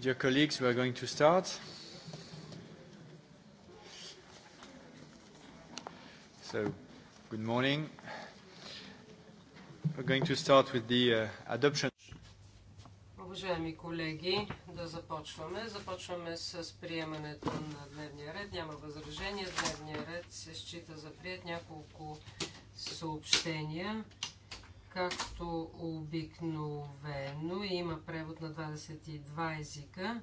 Dear colleagues, we are going to start. So, good morning. We're going to start with the uh, adoption. Уважаеми колеги, да започваме. Започваме с приемането на дневния ред. Няма възражение. Дневния ред се счита за прият няколко съобщения както обикновено. Има превод на 22 езика.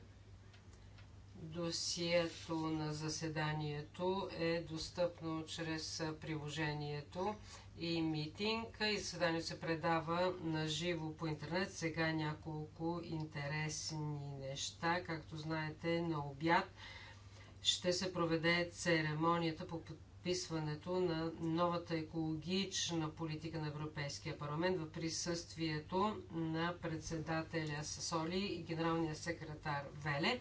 Досието на заседанието е достъпно чрез приложението и митинг. И заседанието се предава на живо по интернет. Сега няколко интересни неща. Както знаете, на обяд ще се проведе церемонията по подписването на новата екологична политика на Европейския парламент в присъствието на председателя Сасоли и генералния секретар Веле.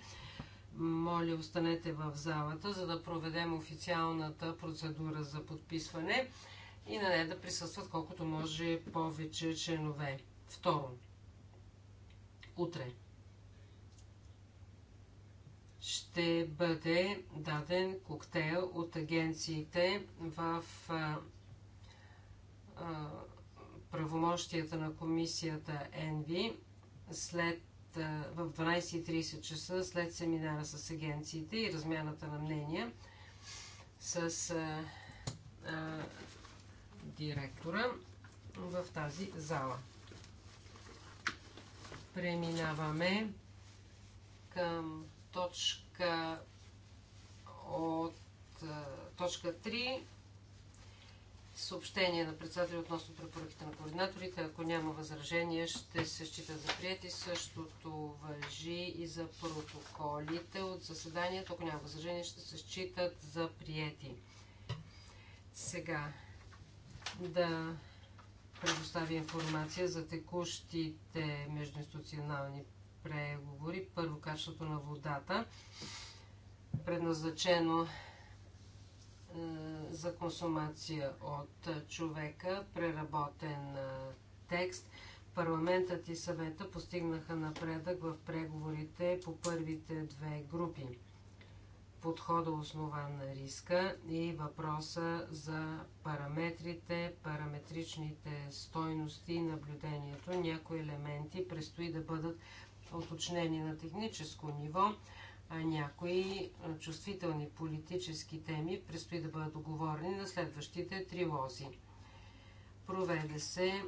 Моля, останете в залата, за да проведем официалната процедура за подписване и на нея да присъстват колкото може повече членове. Второ, утре ще бъде даден коктейл от агенциите в правомощията на комисията ЕНВИ след в 12.30 часа след семинара с агенциите и размяната на мнения с а, а, директора в тази зала. Преминаваме към точка от е, точка 3 съобщение на председателя относно препоръките на координаторите. Ако няма възражение, ще се считат за прияти. Същото въжи и за протоколите от заседанието. Ако няма възражение, ще се считат за прияти. Сега да предоставя информация за текущите междуинституционални преговори. Първо, качеството на водата, предназначено е, за консумация от човека, преработен е, текст. Парламентът и съвета постигнаха напредък в преговорите по първите две групи. Подхода основан на риска и въпроса за параметрите, параметричните стойности и наблюдението. Някои елементи предстои да бъдат уточнени на техническо ниво, а някои чувствителни политически теми предстои да бъдат оговорени на следващите трилози. Проведе се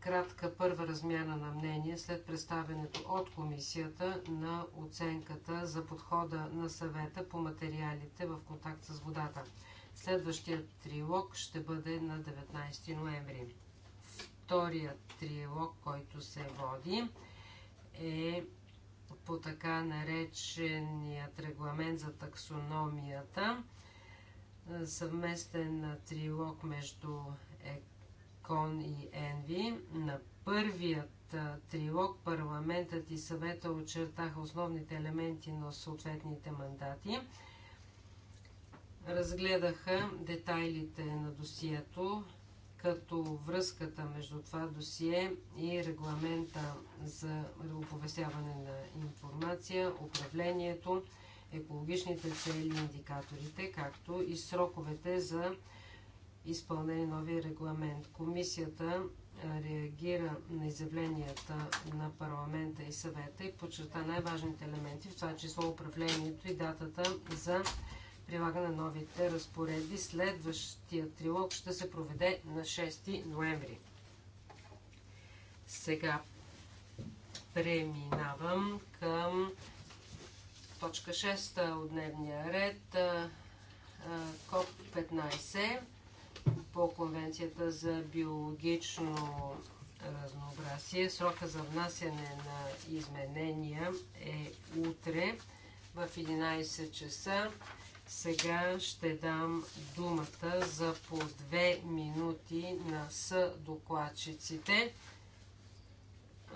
кратка първа размяна на мнение след представенето от комисията на оценката за подхода на съвета по материалите в контакт с водата. Следващият трилог ще бъде на 19 ноември. Вторият трилог, който се води, е по така нареченият регламент за таксономията, съвместен трилог между ЕКОН и ЕНВИ. На първият трилог парламентът и съвета очертаха основните елементи на съответните мандати. Разгледаха детайлите на досието, като връзката между това досие и регламента за оповестяване на информация, управлението, екологичните цели и индикаторите, както и сроковете за изпълнение новия регламент. Комисията реагира на изявленията на парламента и съвета и подчерта най-важните елементи, в това число управлението и датата за прилагане на новите разпоредби. Следващия трилог ще се проведе на 6 ноември. Сега преминавам към точка 6 от дневния ред КОП-15 по Конвенцията за биологично разнообразие. Срока за внасяне на изменения е утре в 11 часа. Сега ще дам думата за по две минути на съдокладчиците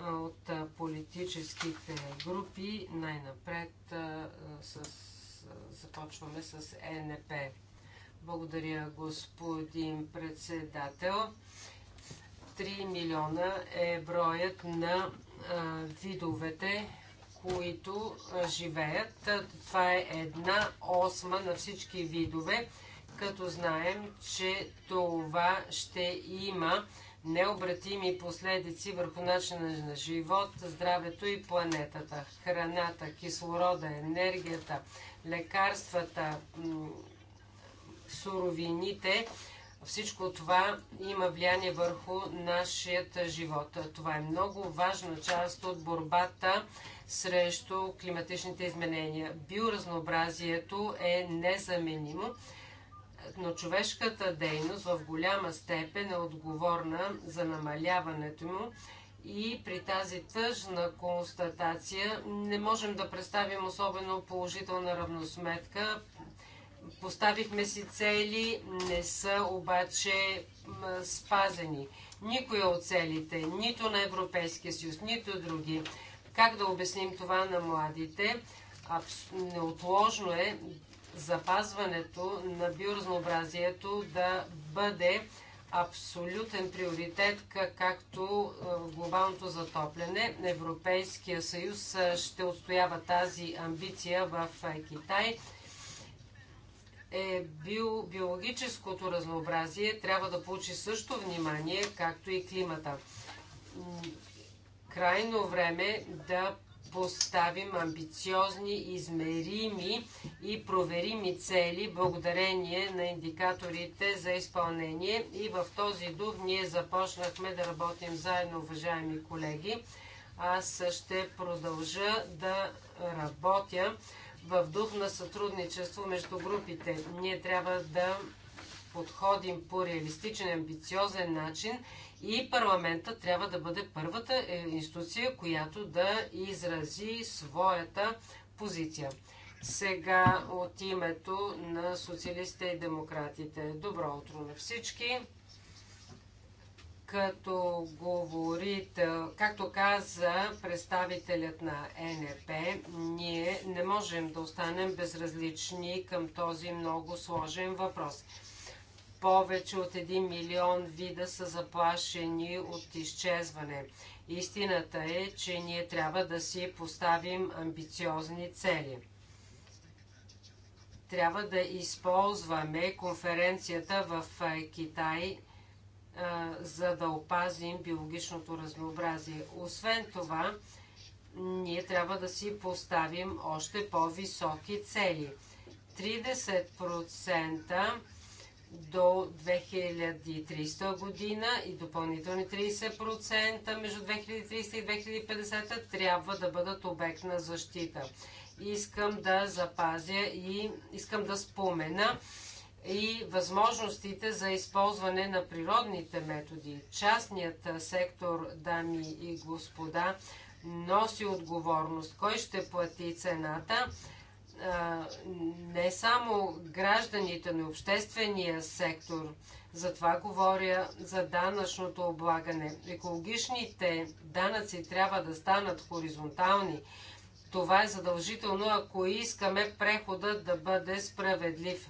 от политическите групи. Най-напред с... започваме с ЕНП. Благодаря, господин председател. 3 милиона е броят на видовете които живеят. Това е една осма на всички видове, като знаем, че това ще има необратими последици върху начина на живот, здравето и планетата, храната, кислорода, енергията, лекарствата, суровините. Всичко това има влияние върху нашият живот. Това е много важна част от борбата срещу климатичните изменения. Биоразнообразието е незаменимо, но човешката дейност в голяма степен е отговорна за намаляването му и при тази тъжна констатация не можем да представим особено положителна равносметка. Поставихме си цели, не са обаче спазени. Никоя от целите, нито на Европейския съюз, нито други, как да обясним това на младите? Неотложно е запазването на биоразнообразието да бъде абсолютен приоритет, както е, глобалното затопляне. Европейския съюз е, ще отстоява тази амбиция в е, Китай. Е, био, биологическото разнообразие трябва да получи също внимание, както и климата крайно време да поставим амбициозни, измерими и проверими цели благодарение на индикаторите за изпълнение. И в този дух ние започнахме да работим заедно, уважаеми колеги. Аз ще продължа да работя в дух на сътрудничество между групите. Ние трябва да подходим по реалистичен, амбициозен начин и парламента трябва да бъде първата е, институция, която да изрази своята позиция. Сега от името на социалистите и демократите. Добро утро на всички! Като говорите, както каза представителят на НП, ние не можем да останем безразлични към този много сложен въпрос повече от 1 милион вида са заплашени от изчезване. Истината е, че ние трябва да си поставим амбициозни цели. Трябва да използваме конференцията в Китай, за да опазим биологичното разнообразие. Освен това, ние трябва да си поставим още по-високи цели. 30% до 2030 година и допълнителни 30% между 2030 и 2050 трябва да бъдат обект на защита. Искам да запазя и искам да спомена и възможностите за използване на природните методи. Частният сектор, дами и господа, носи отговорност. Кой ще плати цената? не само гражданите, но и обществения сектор. Затова говоря за данъчното облагане. Екологичните данъци трябва да станат хоризонтални. Това е задължително, ако искаме прехода да бъде справедлив.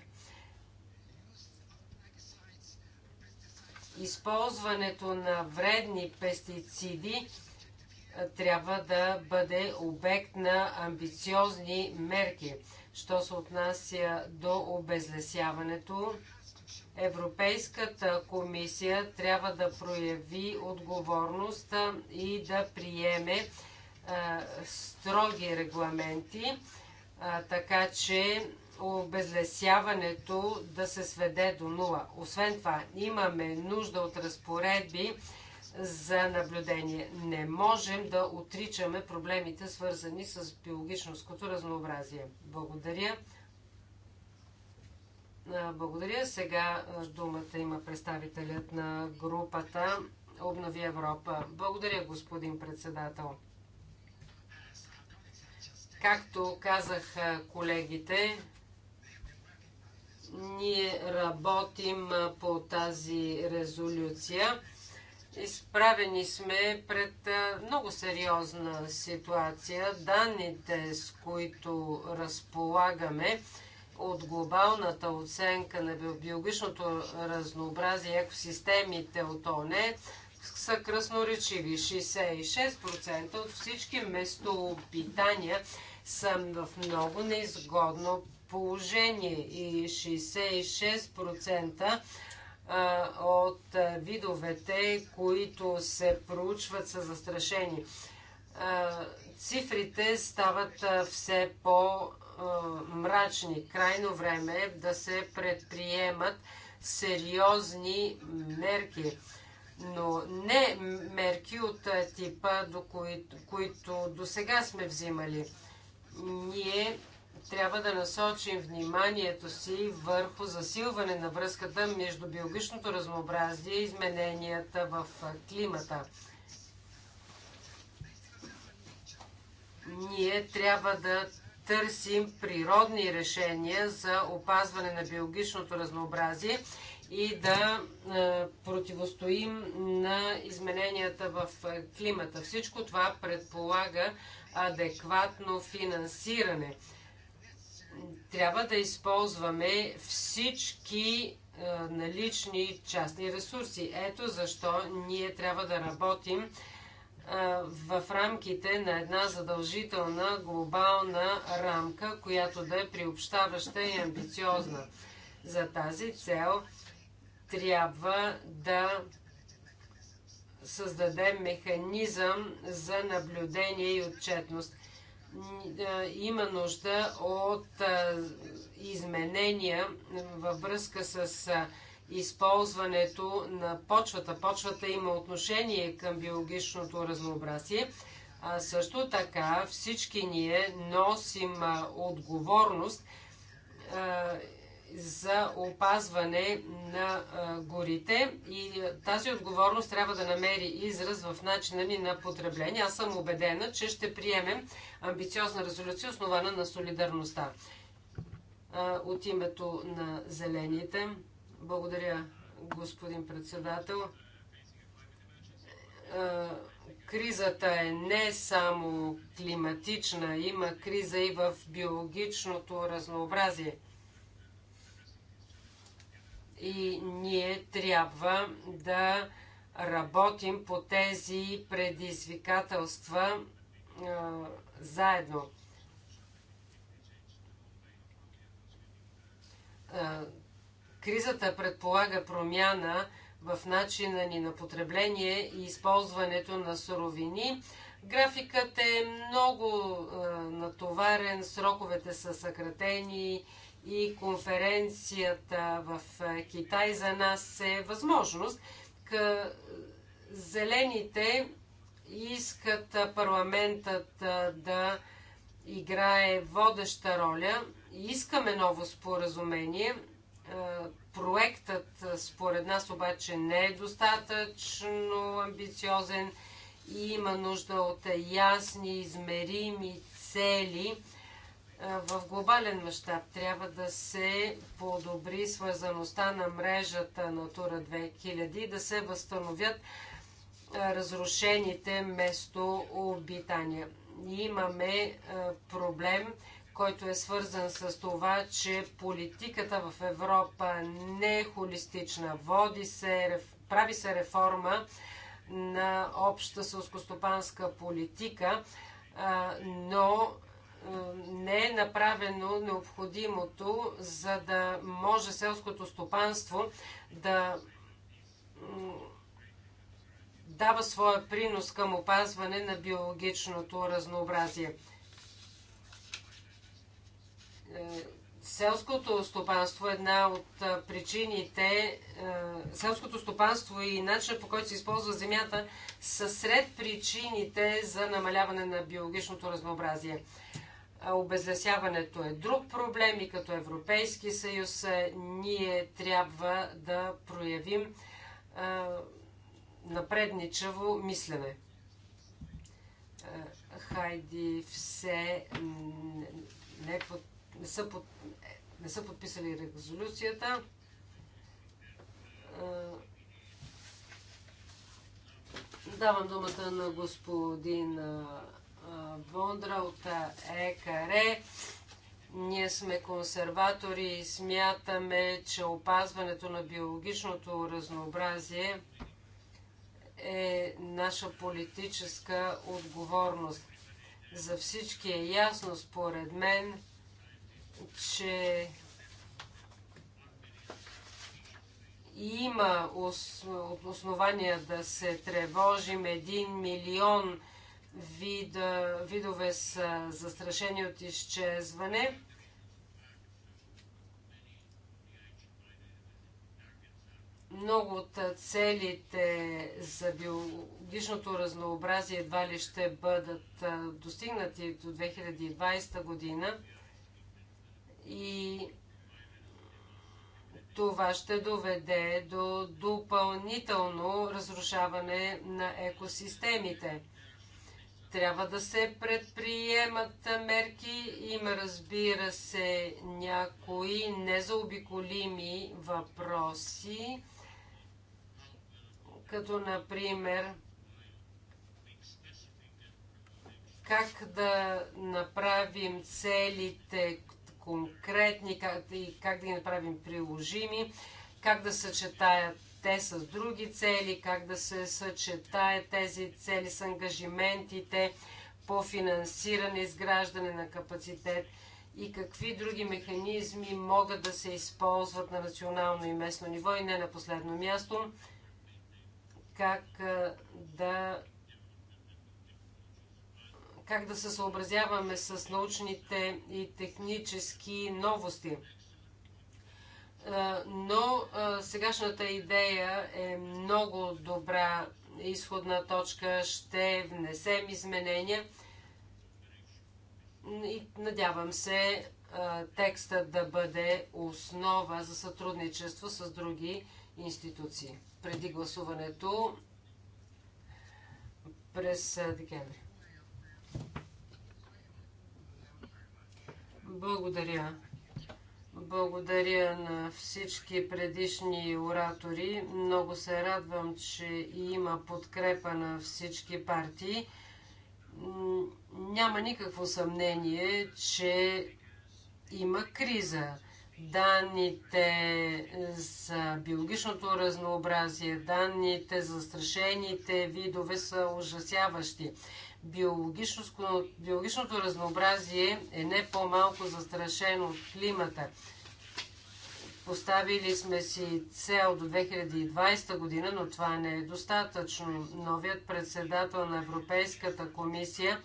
Използването на вредни пестициди трябва да бъде обект на амбициозни мерки. Що се отнася до обезлесяването, Европейската комисия трябва да прояви отговорност и да приеме строги регламенти, така че обезлесяването да се сведе до нула. Освен това, имаме нужда от разпоредби, за наблюдение. Не можем да отричаме проблемите, свързани с биологичностното разнообразие. Благодаря. Благодаря. Сега думата има представителят на групата Обнови Европа. Благодаря, господин председател. Както казах колегите, ние работим по тази резолюция Изправени сме пред много сериозна ситуация. Данните, с които разполагаме от глобалната оценка на биологичното разнообразие и екосистемите от ОНЕ, са кръсноречиви. 66% от всички местообитания са в много неизгодно положение и 66% от видовете, които се проучват, са застрашени. Цифрите стават все по-мрачни. Крайно време е да се предприемат сериозни мерки. Но не мерки от типа, до които, които до сега сме взимали. Ние трябва да насочим вниманието си върху засилване на връзката между биологичното разнообразие и измененията в климата. Ние трябва да търсим природни решения за опазване на биологичното разнообразие и да противостоим на измененията в климата. Всичко това предполага адекватно финансиране трябва да използваме всички е, налични частни ресурси. Ето защо ние трябва да работим е, в рамките на една задължителна глобална рамка, която да е приобщаваща и амбициозна. За тази цел трябва да създадем механизъм за наблюдение и отчетност има нужда от изменения във връзка с използването на почвата. Почвата има отношение към биологичното разнообразие. А също така всички ние носим отговорност за опазване на горите и тази отговорност трябва да намери израз в начина ни на потребление. Аз съм убедена, че ще приемем амбициозна резолюция, основана на солидарността. От името на зелените. Благодаря, господин председател. Кризата е не само климатична, има криза и в биологичното разнообразие – и ние трябва да работим по тези предизвикателства а, заедно. кризата предполага промяна в начина ни на потребление и използването на суровини. Графикът е много а, натоварен, сроковете са съкратени и конференцията в е, Китай за нас е възможност. Зелените искат парламентът е, да играе водеща роля. Искаме ново споразумение. Е, проектът според нас обаче не е достатъчно амбициозен и има нужда от ясни, измерими цели в глобален мащаб трябва да се подобри свързаността на мрежата Натура 2000 и да се възстановят разрушените местообитания. Имаме проблем, който е свързан с това, че политиката в Европа не е холистична. Води се, прави се реформа на обща сълскостопанска политика, но не е направено необходимото, за да може селското стопанство да дава своя принос към опазване на биологичното разнообразие. Е, селското стопанство е една от причините. Е, селското стопанство и начинът по който се използва земята са сред причините за намаляване на биологичното разнообразие. Обезлесяването е друг проблем и като Европейски съюз е, ние трябва да проявим напредничаво мислене. хайди все не, под, не, са под, не са подписали резолюцията. давам думата на господин Вондра от ЕКР. Ние сме консерватори и смятаме, че опазването на биологичното разнообразие е наша политическа отговорност. За всички е ясно, според мен, че има основания да се тревожим. Един милион вида, видове с застрашени от изчезване. Много от целите за биологичното разнообразие едва ли ще бъдат достигнати до 2020 година и това ще доведе до допълнително разрушаване на екосистемите трябва да се предприемат мерки. Има, разбира се, някои незаобиколими въпроси, като, например, как да направим целите конкретни как, и как да ги направим приложими, как да съчетаят те с други цели, как да се съчетае тези цели с ангажиментите по финансиране, изграждане на капацитет и какви други механизми могат да се използват на национално и местно ниво и не на последно място, как да как да се съобразяваме с научните и технически новости но сегашната идея е много добра изходна точка. Ще внесем изменения и надявам се текстът да бъде основа за сътрудничество с други институции. Преди гласуването през декември. Благодаря. Благодаря на всички предишни оратори. Много се радвам, че има подкрепа на всички партии. Няма никакво съмнение, че има криза. Данните за биологичното разнообразие, данните за страшените видове са ужасяващи. Биологичното, биологичното разнообразие е не по-малко застрашено от климата. Поставили сме си цел до 2020 година, но това не е достатъчно. Новият председател на Европейската комисия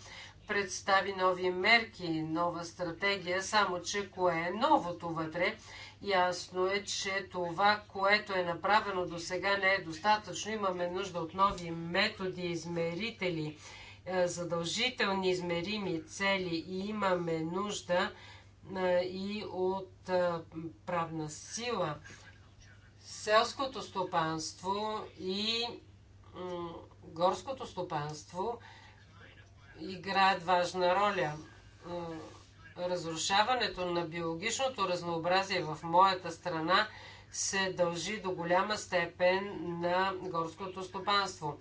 представи нови мерки, нова стратегия, само че кое е новото вътре? Ясно е, че това, което е направено до сега не е достатъчно. Имаме нужда от нови методи, измерители е, задължителни измерими цели и имаме нужда е, и от е, правна сила. Селското стопанство и горското стопанство играят важна роля. Разрушаването на биологичното разнообразие в моята страна се дължи до голяма степен на горското стопанство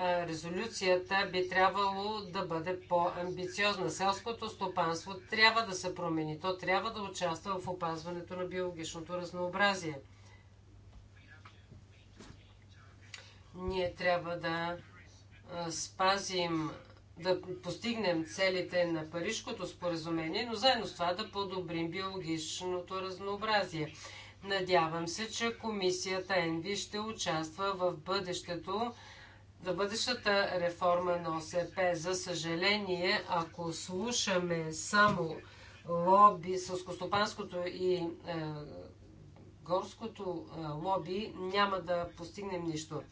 резолюцията би трябвало да бъде по-амбициозна. Селското стопанство трябва да се промени. То трябва да участва в опазването на биологичното разнообразие. Ние трябва да спазим, да постигнем целите на Парижкото споразумение, но заедно с това да подобрим биологичното разнообразие. Надявам се, че комисията ЕНВИ ще участва в бъдещето за бъдещата реформа на ОСП. За съжаление, ако слушаме само лоби, сълскостопанското и е, горското е, лоби, няма да постигнем нищо.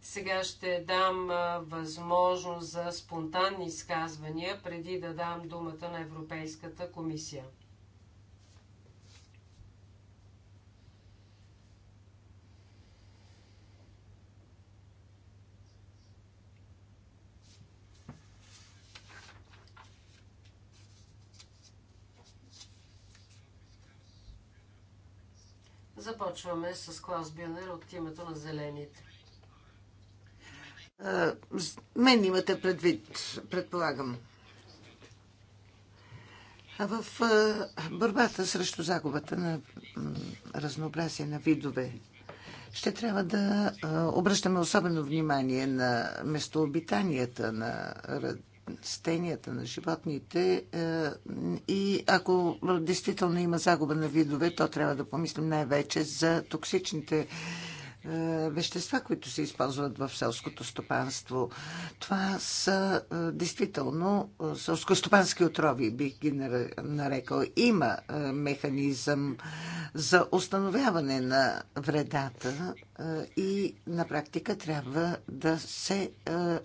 Сега ще дам е, възможност за спонтанни изказвания, преди да дам думата на Европейската комисия. Започваме с Клаус Бюнер от името на Зелените. Мен имате предвид, предполагам. А в борбата срещу загубата на разнообразие на видове ще трябва да обръщаме особено внимание на местообитанията на стенията на животните е, и ако действително има загуба на видове, то трябва да помислим най-вече за токсичните е, вещества, които се използват в селското стопанство. Това са е, действително е, селско-стопански отрови, бих ги нарекал. Има механизъм за установяване на вредата и на практика трябва да се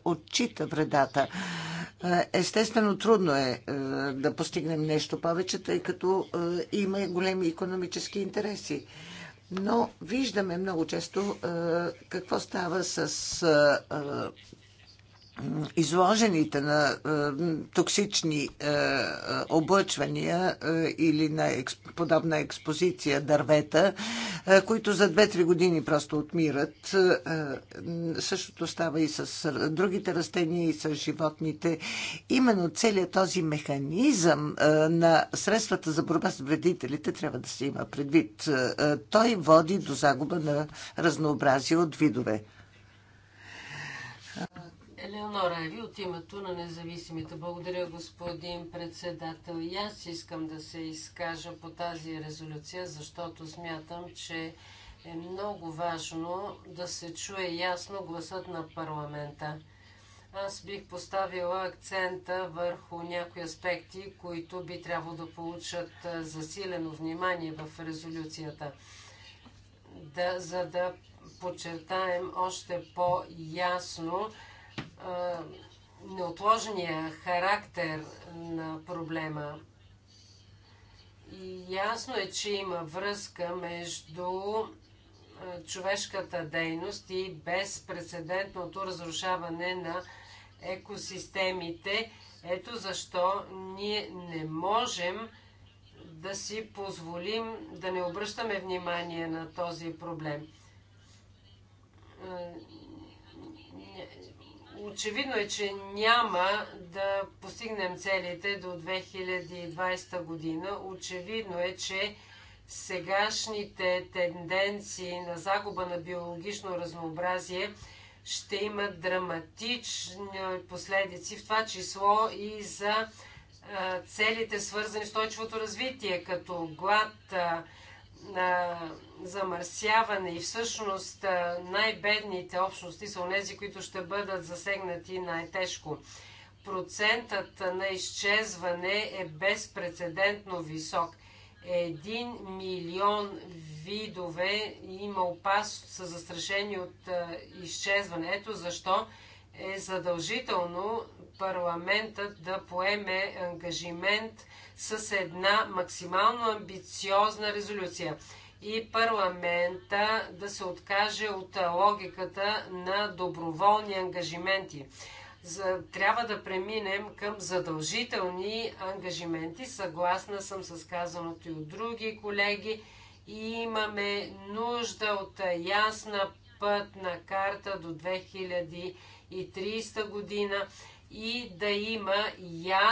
отчита вредата. Естествено, трудно е да постигнем нещо повече, тъй като има големи економически интереси но виждаме много често е, какво става с е, изложените на е, токсични е, е, облъчвания или на подобна експозиция дървета, които за 2-3 години просто отмират. Същото става и с другите растения и с животните. Именно целият този механизъм на средствата за борба с вредителите трябва да се има предвид. Той води до загуба на разнообразие от видове. Елеонора Еви от името на независимите. Благодаря, господин председател. И аз искам да се изкажа по тази резолюция, защото смятам, че е много важно да се чуе ясно гласът на парламента. Аз бих поставила акцента върху някои аспекти, които би трябвало да получат засилено внимание в резолюцията, да, за да подчертаем още по-ясно неотложния характер на проблема. И ясно е, че има връзка между човешката дейност и безпредседентното разрушаване на екосистемите. Ето защо ние не можем да си позволим да не обръщаме внимание на този проблем Очевидно е, че няма да постигнем целите до 2020 година. Очевидно е, че сегашните тенденции на загуба на биологично разнообразие ще имат драматични последици, в това число и за целите свързани с устойчивото развитие, като глад, а, замърсяване и всъщност най-бедните общности са онези, които ще бъдат засегнати най-тежко. Процентът на изчезване е безпредседентно висок. Един милион видове има опасност, са застрашени от а, изчезване. Ето защо е задължително парламентът да поеме ангажимент с една максимално амбициозна резолюция и парламента да се откаже от логиката на доброволни ангажименти. За, трябва да преминем към задължителни ангажименти. Съгласна съм с казаното и от други колеги. И имаме нужда от ясна пътна карта до 2030 година и да има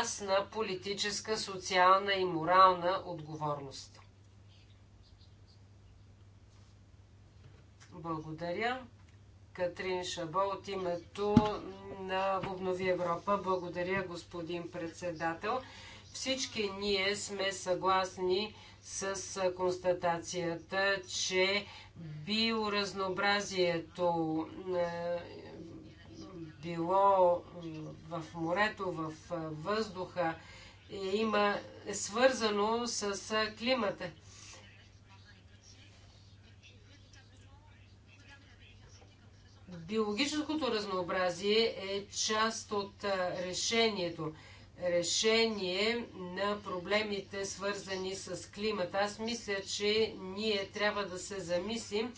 ясна политическа, социална и морална отговорност. Благодаря. Катрин Шабо от името на Обнови Европа. Благодаря, господин председател. Всички ние сме съгласни с констатацията, че биоразнообразието е, било в морето, в въздуха, е, има, е свързано с климата. Биологическото разнообразие е част от решението. Решение на проблемите, свързани с климата. Аз мисля, че ние трябва да се замислим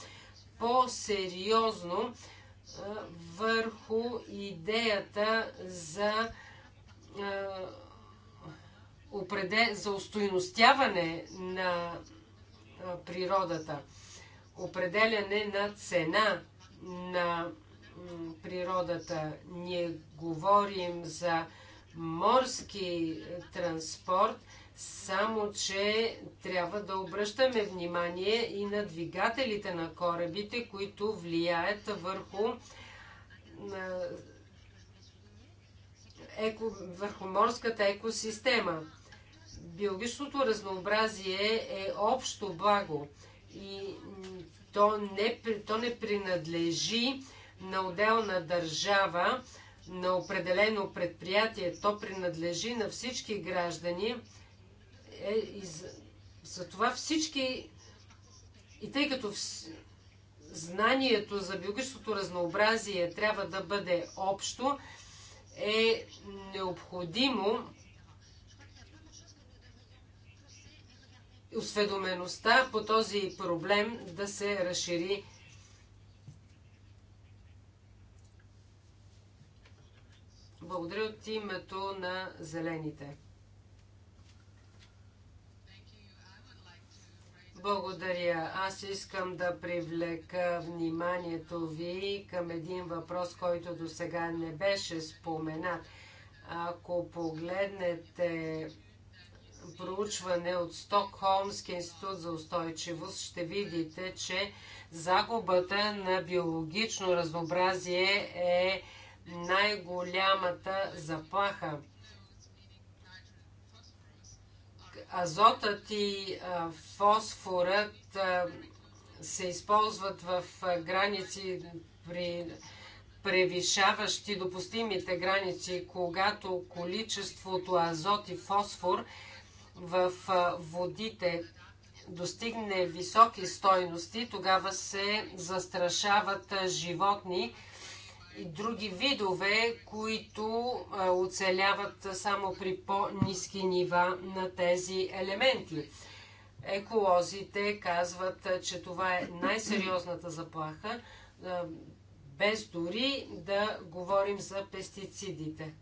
по-сериозно върху идеята за, за устойностяване на природата, определяне на цена на природата. Ние говорим за морски транспорт – само, че трябва да обръщаме внимание и на двигателите на корабите, които влияят върху еко, върху морската екосистема. Биологичното разнообразие е общо благо и то не, то не принадлежи на отделна държава, на определено предприятие. То принадлежи на всички граждани е, и за, за това всички, и тъй като в, знанието за биологичното разнообразие трябва да бъде общо, е необходимо осведомеността по този проблем да се разшири. Благодаря от името на зелените. Благодаря. Аз искам да привлека вниманието ви към един въпрос, който до сега не беше споменат. Ако погледнете проучване от Стокхолмския институт за устойчивост, ще видите, че загубата на биологично разнообразие е най-голямата заплаха. азотът и фосфорът се използват в граници при превишаващи допустимите граници, когато количеството азот и фосфор в водите достигне високи стойности, тогава се застрашават животни и други видове, които оцеляват само при по-низки нива на тези елементи. Еколозите казват, че това е най-сериозната заплаха, без дори да говорим за пестицидите.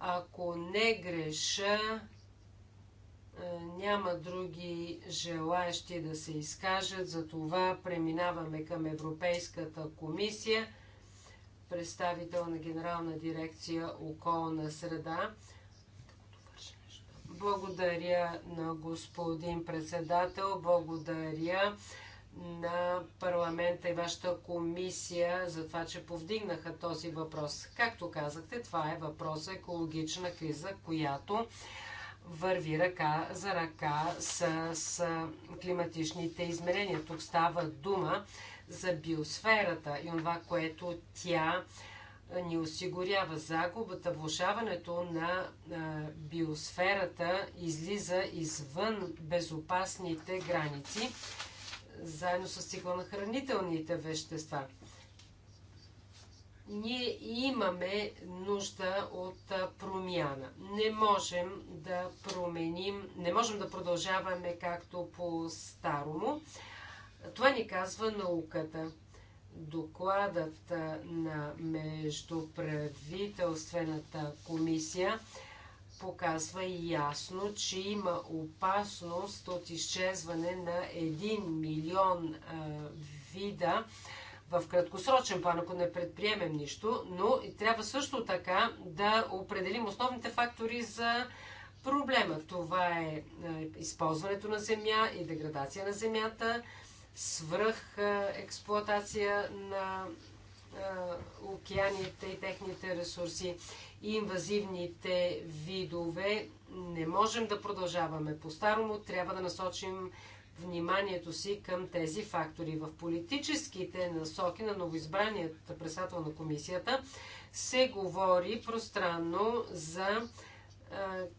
Ако не греша, няма други желаящи да се изкажат, това преминаваме към Европейската комисия – представител на Генерална дирекция околна среда. Благодаря на господин председател, благодаря на парламента и вашата комисия за това, че повдигнаха този въпрос. Както казахте, това е въпрос екологична криза, която върви ръка за ръка с, с климатичните измерения. Тук става дума за биосферата и това, което тя ни осигурява. Загубата, влушаването на биосферата излиза извън безопасните граници, заедно с цикла на хранителните вещества ние имаме нужда от промяна. Не можем да променим, не можем да продължаваме както по-старому. Това ни казва науката. Докладът на Междуправителствената комисия показва ясно, че има опасност от изчезване на 1 милион а, вида в краткосрочен план, ако не предприемем нищо, но и трябва също така да определим основните фактори за проблема. Това е използването на земя и деградация на земята, свръх експлоатация на океаните и техните ресурси и инвазивните видове. Не можем да продължаваме по-старому, трябва да насочим вниманието си към тези фактори. В политическите насоки на новоизбраният председател на комисията се говори пространно за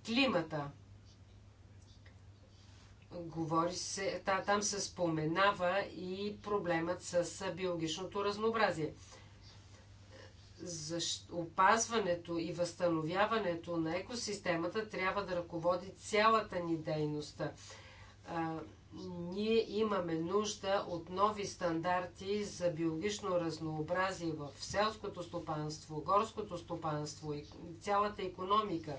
климата говори се, та, там се споменава и проблемът с биологичното разнообразие. Защ... Опазването и възстановяването на екосистемата трябва да ръководи цялата ни дейност. А, ние имаме нужда от нови стандарти за биологично разнообразие в селското стопанство, горското стопанство и цялата економика.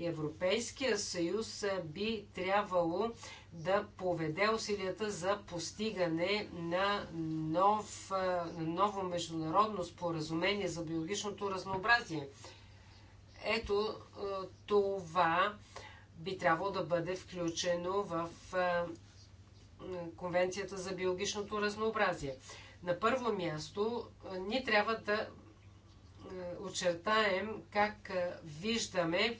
Европейския съюз би трябвало да поведе усилията за постигане на нов, ново международно споразумение за биологичното разнообразие. Ето това би трябвало да бъде включено в Конвенцията за биологичното разнообразие. На първо място, ние трябва да очертаем как виждаме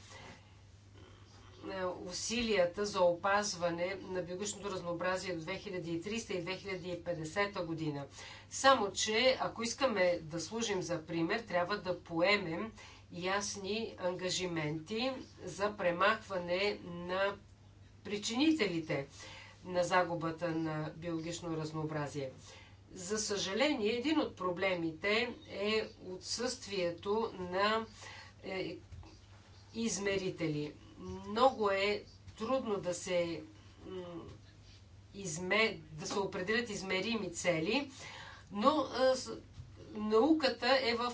е, усилията за опазване на биологичното разнообразие до 2300 и 2050 година. Само, че ако искаме да служим за пример, трябва да поемем ясни ангажименти за премахване на причинителите на загубата на биологично разнообразие. За съжаление, един от проблемите е отсъствието на е, измерители. Много е трудно да се, изме, да се определят измерими цели, но науката е в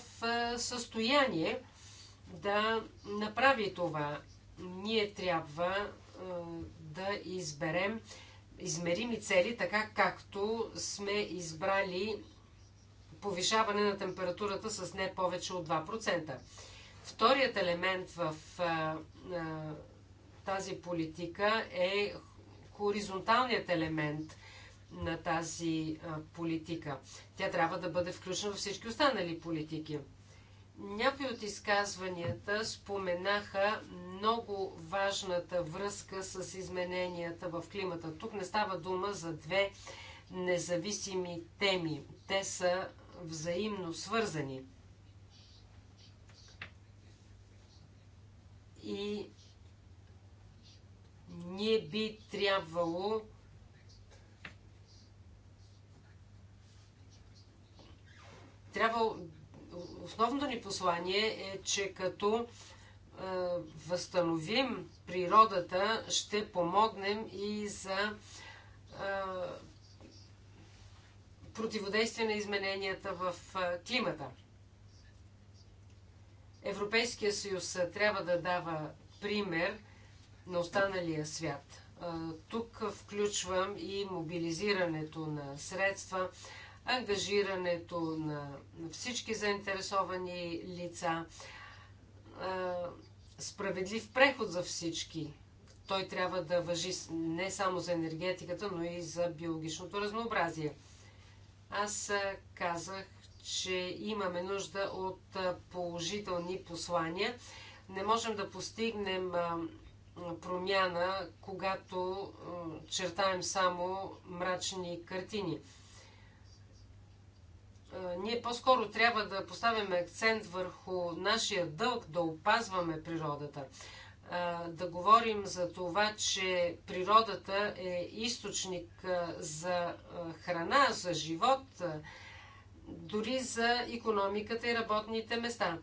състояние да направи това. Ние трябва да изберем измерими цели, така както сме избрали повишаване на температурата с не повече от 2%. Вторият елемент в а, а, тази политика е хоризонталният елемент на тази а, политика. Тя трябва да бъде включена във всички останали политики. Някои от изказванията споменаха много важната връзка с измененията в климата. Тук не става дума за две независими теми. Те са взаимно свързани. и не би трябвало трябва основното ни послание е, че като е, възстановим природата, ще помогнем и за е, противодействие на измененията в е, климата. Европейския съюз трябва да дава пример на останалия свят. Тук включвам и мобилизирането на средства, ангажирането на всички заинтересовани лица, справедлив преход за всички. Той трябва да въжи не само за енергетиката, но и за биологичното разнообразие. Аз казах че имаме нужда от положителни послания. Не можем да постигнем промяна, когато чертаем само мрачни картини. Ние по-скоро трябва да поставяме акцент върху нашия дълг да опазваме природата. Да говорим за това, че природата е източник за храна, за живот, дори за економиката и работните места.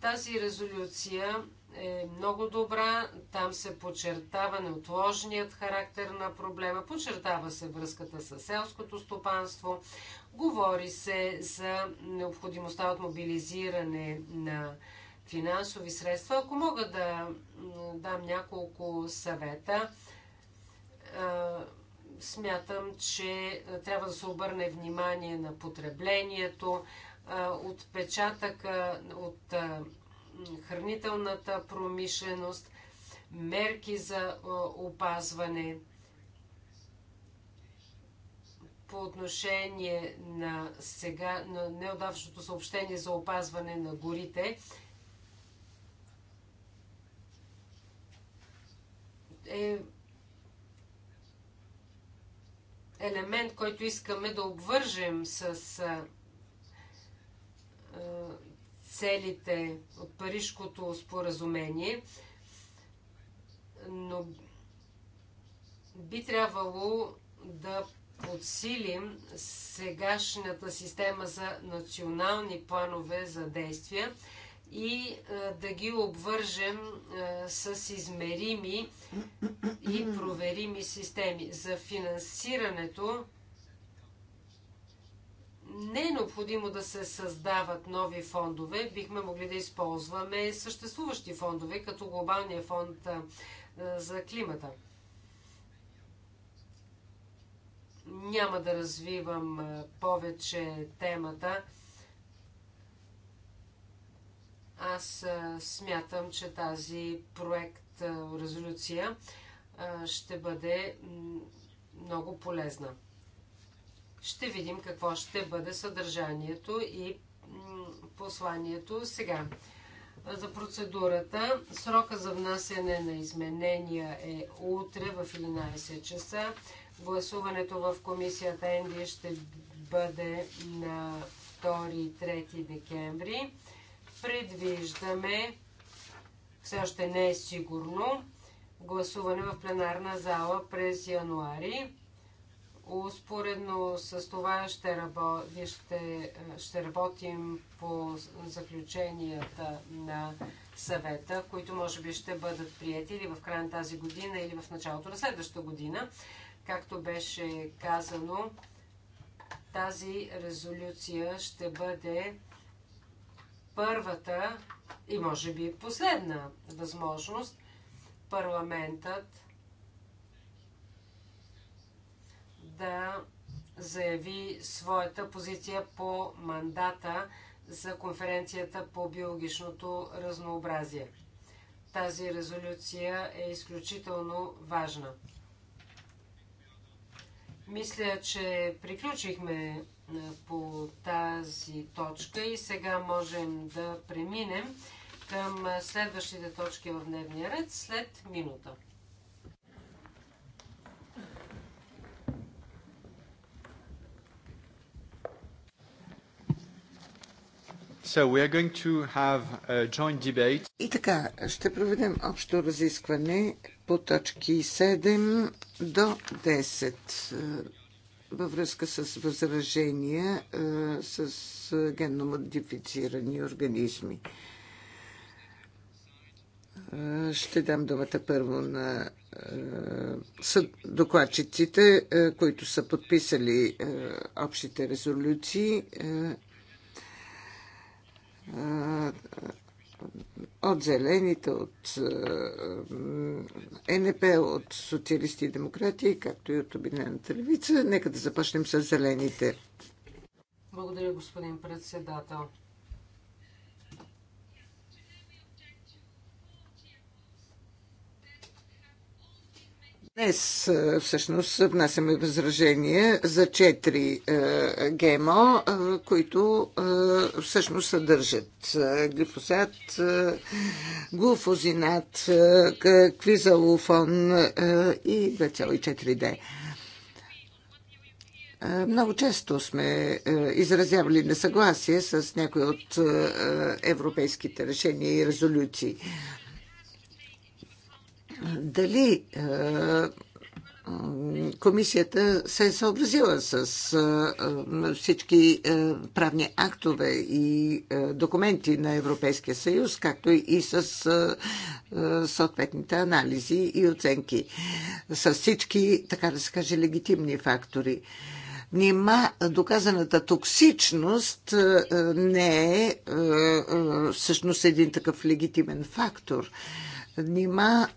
Тази резолюция е много добра. Там се подчертава неотложният характер на проблема, подчертава се връзката с селското стопанство, говори се за необходимостта от мобилизиране на финансови средства. Ако мога да дам няколко съвета, Смятам, че е, трябва да се обърне внимание на потреблението, отпечатъка от е, хранителната промишленост, мерки за е, опазване по отношение на сега, на неодавшото съобщение за опазване на горите, е елемент, който искаме да обвържем с целите от Парижкото споразумение, но би трябвало да подсилим сегашната система за национални планове за действия и е, да ги обвържем е, с измерими и проверими системи. За финансирането не е необходимо да се създават нови фондове. Бихме могли да използваме съществуващи фондове, като Глобалния фонд е, за климата. Няма да развивам повече темата. Аз смятам, че тази проект резолюция ще бъде много полезна. Ще видим какво ще бъде съдържанието и посланието сега. За процедурата. Срока за внасяне на изменения е утре в 11 часа. Гласуването в комисията Енди ще бъде на 2-3 декември предвиждаме, все още не е сигурно, гласуване в пленарна зала през януари. Успоредно с това ще, рабо... ще, ще работим по заключенията на съвета, които може би ще бъдат приети или в края на тази година, или в началото на следващата година. Както беше казано, тази резолюция ще бъде първата и може би последна възможност парламентът да заяви своята позиция по мандата за конференцията по биологичното разнообразие. Тази резолюция е изключително важна. Мисля, че приключихме по тази точка и сега можем да преминем към следващите точки в дневния ред след минута. So we are going to have a joint debate. И така, ще проведем общо разискване по точки 7 до 10 във връзка с възражения с генно модифицирани организми. Ще дам думата първо на докладчиците, които са подписали общите резолюции от зелените, от е, е НП, от социалисти и демократи, както и от Обединената левица. Нека да започнем с зелените. Благодаря, господин председател. Днес всъщност внасяме възражение за четири ГМО, които всъщност съдържат глифосат, глуфозинат, квизалуфон и 2,4D. Много често сме изразявали несъгласие с някои от европейските решения и резолюции дали е, комисията се е съобразила с е, е, всички правни актове и документи на Европейския съюз, както и с съответните анализи и оценки, с всички, така да се каже, легитимни фактори. Нима доказаната токсичност не е всъщност един такъв легитимен фактор. Нима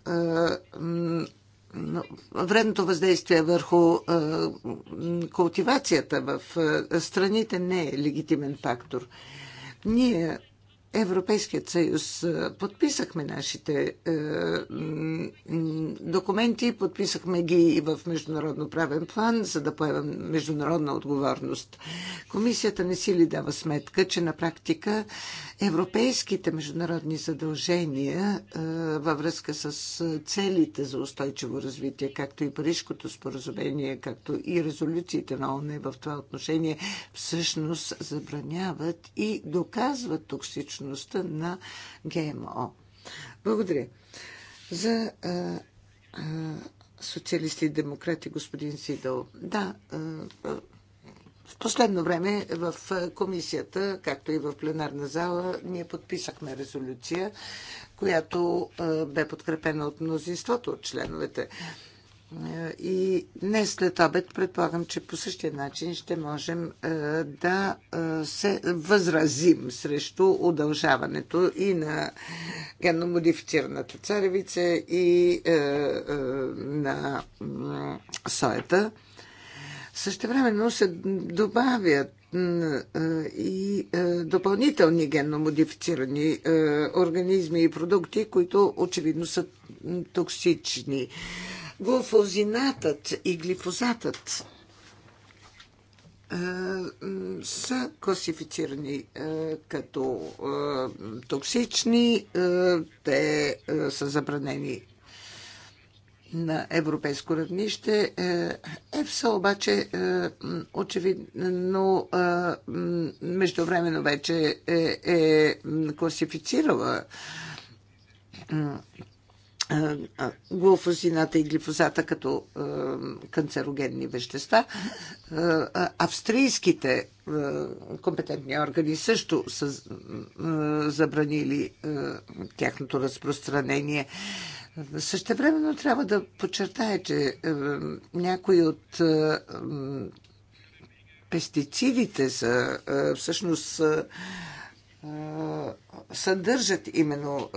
вредното въздействие върху култивацията в страните не е легитимен фактор. Ние Европейският съюз е, подписахме нашите е, документи, подписахме ги и в международно правен план, за да поемем международна отговорност. Комисията не си ли дава сметка, че на практика европейските международни задължения е, във връзка с е, целите за устойчиво развитие, както и Парижкото споразумение, както и резолюциите на ОНЕ в това отношение, всъщност забраняват и доказват токсично общността на ГМО. Благодаря. За а, а, социалисти и демократи, господин Сидъл. Да, а, в последно време в комисията, както и в пленарна зала, ние подписахме резолюция, която бе подкрепена от мнозинството от членовете. И днес след обед предполагам, че по същия начин ще можем е, да е, се възразим срещу удължаването и на генномодифицираната царевица и е, на соята. времено се добавят и допълнителни генно модифицирани организми и продукти, които очевидно са токсични глуфозинатът и глифозатът са класифицирани като токсични. Те са забранени на европейско равнище. Е, ЕФСА обаче е, очевидно е, междувременно вече е класифицирала глуфозината и глифозата като канцерогенни вещества. австрийските компетентни органи също са забранили тяхното разпространение. Същевременно трябва да подчертая, че някои от пестицидите са всъщност съдържат именно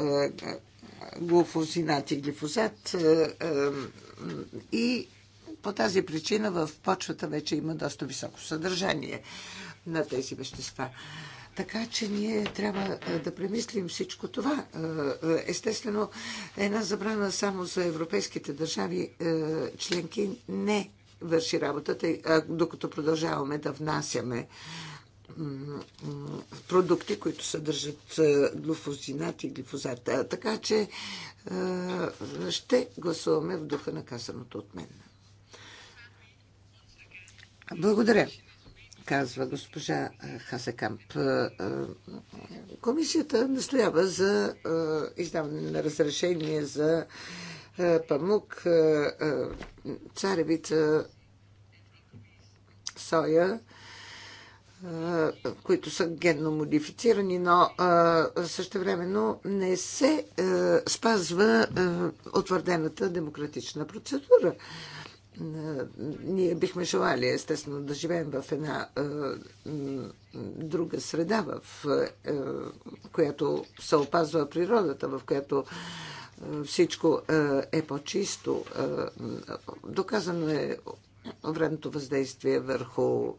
глуфозинат и глифозат е, е, и по тази причина в почвата вече има доста високо съдържание на тези вещества. Така че ние трябва е, да премислим всичко това. Естествено, една забрана само за европейските държави членки не върши работата, докато продължаваме да внасяме продукти, които съдържат е, глуфозинат и глифозат. Така че е, ще гласуваме в духа на казаното от мен. Благодаря, казва госпожа е, Хасекамп. Комисията настоява за издаване на разрешение за памук, царевица, соя, които са генно модифицирани, но същевременно не се спазва утвърдената демократична процедура. Ние бихме желали, естествено, да живеем в една друга среда, в която се опазва природата, в която всичко е по-чисто. Доказано е вредното въздействие върху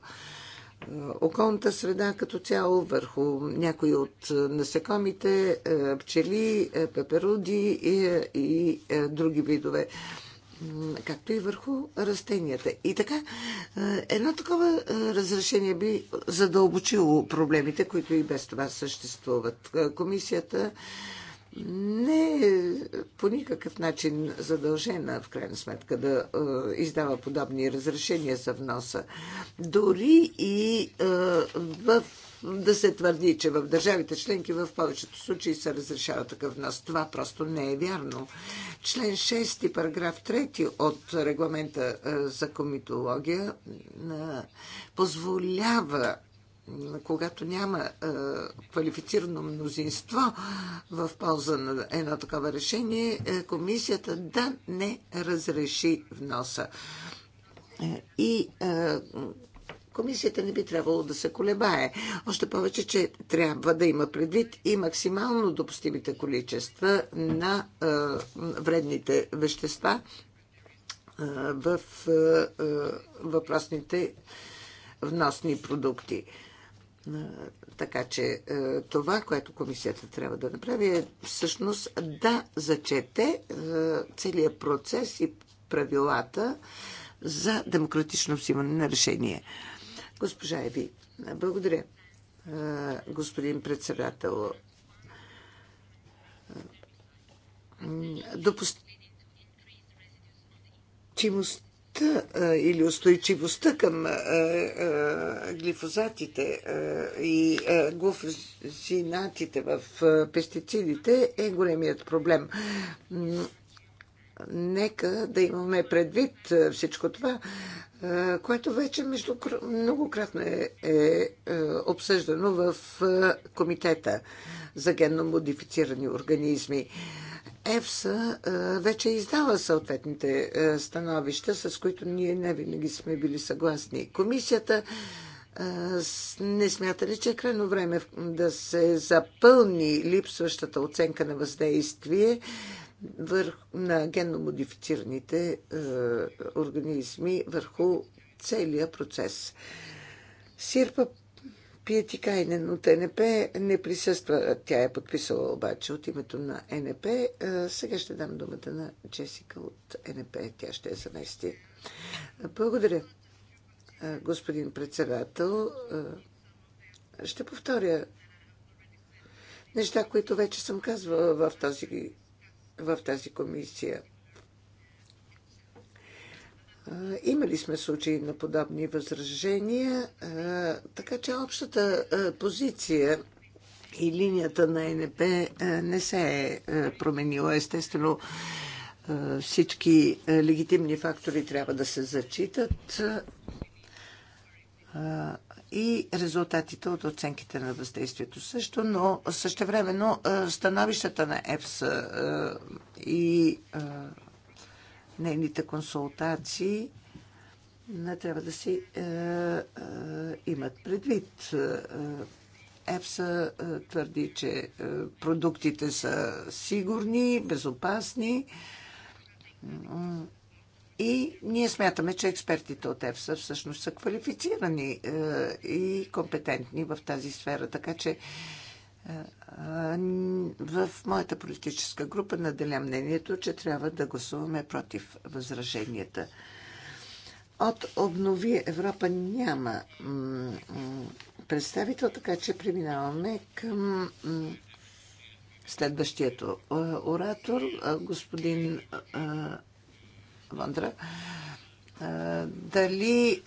е, околната среда като цяло, върху някои от е, насекомите, е, пчели, пеперуди и, и други видове, както и върху растенията. И така, едно такова разрешение би задълбочило проблемите, които и без това съществуват. Комисията не е по никакъв начин задължена, в крайна сметка, да е, издава подобни разрешения за вноса. Дори и е, в, да се твърди, че в държавите членки в повечето случаи се разрешава такъв внос. Това просто не е вярно. Член 6, параграф 3 от регламента е, за комитология е, позволява когато няма е, квалифицирано мнозинство в полза на едно такова решение, е, комисията да не разреши вноса. Е, и е, комисията не би трябвало да се колебае. Още повече, че трябва да има предвид и максимално допустимите количества на е, вредните вещества е, в е, е въпросните вносни продукти. Е, така че е, това, което комисията трябва да направи е всъщност да зачете е, целия процес и правилата за демократично взимане на решение. Госпожа Еви, благодаря, е, господин председател. Допустимост или устойчивостта към глифозатите и глифозинатите в пестицидите е големият проблем. Нека да имаме предвид всичко това, което вече между, многократно е, е, е обсъждано в Комитета за генно модифицирани организми. ЕФСА вече издава съответните становища, с които ние не винаги сме били съгласни. Комисията не смята ли, че е крайно време да се запълни липсващата оценка на въздействие на генномодифицираните организми върху целия процес? Сирпа Пиети Кайнен от НП не присъства. Тя е подписала обаче от името на НП. Сега ще дам думата на Джесика от НП. Тя ще я замести. Благодаря, господин председател. Ще повторя неща, които вече съм казвала в, тази, в тази комисия. Имали сме случаи на подобни възражения, така че общата позиция и линията на НП не се е променила. Естествено, всички легитимни фактори трябва да се зачитат и резултатите от оценките на въздействието също, но същевременно становищата на ЕПС и нейните консултации не трябва да си е, е, имат предвид. ЕПСА е, е, твърди, че е, продуктите са сигурни, безопасни и ние смятаме, че експертите от ЕПСА всъщност са квалифицирани и компетентни в тази сфера. Така че в моята политическа група наделя мнението, че трябва да гласуваме против възраженията. От Обнови Европа няма представител, така че преминаваме към следващият оратор, господин Вандра. Дали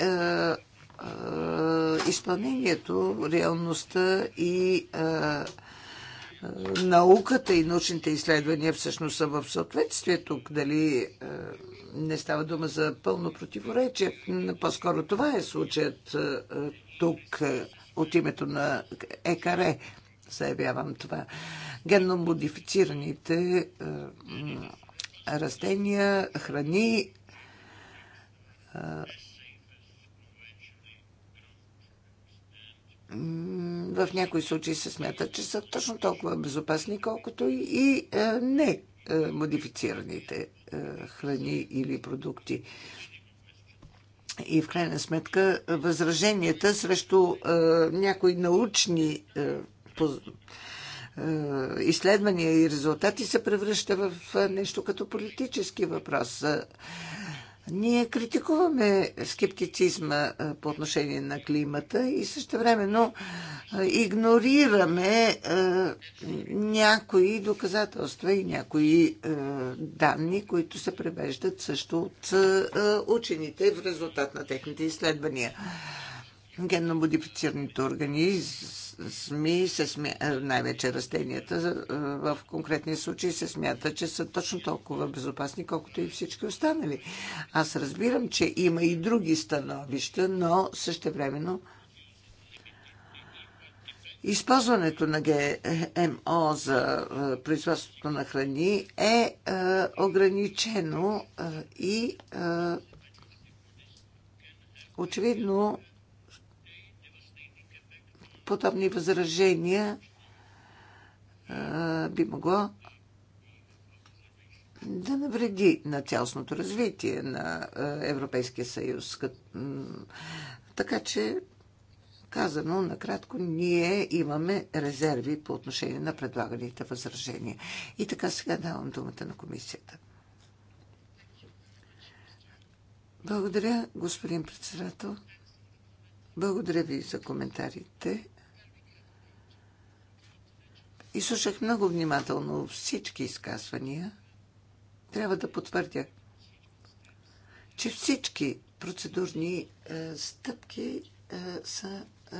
изпълнението, реалността и науката и научните изследвания всъщност са в съответствие тук. Дали не става дума за пълно противоречие? По-скоро това е случаят тук от името на ЕКАРЕ. Заявявам това. Генно модифицираните растения, храни в някои случаи се смята, че са точно толкова безопасни, колкото и е, не е, модифицираните е, храни или продукти. И в крайна сметка възраженията срещу някои научни изследвания и резултати се превръща в нещо като политически въпрос. Ние критикуваме скептицизма по отношение на климата и също игнорираме някои доказателства и някои данни, които се превеждат също от учените в резултат на техните изследвания. Генно модифицираните организми СМИ, се сме... Е, най-вече растенията, е, в конкретни случаи се смята, че са точно толкова безопасни, колкото и всички останали. Аз разбирам, че има и други становища, но същевременно използването на ГМО за е, производството на храни е ограничено и очевидно подобни възражения би могло да навреди на цялостното развитие на Европейския съюз. Така че, казано накратко, ние имаме резерви по отношение на предлаганите възражения. И така сега давам думата на комисията. Благодаря, господин председател. Благодаря ви за коментарите. И слушах много внимателно всички изказвания. Трябва да потвърдя, че всички процедурни е, стъпки е, са е,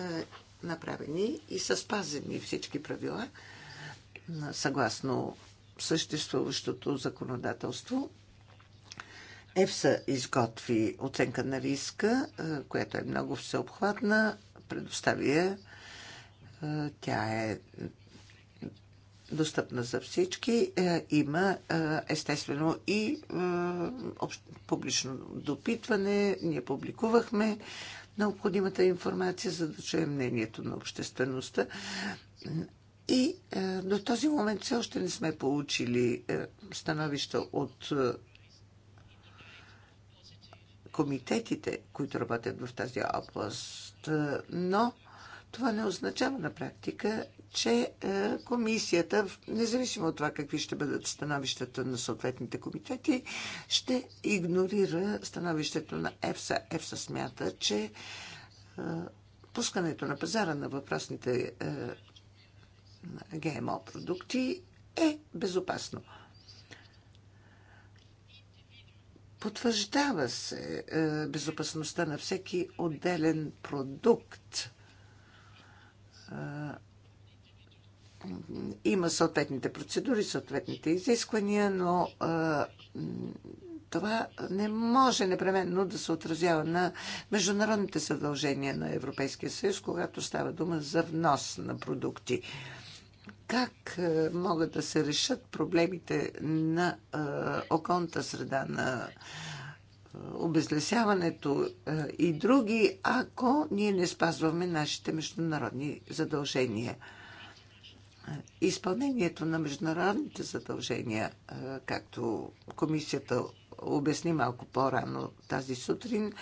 направени и са спазени всички правила съгласно съществуващото законодателство. ЕФСА изготви оценка на риска, е, която е много всеобхватна, Предоставя, Е, Тя е достъпна за всички. Е, има е, естествено и е, публично допитване. Ние публикувахме необходимата информация, за да чуем мнението на обществеността. И до този момент все още не сме получили становища от комитетите, които работят в тази област, но това не означава на практика, че е, комисията, независимо от това какви ще бъдат становищата на съответните комитети, ще игнорира становището на ЕФСА. ЕФСА смята, че е, пускането на пазара на въпросните е, ГМО продукти е безопасно. Потвърждава се безопасността на всеки отделен продукт има съответните процедури, съответните изисквания, но това не може непременно да се отразява на международните съдължения на Европейския съюз, когато става дума за внос на продукти. Как могат да се решат проблемите на околната среда, на обезлесяването и други, ако ние не спазваме нашите международни задължения? изпълнението на международните задължения, както комисията обясни малко по-рано тази сутрин,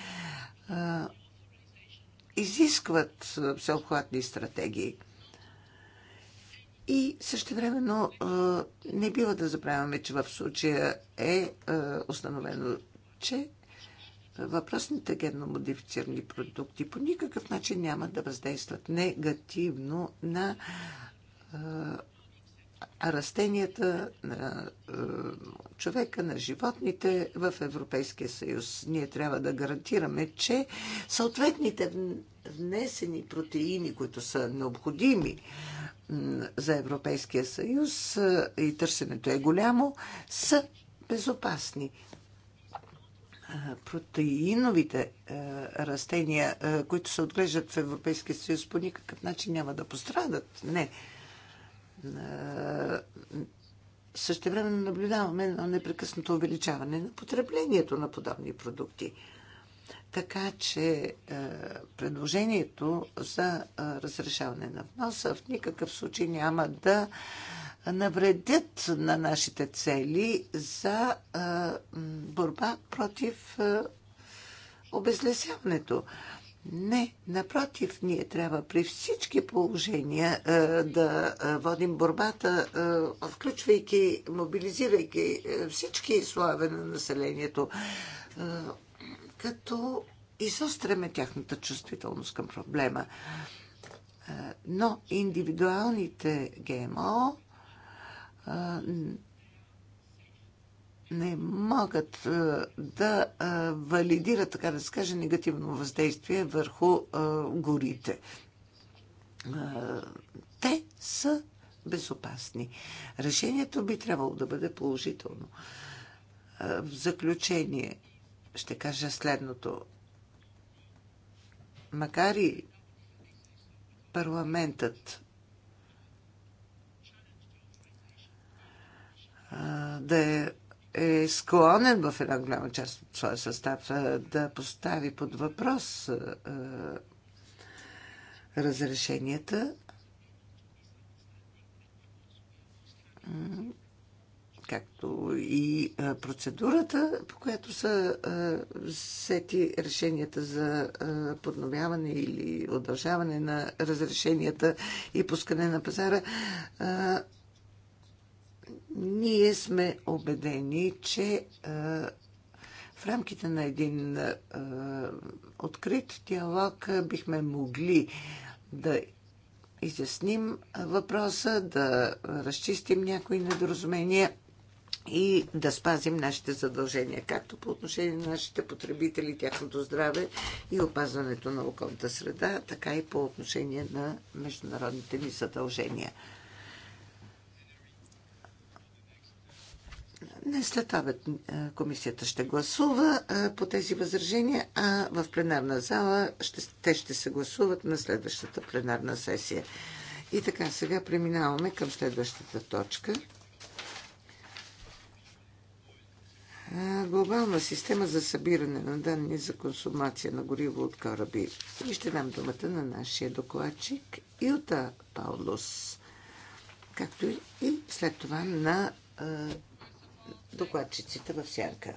изискват всеобхватни стратегии. И същевременно не бива да забравяме, че в случая е установено, че въпросните генномодифицирани продукти по никакъв начин няма да въздействат негативно на а растенията, на човека, на животните в Европейския съюз. Ние трябва да гарантираме, че съответните внесени протеини, които са необходими за Европейския съюз и търсенето е голямо, са безопасни. Протеиновите растения, които се отглеждат в Европейския съюз, по никакъв начин няма да пострадат. Не е, Също време наблюдаваме на непрекъснато увеличаване на потреблението на подобни продукти. Така че е, предложението за е, разрешаване на вноса в никакъв случай няма да навредят на нашите цели за борба против обезлесяването. Не, напротив, ние трябва при всички положения е, да е, водим борбата, е, включвайки, мобилизирайки всички слоеве на населението, като изостряме тяхната чувствителност към проблема. Но индивидуалните ГМО не могат е, да е, валидират, така да се каже, негативно въздействие върху е, горите. Те са безопасни. Решението би трябвало да бъде положително. В заключение ще кажа следното. Макар и парламентът да е е склонен в една голяма част от своя състав да постави под въпрос разрешенията, както и процедурата, по която са сети решенията за подновяване или удължаване на разрешенията и пускане на пазара, ние сме убедени, че в рамките на един открит диалог бихме могли да изясним въпроса, да разчистим някои недоразумения и да спазим нашите задължения, както по отношение на нашите потребители, тяхното здраве и опазването на околната среда, така и по отношение на международните ни задължения. Днес след обед комисията ще гласува по тези възражения, а в пленарна зала ще, те ще се гласуват на следващата пленарна сесия. И така, сега преминаваме към следващата точка. Глобална система за събиране на данни за консумация на гориво от кораби. И ще дам думата на нашия докладчик Илта Паулос, както и след това на докладчиците в сянка.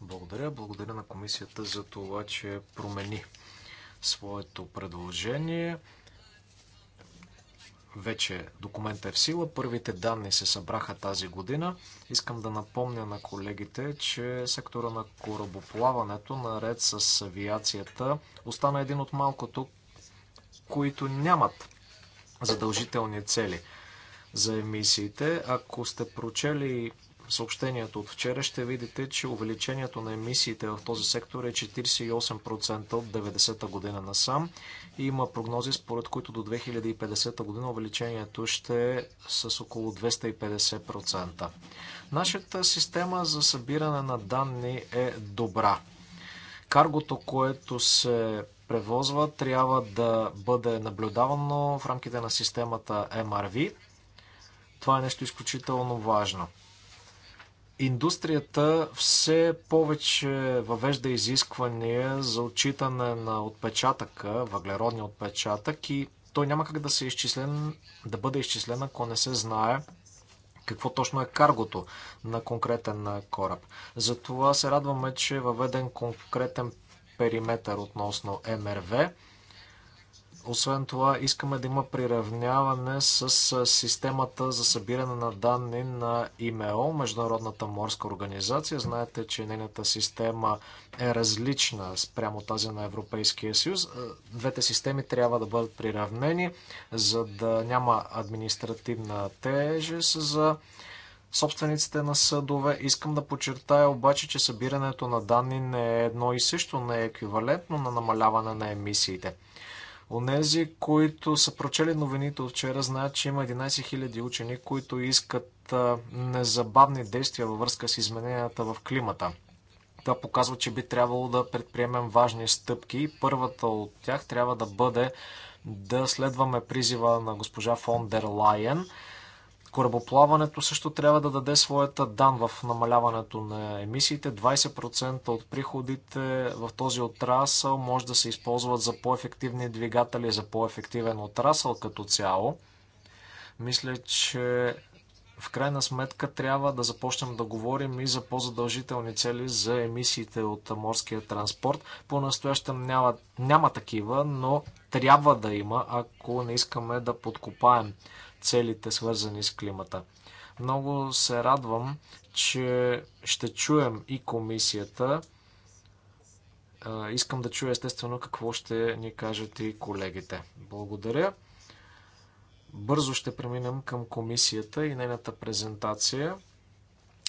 Благодаря. Благодаря на комисията за това, че промени своето предложение. Вече документа е в сила. Първите данни се събраха тази година. Искам да напомня на колегите, че сектора на корабоплаването, наред с авиацията, остана един от малкото, които нямат задължителни цели – за емисиите. Ако сте прочели съобщението от вчера, ще видите, че увеличението на емисиите в този сектор е 48% от 90-та година насам. И има прогнози, според които до 2050 година увеличението ще е с около 250%. Нашата система за събиране на данни е добра. Каргото, което се превозва, трябва да бъде наблюдавано в рамките на системата MRV. Това е нещо изключително важно. Индустрията все повече въвежда изисквания за отчитане на отпечатъка, въглеродния отпечатък и той няма как да се изчислен, да бъде изчислен, ако не се знае какво точно е каргото на конкретен кораб. Затова се радваме, че е въведен конкретен периметър относно МРВ. Освен това, искаме да има приравняване с системата за събиране на данни на ИМЕО, Международната морска организация. Знаете, че нейната система е различна спрямо тази на Европейския съюз. Двете системи трябва да бъдат приравнени, за да няма административна тежест за собствениците на съдове. Искам да подчертая обаче, че събирането на данни не е едно и също, не е еквивалентно на намаляване на емисиите. Онези, които са прочели новините от вчера, знаят, че има 11 000 учени, които искат незабавни действия във връзка с измененията в климата. Това показва, че би трябвало да предприемем важни стъпки. Първата от тях трябва да бъде да следваме призива на госпожа фон дер Лайен – Корабоплаването също трябва да даде своята дан в намаляването на емисиите. 20% от приходите в този отрасъл може да се използват за по-ефективни двигатели, за по-ефективен отрасъл като цяло. Мисля, че в крайна сметка трябва да започнем да говорим и за по-задължителни цели за емисиите от морския транспорт. По-настоящем няма, няма такива, но трябва да има, ако не искаме да подкопаем целите, свързани с климата. Много се радвам, че ще чуем и комисията. Искам да чуя естествено какво ще ни кажат и колегите. Благодаря. Бързо ще преминем към комисията и нейната презентация.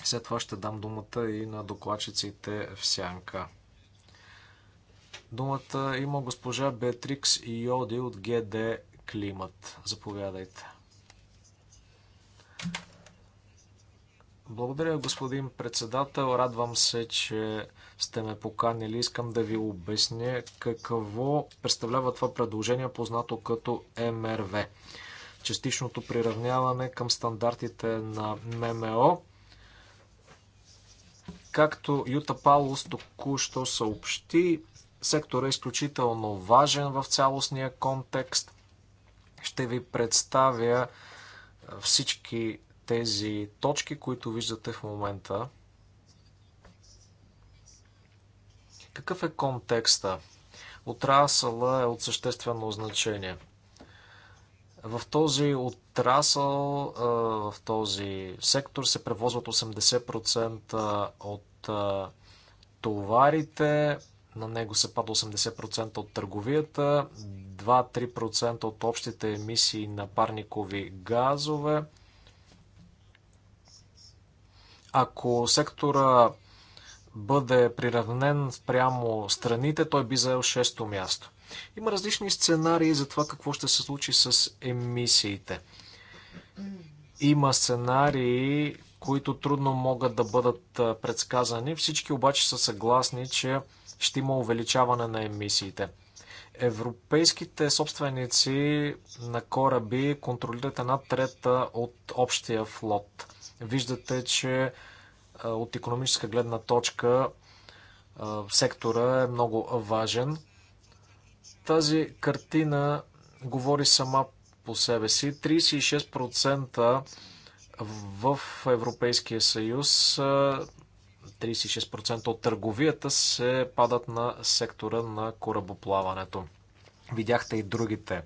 След това ще дам думата и на докладчиците в сянка. Думата има госпожа Беатрикс Йоди от ГД Климат. Заповядайте. Благодаря, господин председател. Радвам се, че сте ме поканили. Искам да ви обясня какво представлява това предложение, познато като МРВ. Частичното приравняване към стандартите на ММО. Както Юта Паулос току-що съобщи, секторът е изключително важен в цялостния контекст. Ще ви представя всички тези точки, които виждате в момента. Какъв е контекста? Отрасъла е от съществено значение. В този отрасъл, в този сектор се превозват 80% от товарите, на него се пада 80% от търговията, 2-3% от общите емисии на парникови газове. Ако сектора бъде приравнен спрямо страните, той би заел шесто място. Има различни сценарии за това какво ще се случи с емисиите. Има сценарии, които трудно могат да бъдат предсказани. Всички обаче са съгласни, че ще има увеличаване на емисиите. Европейските собственици на кораби контролират една трета от общия флот. Виждате, че от економическа гледна точка сектора е много важен. Тази картина говори сама по себе си. 36% в Европейския съюз 36% от търговията се падат на сектора на корабоплаването. Видяхте и другите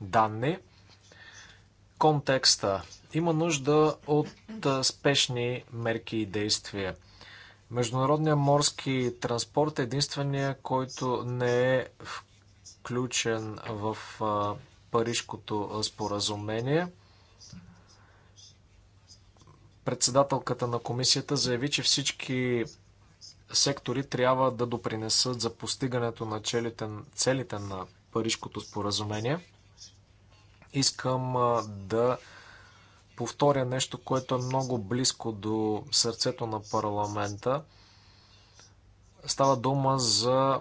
данни. Контекста има нужда от спешни мерки и действия. Международният морски транспорт е единствения, който не е включен в Парижкото споразумение. Председателката на комисията заяви, че всички сектори трябва да допринесат за постигането на целите, на Парижкото споразумение. Искам да повторя нещо, което е много близко до сърцето на парламента. Става дума за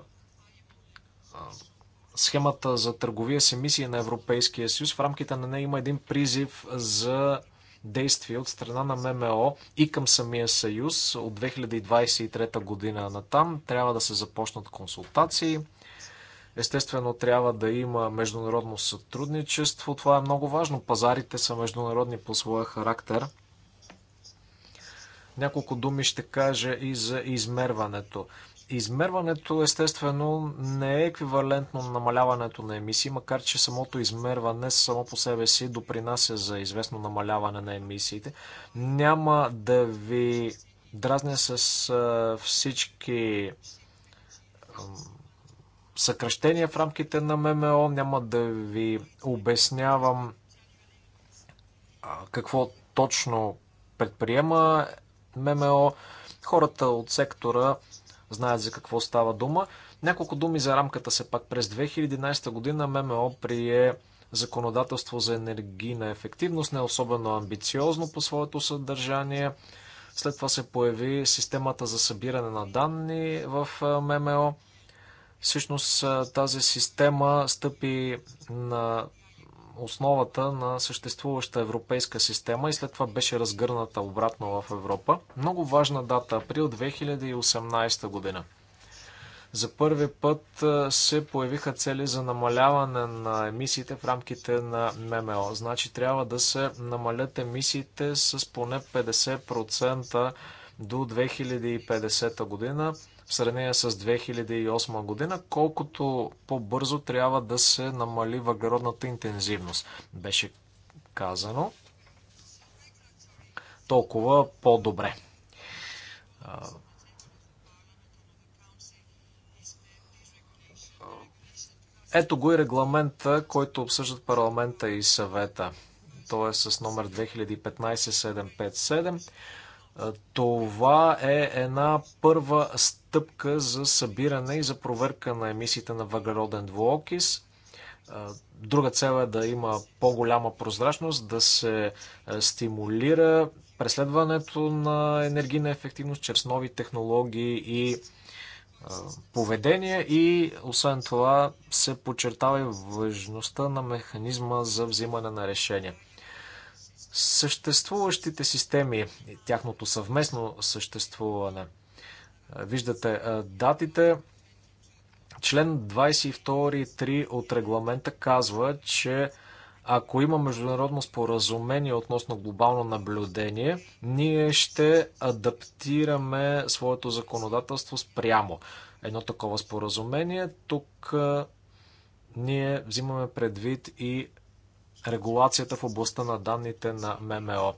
схемата за търговия с емисии на Европейския съюз. В рамките на нея има един призив за действие от страна на ММО и към самия съюз от 2023 година на там. Трябва да се започнат консултации. Естествено, трябва да има международно сътрудничество. Това е много важно. Пазарите са международни по своя характер. Няколко думи ще кажа и за измерването. Измерването, естествено, не е еквивалентно на намаляването на емисии, макар че самото измерване само по себе си допринася за известно намаляване на емисиите. Няма да ви дразня с всички съкръщения в рамките на ММО. Няма да ви обяснявам какво точно предприема ММО. Хората от сектора знаят за какво става дума. Няколко думи за рамката се пак. През 2011 година ММО прие законодателство за енергийна ефективност, не особено амбициозно по своето съдържание. След това се появи системата за събиране на данни в ММО. Всъщност тази система стъпи на основата на съществуваща европейска система и след това беше разгърната обратно в Европа. Много важна дата, април 2018 година. За първи път се появиха цели за намаляване на емисиите в рамките на ММО. Значи трябва да се намалят емисиите с поне 50% до 2050 година в сравнение с 2008 година, колкото по-бързо трябва да се намали въглеродната интензивност. Беше казано толкова по-добре. Ето го и регламента, който обсъждат парламента и съвета. Той е с номер 2015-757. Това е една първа стъпка стъпка за събиране и за проверка на емисиите на въглероден двуокис. Друга цел е да има по-голяма прозрачност, да се е, стимулира преследването на енергийна ефективност чрез нови технологии и е, поведение и освен това се подчертава и важността на механизма за взимане на решения. Съществуващите системи и тяхното съвместно съществуване – Виждате датите. Член 22.3 от регламента казва, че ако има международно споразумение относно глобално наблюдение, ние ще адаптираме своето законодателство спрямо едно такова споразумение. Тук ние взимаме предвид и регулацията в областта на данните на ММО.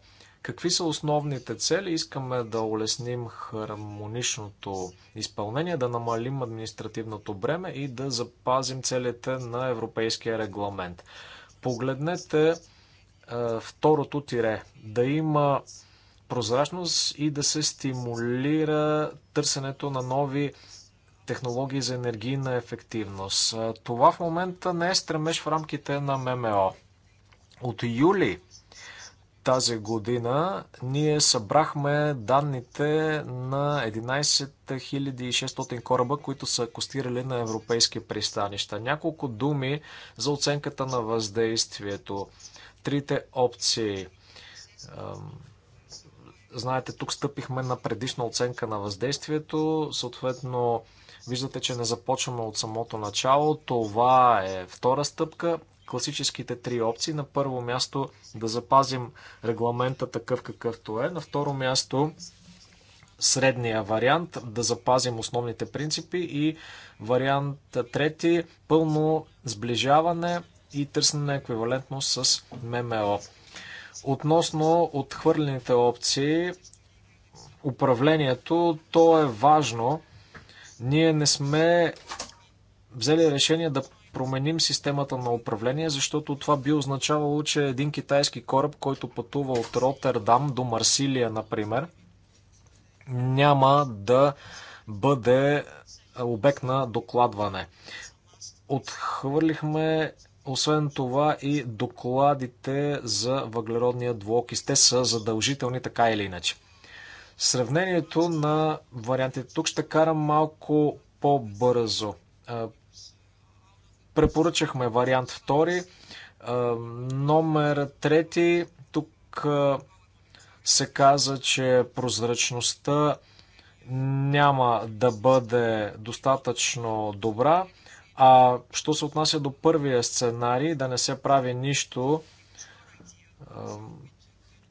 Какви са основните цели? Искаме да улесним хармоничното изпълнение, да намалим административното бреме и да запазим целите на европейския регламент. Погледнете е, второто тире. Да има прозрачност и да се стимулира търсенето на нови технологии за енергийна ефективност. Е, това в момента не е стремеж в рамките на ММО. От юли тази година ние събрахме данните на 11 600 кораба, които са костирали на европейски пристанища. Няколко думи за оценката на въздействието. Трите опции. Знаете, тук стъпихме на предишна оценка на въздействието. Съответно, виждате, че не започваме от самото начало. Това е втора стъпка класическите три опции. На първо място да запазим регламента такъв какъвто е. На второ място средния вариант, да запазим основните принципи и вариант трети пълно сближаване и търсене еквивалентно с ММО. Относно отхвърлените опции, управлението, то е важно. Ние не сме взели решение да променим системата на управление, защото това би означавало, че един китайски кораб, който пътува от Роттердам до Марсилия, например, няма да бъде обект на докладване. Отхвърлихме освен това и докладите за въглеродния двуокис. Те са задължителни така или иначе. Сравнението на вариантите. Тук ще карам малко по-бързо. Препоръчахме вариант втори, е, Номер трети Тук е, се каза, че прозрачността няма да бъде достатъчно добра. А що се отнася до първия сценарий, да не се прави нищо, е,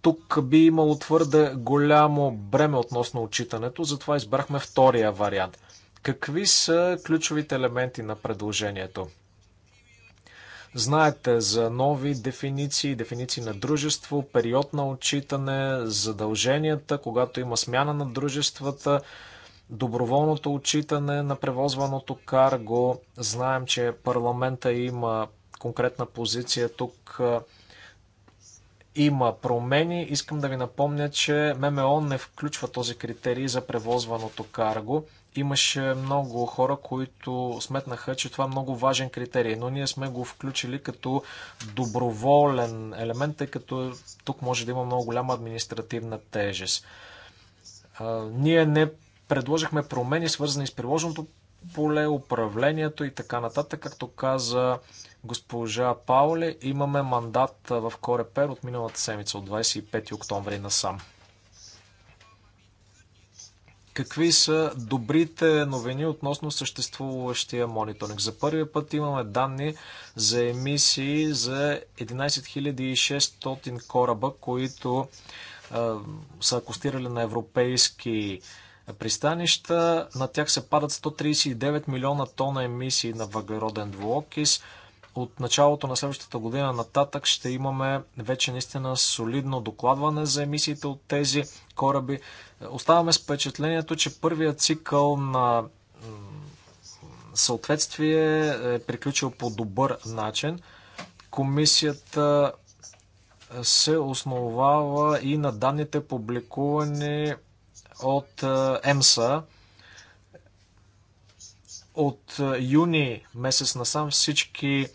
тук би имало твърде голямо бреме относно отчитането, затова избрахме втория вариант. Какви са ключовите елементи на предложението? Знаете за нови дефиниции, дефиниции на дружество, период на отчитане, задълженията, когато има смяна на дружествата, доброволното отчитане на превозваното карго. Знаем, че парламента има конкретна позиция тук. Има промени. Искам да ви напомня, че ММО не включва този критерий за превозваното карго. Имаше много хора, които сметнаха, че това е много важен критерий, но ние сме го включили като доброволен елемент, тъй като тук може да има много голяма административна тежест. Ние не предложихме промени, свързани с приложеното поле, управлението и така нататък. Както каза госпожа Пауле, имаме мандат в Корепер от миналата седмица, от 25 октомври насам. Какви са добрите новини относно съществуващия мониторинг? За първи път имаме данни за емисии за 11600 кораба, които а, са акустирали на европейски пристанища. На тях се падат 139 милиона тона емисии на въглероден двуокис. От началото на следващата година нататък ще имаме вече наистина солидно докладване за емисиите от тези кораби. Оставаме с впечатлението, че първият цикъл на съответствие е приключил по добър начин. Комисията се основава и на данните публикувани от е, ЕМСА. От е, юни месец насам всички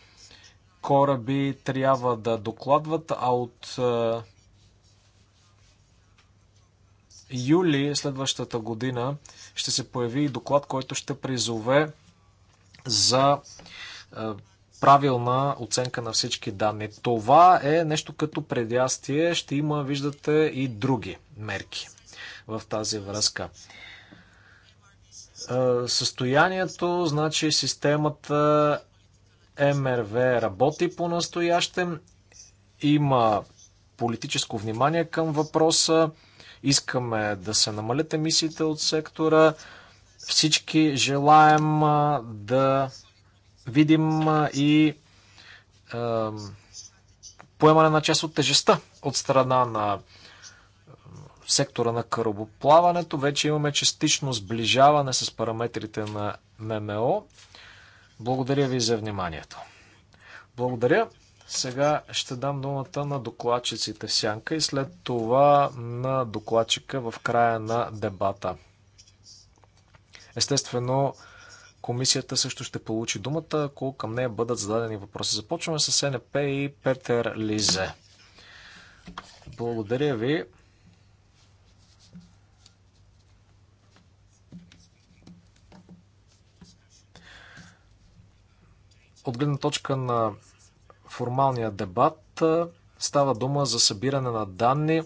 кораби трябва да докладват, а от е, юли следващата година ще се появи и доклад, който ще призове за е, правилна оценка на всички данни. Това е нещо като предястие. Ще има, виждате, и други мерки в тази връзка. Е, състоянието, значи системата МРВ работи по-настоящем. Има политическо внимание към въпроса. Искаме да се намалят емисиите от сектора. Всички желаем да видим и е, поемане на част от тежестта от страна на сектора на корабоплаването. Вече имаме частично сближаване с параметрите на ММО. Благодаря ви за вниманието. Благодаря. Сега ще дам думата на докладчиците в сянка и след това на докладчика в края на дебата. Естествено, комисията също ще получи думата, ако към нея бъдат зададени въпроси. Започваме с НП и Петър Лизе. Благодаря ви. От гледна точка на формалния дебат става дума за събиране на данни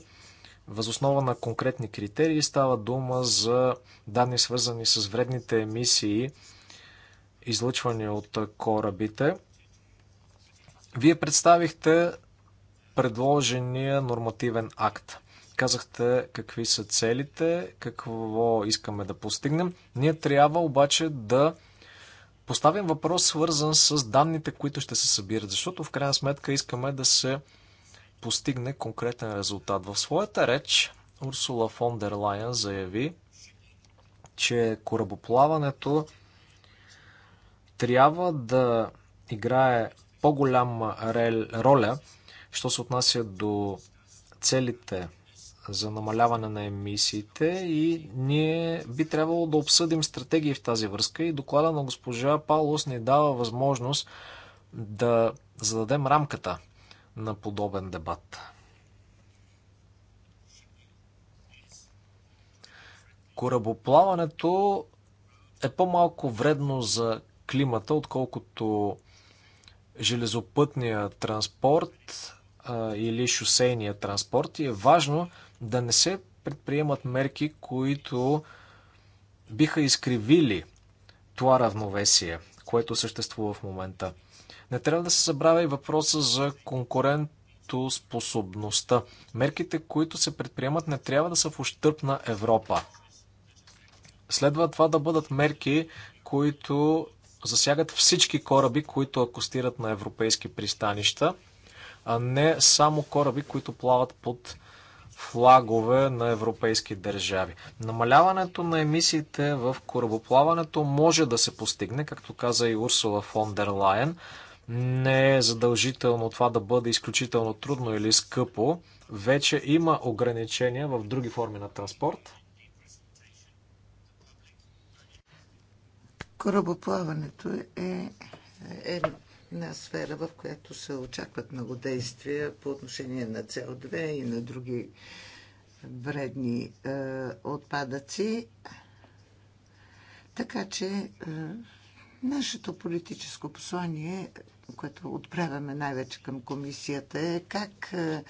възоснова на конкретни критерии. Става дума за данни свързани с вредните емисии, излъчвани от корабите. Вие представихте предложения нормативен акт. Казахте какви са целите, какво искаме да постигнем. Ние трябва обаче да поставим въпрос, свързан с данните, които ще се събират, защото в крайна сметка искаме да се постигне конкретен резултат. В своята реч Урсула фон дер Лайен заяви, че корабоплаването трябва да играе по-голяма роля, що се отнася до целите за намаляване на емисиите и ние би трябвало да обсъдим стратегии в тази връзка и доклада на госпожа Паулос ни дава възможност да зададем рамката на подобен дебат. Корабоплаването е по-малко вредно за климата, отколкото железопътния транспорт а, или шосейния транспорт и е важно да не се предприемат мерки, които биха изкривили това равновесие, което съществува в момента. Не трябва да се забравя и въпроса за конкурентоспособността. Мерките, които се предприемат, не трябва да са в ущърп на Европа. Следва това да бъдат мерки, които засягат всички кораби, които акостират на европейски пристанища, а не само кораби, които плават под флагове на европейски държави. Намаляването на емисиите в корабоплаването може да се постигне, както каза и Урсула фон дер Лайен. Не е задължително това да бъде изключително трудно или скъпо. Вече има ограничения в други форми на транспорт. Корабоплаването е, е една сфера, в която се очакват много действия по отношение на CO2 и на други вредни е, отпадъци. Така че е, нашето политическо послание, което отправяме най-вече към комисията е как е,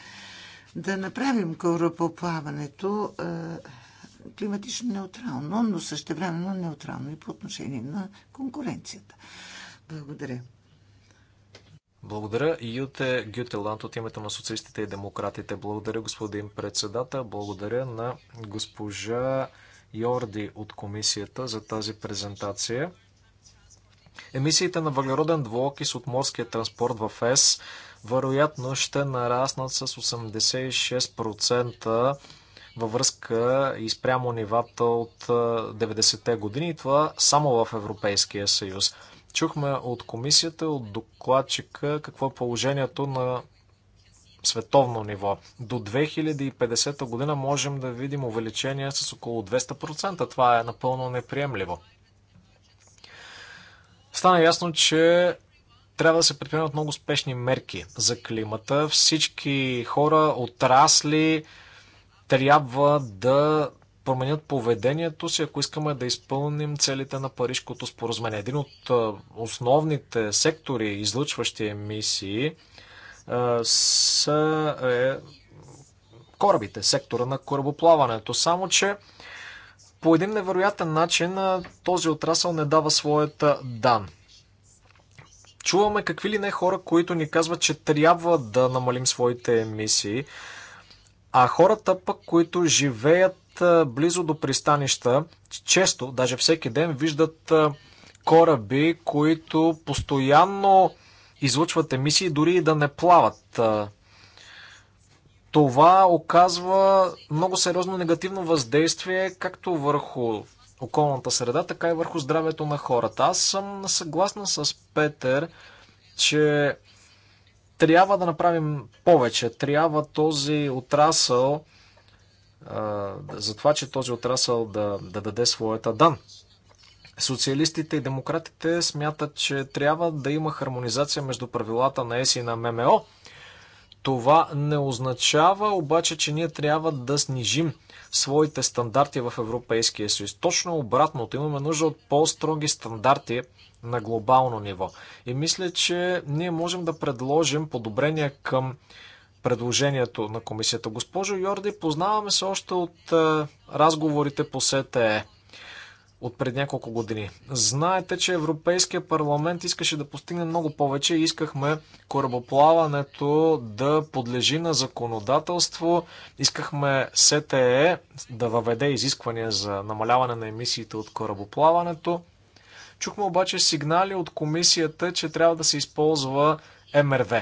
да направим корабоплаването е, климатично неутрално, но същевременно неутрално и по отношение на конкуренцията. Благодаря. Благодаря. Юте Гютеланд от името на социалистите и демократите. Благодаря, господин председател. Благодаря на госпожа Йорди от комисията за тази презентация. Емисиите на въглероден двуокис от морския транспорт в ЕС вероятно ще нараснат с 86% във връзка и спрямо нивата от 90-те години това само в Европейския съюз. Чухме от комисията, от докладчика, какво е положението на световно ниво. До 2050 година можем да видим увеличение с около 200%. Това е напълно неприемливо. Стана ясно, че трябва да се предприемат много спешни мерки за климата. Всички хора, отрасли, трябва да променят поведението си, ако искаме да изпълним целите на Парижкото споразумение. Един от основните сектори, излъчващи емисии, са е, корабите, сектора на корабоплаването. Само, че по един невероятен начин този отрасъл не дава своята дан. Чуваме какви ли не хора, които ни казват, че трябва да намалим своите емисии, а хората пък, които живеят близо до пристанища, често, даже всеки ден, виждат кораби, които постоянно излучват емисии, дори и да не плават. Това оказва много сериозно негативно въздействие както върху околната среда, така и върху здравето на хората. Аз съм съгласна с Петър, че трябва да направим повече. Трябва този отрасъл за това, че този отрасъл да, да даде своята дан. Социалистите и демократите смятат, че трябва да има хармонизация между правилата на ЕС и на ММО. Това не означава обаче, че ние трябва да снижим своите стандарти в Европейския съюз. Точно обратното, имаме нужда от по-строги стандарти на глобално ниво. И мисля, че ние можем да предложим подобрения към предложението на комисията. Госпожо Йорди, познаваме се още от е, разговорите по СТЕ от пред няколко години. Знаете, че Европейския парламент искаше да постигне много повече и искахме корабоплаването да подлежи на законодателство. Искахме СТЕ да въведе изисквания за намаляване на емисиите от корабоплаването. Чухме обаче сигнали от комисията, че трябва да се използва МРВ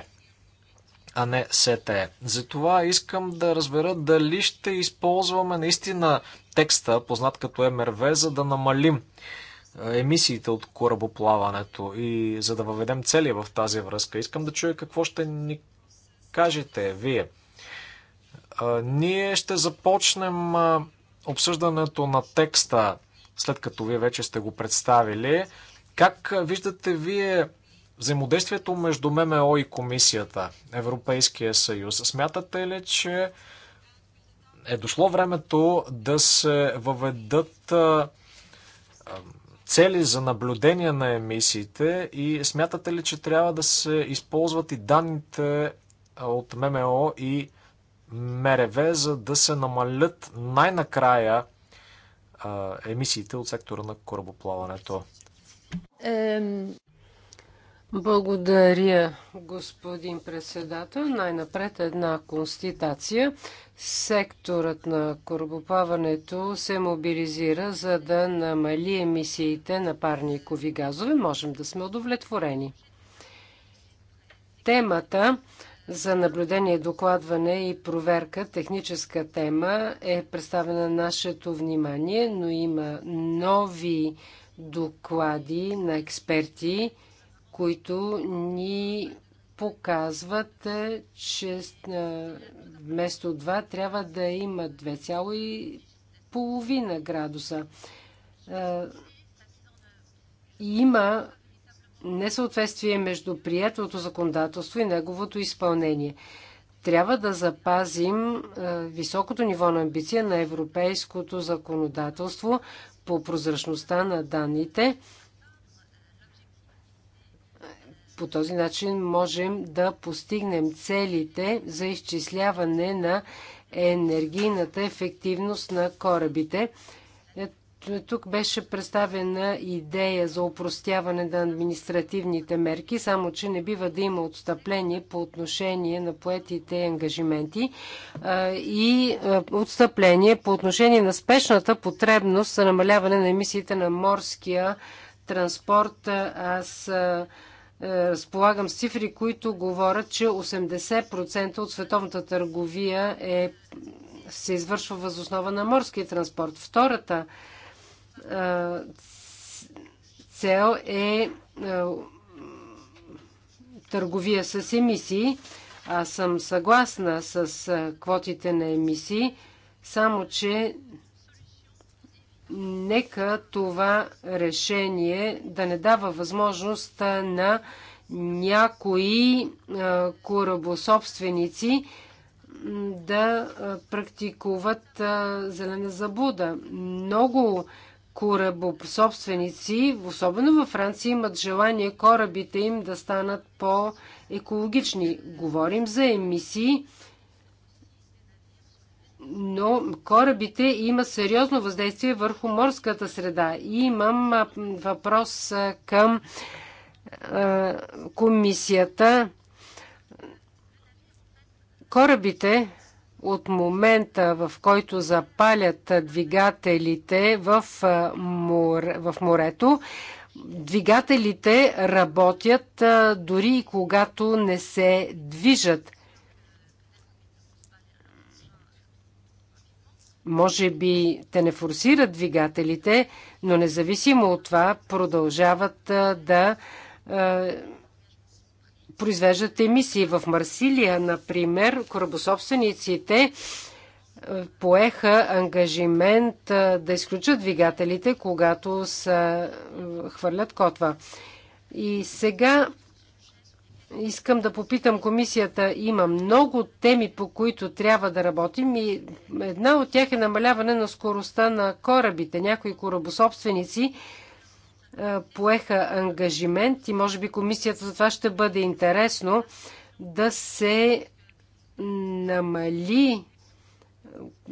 а не СТЕ. Затова искам да разбера дали ще използваме наистина текста, познат като МРВ, за да намалим е, емисиите от корабоплаването и за да въведем цели в тази връзка. Искам да чуя какво ще ни кажете вие. Ние ще започнем обсъждането на текста, след като вие вече сте го представили. Как виждате вие взаимодействието между ММО и комисията, Европейския съюз. Смятате ли, че е дошло времето да се въведат цели за наблюдение на емисиите и смятате ли, че трябва да се използват и данните от ММО и МРВ, за да се намалят най-накрая емисиите от сектора на корабоплаването? Благодаря, господин председател. Най-напред една констатация. Секторът на корабоплаването се мобилизира, за да намали емисиите на парникови газове. Можем да сме удовлетворени. Темата за наблюдение, докладване и проверка, техническа тема, е представена на нашето внимание, но има нови доклади на експерти, които ни показват, е, че е, вместо 2 трябва да има 2,5 градуса. Е, има несъответствие между приятелото законодателство и неговото изпълнение. Трябва да запазим високото ниво на амбиция на европейското законодателство по прозрачността на данните – по този начин можем да постигнем целите за изчисляване на енергийната ефективност на корабите. Е, тук беше представена идея за упростяване на административните мерки, само че не бива да има отстъпление по отношение на поетите ангажименти и отстъпление по отношение на спешната потребност за намаляване на емисиите на морския транспорт. Аз е, разполагам с цифри, които говорят, че 80% от световната търговия е, се извършва възоснова на морския транспорт. Втората е, цел е, е търговия с емисии. Аз съм съгласна с квотите на емисии, само че нека това решение да не дава възможност на някои корабособственици да практикуват зелена забуда. Много корабособственици, особено във Франция, имат желание корабите им да станат по-екологични. Говорим за емисии, но корабите имат сериозно въздействие върху морската среда. И имам въпрос към комисията. Корабите от момента, в който запалят двигателите в, мор... в морето, двигателите работят дори и когато не се движат. Може би те не форсират двигателите, но независимо от това продължават да а, произвеждат емисии. В Марсилия, например, корабособствениците поеха ангажимент да изключат двигателите, когато са, хвърлят котва. И сега Искам да попитам комисията. Има много теми, по които трябва да работим и една от тях е намаляване на скоростта на корабите. Някои корабособственици е, поеха ангажимент и може би комисията за това ще бъде интересно да се намали е,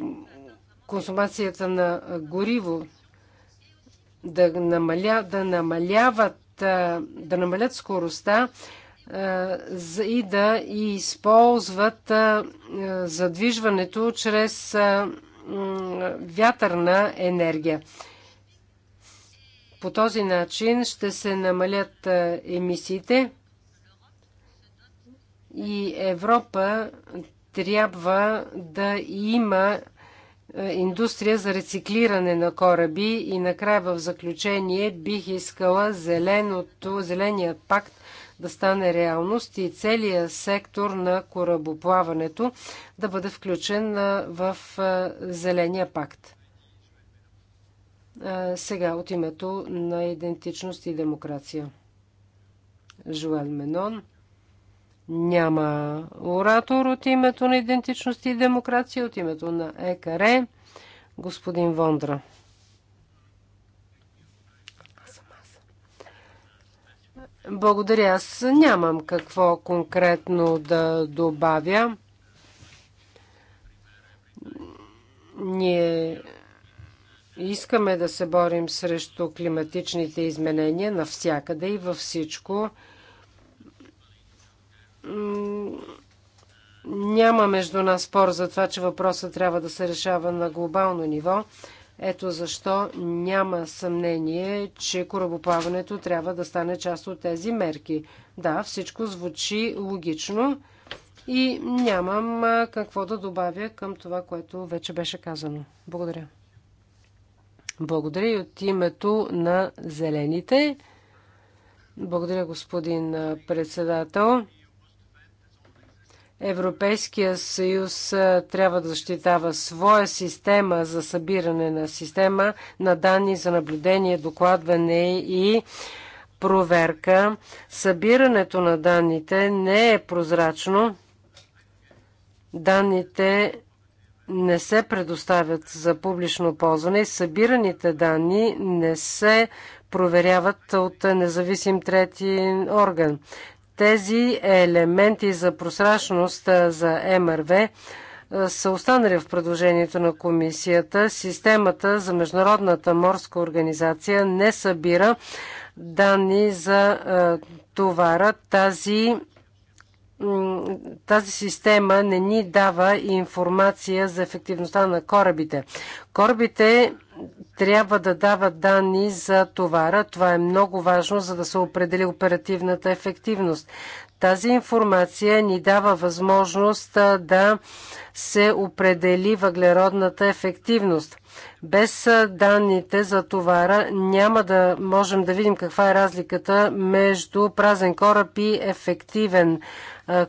консумацията на гориво, да, намаля, да намаляват е, да намалят скоростта е, и да използват е, задвижването чрез е, вятърна енергия. По този начин ще се намалят емисиите и Европа трябва да има индустрия за рециклиране на кораби и накрая в заключение бих искала зеленото, зеленият пакт да стане реалност и целият сектор на корабоплаването да бъде включен в Зеления пакт. Сега от името на идентичност и демокрация. Жуел Менон. Няма оратор от името на идентичност и демокрация, от името на ЕКР. Господин Вондра. Благодаря. Аз нямам какво конкретно да добавя. Ние искаме да се борим срещу климатичните изменения навсякъде и във всичко. Няма между нас спор за това, че въпросът трябва да се решава на глобално ниво. Ето защо няма съмнение, че корабоплаването трябва да стане част от тези мерки. Да, всичко звучи логично и нямам какво да добавя към това, което вече беше казано. Благодаря. Благодаря и от името на зелените. Благодаря, господин председател. Европейския съюз трябва да защитава своя система за събиране на система на данни за наблюдение, докладване и проверка. Събирането на данните не е прозрачно. Данните не се предоставят за публично ползване и събираните данни не се проверяват от независим трети орган. Тези елементи за прозрачност за МРВ са останали в предложението на комисията. Системата за Международната морска организация не събира данни за товара. Тази, тази система не ни дава информация за ефективността на корабите. Корабите трябва да дава данни за товара. Това е много важно, за да се определи оперативната ефективност. Тази информация ни дава възможност да се определи въглеродната ефективност. Без данните за товара няма да можем да видим каква е разликата между празен кораб и ефективен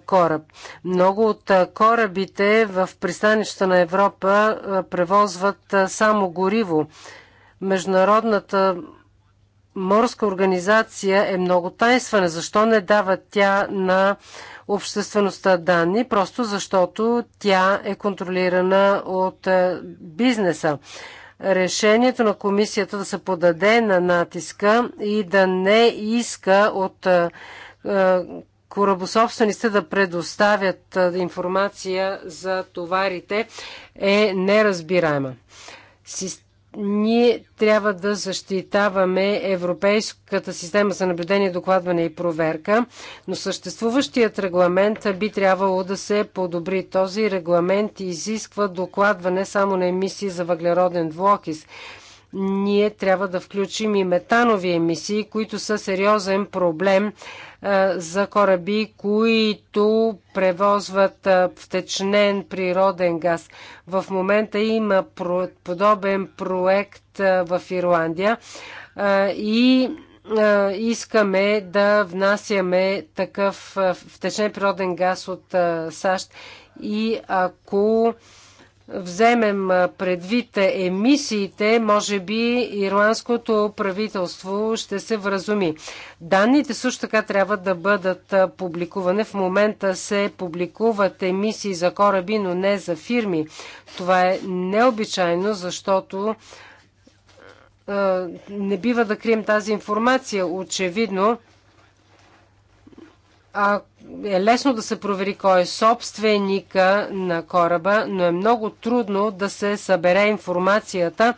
кораб. Много от корабите в пристанища на Европа превозват само гориво. Международната морска организация е много тайнствена. Защо не дава тя на обществеността данни? Просто защото тя е контролирана от бизнеса. Решението на комисията да се подаде на натиска и да не иска от корабособствениците да предоставят информация за товарите е неразбираема. Ние трябва да защитаваме Европейската система за наблюдение, докладване и проверка, но съществуващият регламент би трябвало да се подобри. Този регламент изисква докладване само на емисии за въглероден двуокис ние трябва да включим и метанови емисии, които са сериозен проблем е, за кораби, които превозват е, втечнен природен газ. В момента има подобен проект е, в Ирландия и искаме да внасяме такъв втечнен природен газ от САЩ и ако вземем предвид емисиите, може би ирландското правителство ще се вразуми. Данните също така трябва да бъдат публикувани. В момента се публикуват емисии за кораби, но не за фирми. Това е необичайно, защото не бива да крием тази информация. Очевидно, а, е лесно да се провери кой е собственика на кораба, но е много трудно да се събере информацията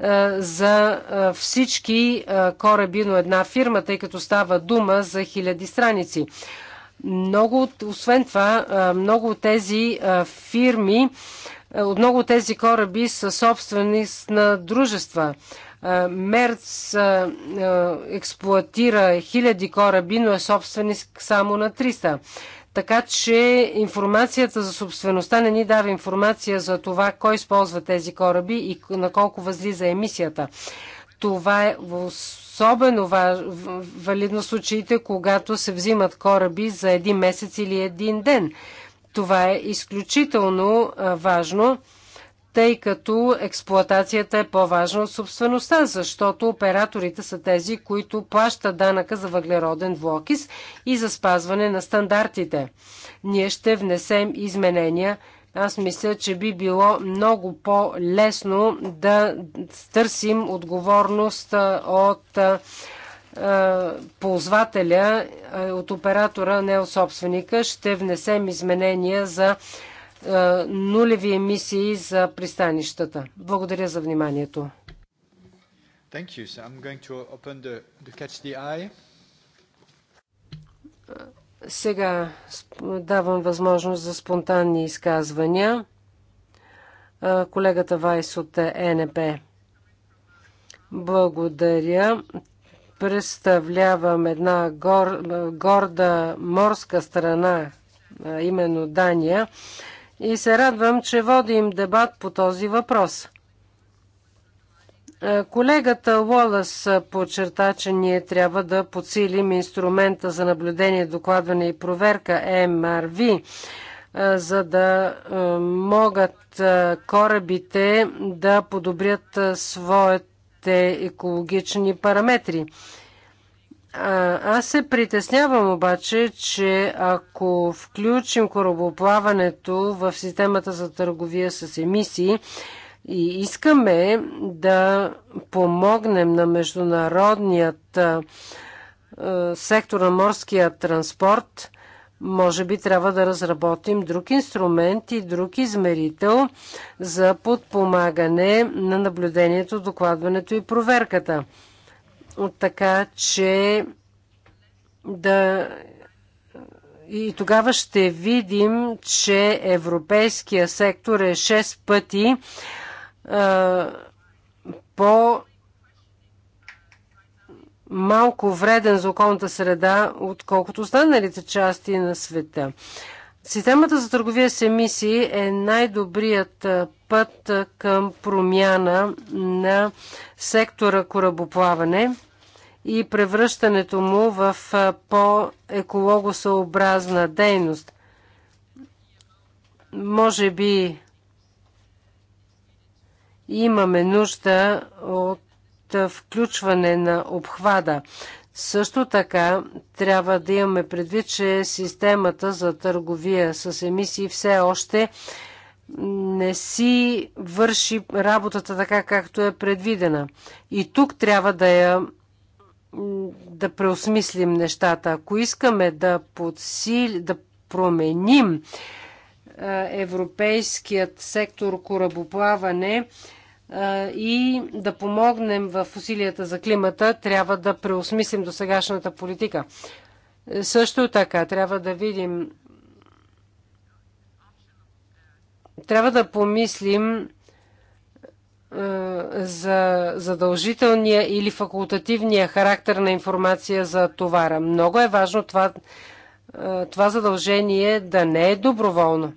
е, за е, всички е, кораби на една фирма, тъй като става дума за хиляди страници. Много освен това, много от тези фирми, от много от тези кораби са собственост на дружества. Е, Мерц е, е, експлуатира хиляди кораби, но е собственик само на 300. Така че информацията за собствеността не ни дава информация за това кой използва тези кораби и на колко възлиза емисията. Това е особено валидно в случаите, когато се взимат кораби за един месец или един ден. Това е изключително важно тъй като експлоатацията е по-важна от собствеността, защото операторите са тези, които плащат данъка за въглероден двуокис и за спазване на стандартите. Ние ще внесем изменения. Аз мисля, че би било много по-лесно да търсим отговорност от ползвателя, от оператора, не от собственика. Ще внесем изменения за е, нулеви емисии за пристанищата. Благодаря за вниманието. Сега давам възможност за спонтанни изказвания. Е, колегата Вайс от ЕНП. Благодаря. Представлявам една гор, горда морска страна, именно Дания и се радвам, че водим дебат по този въпрос. Е, колегата Лолас подчерта, че ние трябва да подсилим инструмента за наблюдение, докладване и проверка МРВ, е, за да е, могат корабите да подобрят своите екологични параметри аз се притеснявам обаче, че ако включим корабоплаването в системата за търговия с емисии и искаме да помогнем на международният сектор на морския транспорт, може би трябва да разработим друг инструмент и друг измерител за подпомагане на наблюдението, докладването и проверката така че да и тогава ще видим, че европейския сектор е 6 пъти а, по малко вреден за околната среда, отколкото останалите части на света. Системата за търговия с емисии е най-добрият път към промяна на сектора корабоплаване и превръщането му в по-екологосъобразна дейност. Може би имаме нужда от включване на обхвада. Също така трябва да имаме предвид, че системата за търговия с емисии все още не си върши работата така, както е предвидена. И тук трябва да я да преосмислим нещата. Ако искаме да подсили, да променим европейският сектор корабоплаване, и да помогнем в усилията за климата, трябва да преосмислим до сегашната политика. Също така, трябва да видим, трябва да помислим за задължителния или факултативния характер на информация за товара. Много е важно това, това задължение да не е доброволно.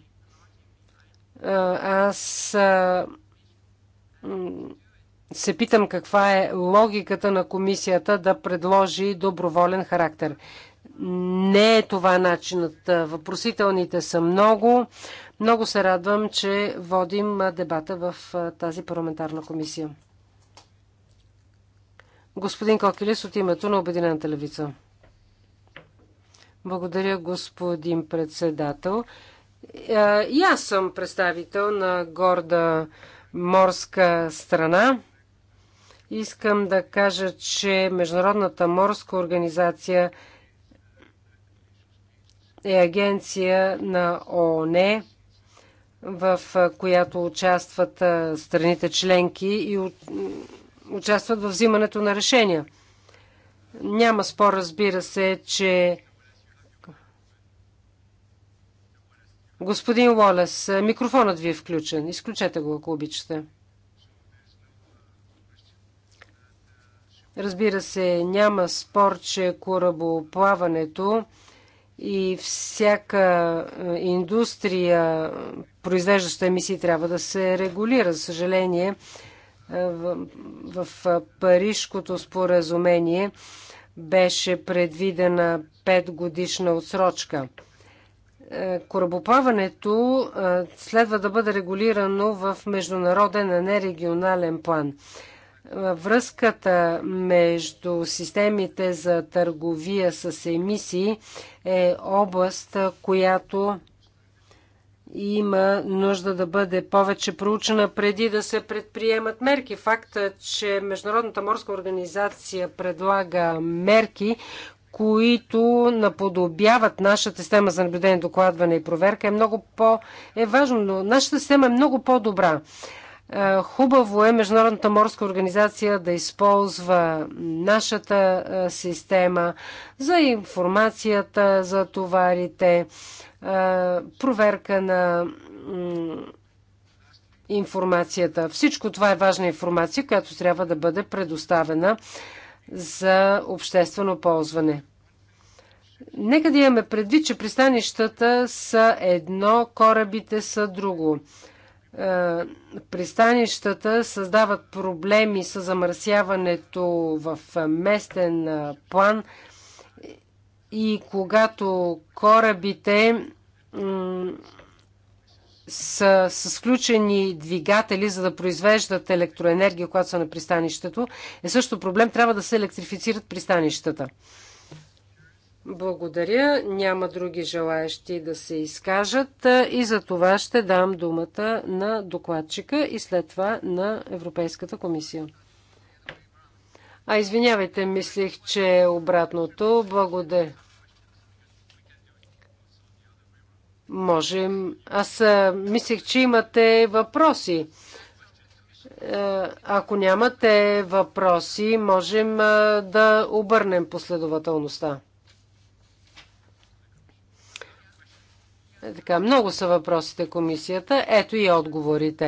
Аз се питам каква е логиката на комисията да предложи доброволен характер. Не е това начинът. Въпросителните са много. Много се радвам, че водим дебата в тази парламентарна комисия. Господин Кокелис от името на Обединената левица. Благодаря, господин председател. Е, и аз съм представител на горда морска страна. Искам да кажа, че Международната морска организация е агенция на ООН, в която участват страните членки и участват в взимането на решения. Няма спор, разбира се, че Господин Уолес, е, микрофонът ви е включен. Изключете го, ако обичате. Разбира се, няма спор, че корабоплаването и всяка е, индустрия, произвеждаща емисии, трябва да се регулира. За съжаление, е, в, Парижското Парижкото споразумение беше предвидена 5 годишна отсрочка – е, корабоплаването е, следва да бъде регулирано в международен, а не регионален план. Е, връзката между системите за търговия с емисии е област, която има нужда да бъде повече проучена преди да се предприемат мерки. Факта, че Международната морска организация предлага мерки, които наподобяват нашата система за наблюдение, докладване и проверка, е много по... е важно, но нашата система е много по-добра. Е, хубаво е Международната морска организация да използва нашата е, система за информацията за товарите, е, проверка на информацията. Всичко това е важна информация, която трябва да бъде предоставена за обществено ползване. Нека да имаме предвид, че пристанищата са едно, корабите са друго. Е, пристанищата създават проблеми с замърсяването в местен е, план и когато корабите са, с включени двигатели, за да произвеждат електроенергия, която са на пристанището, е също проблем. Трябва да се електрифицират пристанищата. Благодаря. Няма други желаящи да се изкажат и за това ще дам думата на докладчика и след това на Европейската комисия. А извинявайте, мислих, че е обратното. Благодаря. Можем. Аз мислех, че имате въпроси. Е, ако нямате въпроси, можем да обърнем последователността. Е, така, много са въпросите комисията. Ето и отговорите.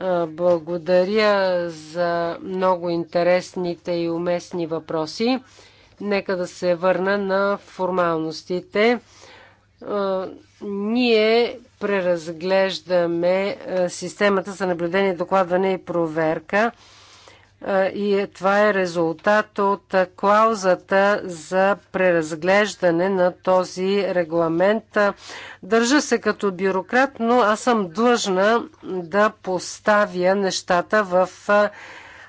Е, благодаря за много интересните и уместни въпроси. Нека да се върна на формалностите ние преразглеждаме системата за наблюдение, докладване и проверка. И това е резултат от клаузата за преразглеждане на този регламент. Държа се като бюрократ, но аз съм длъжна да поставя нещата в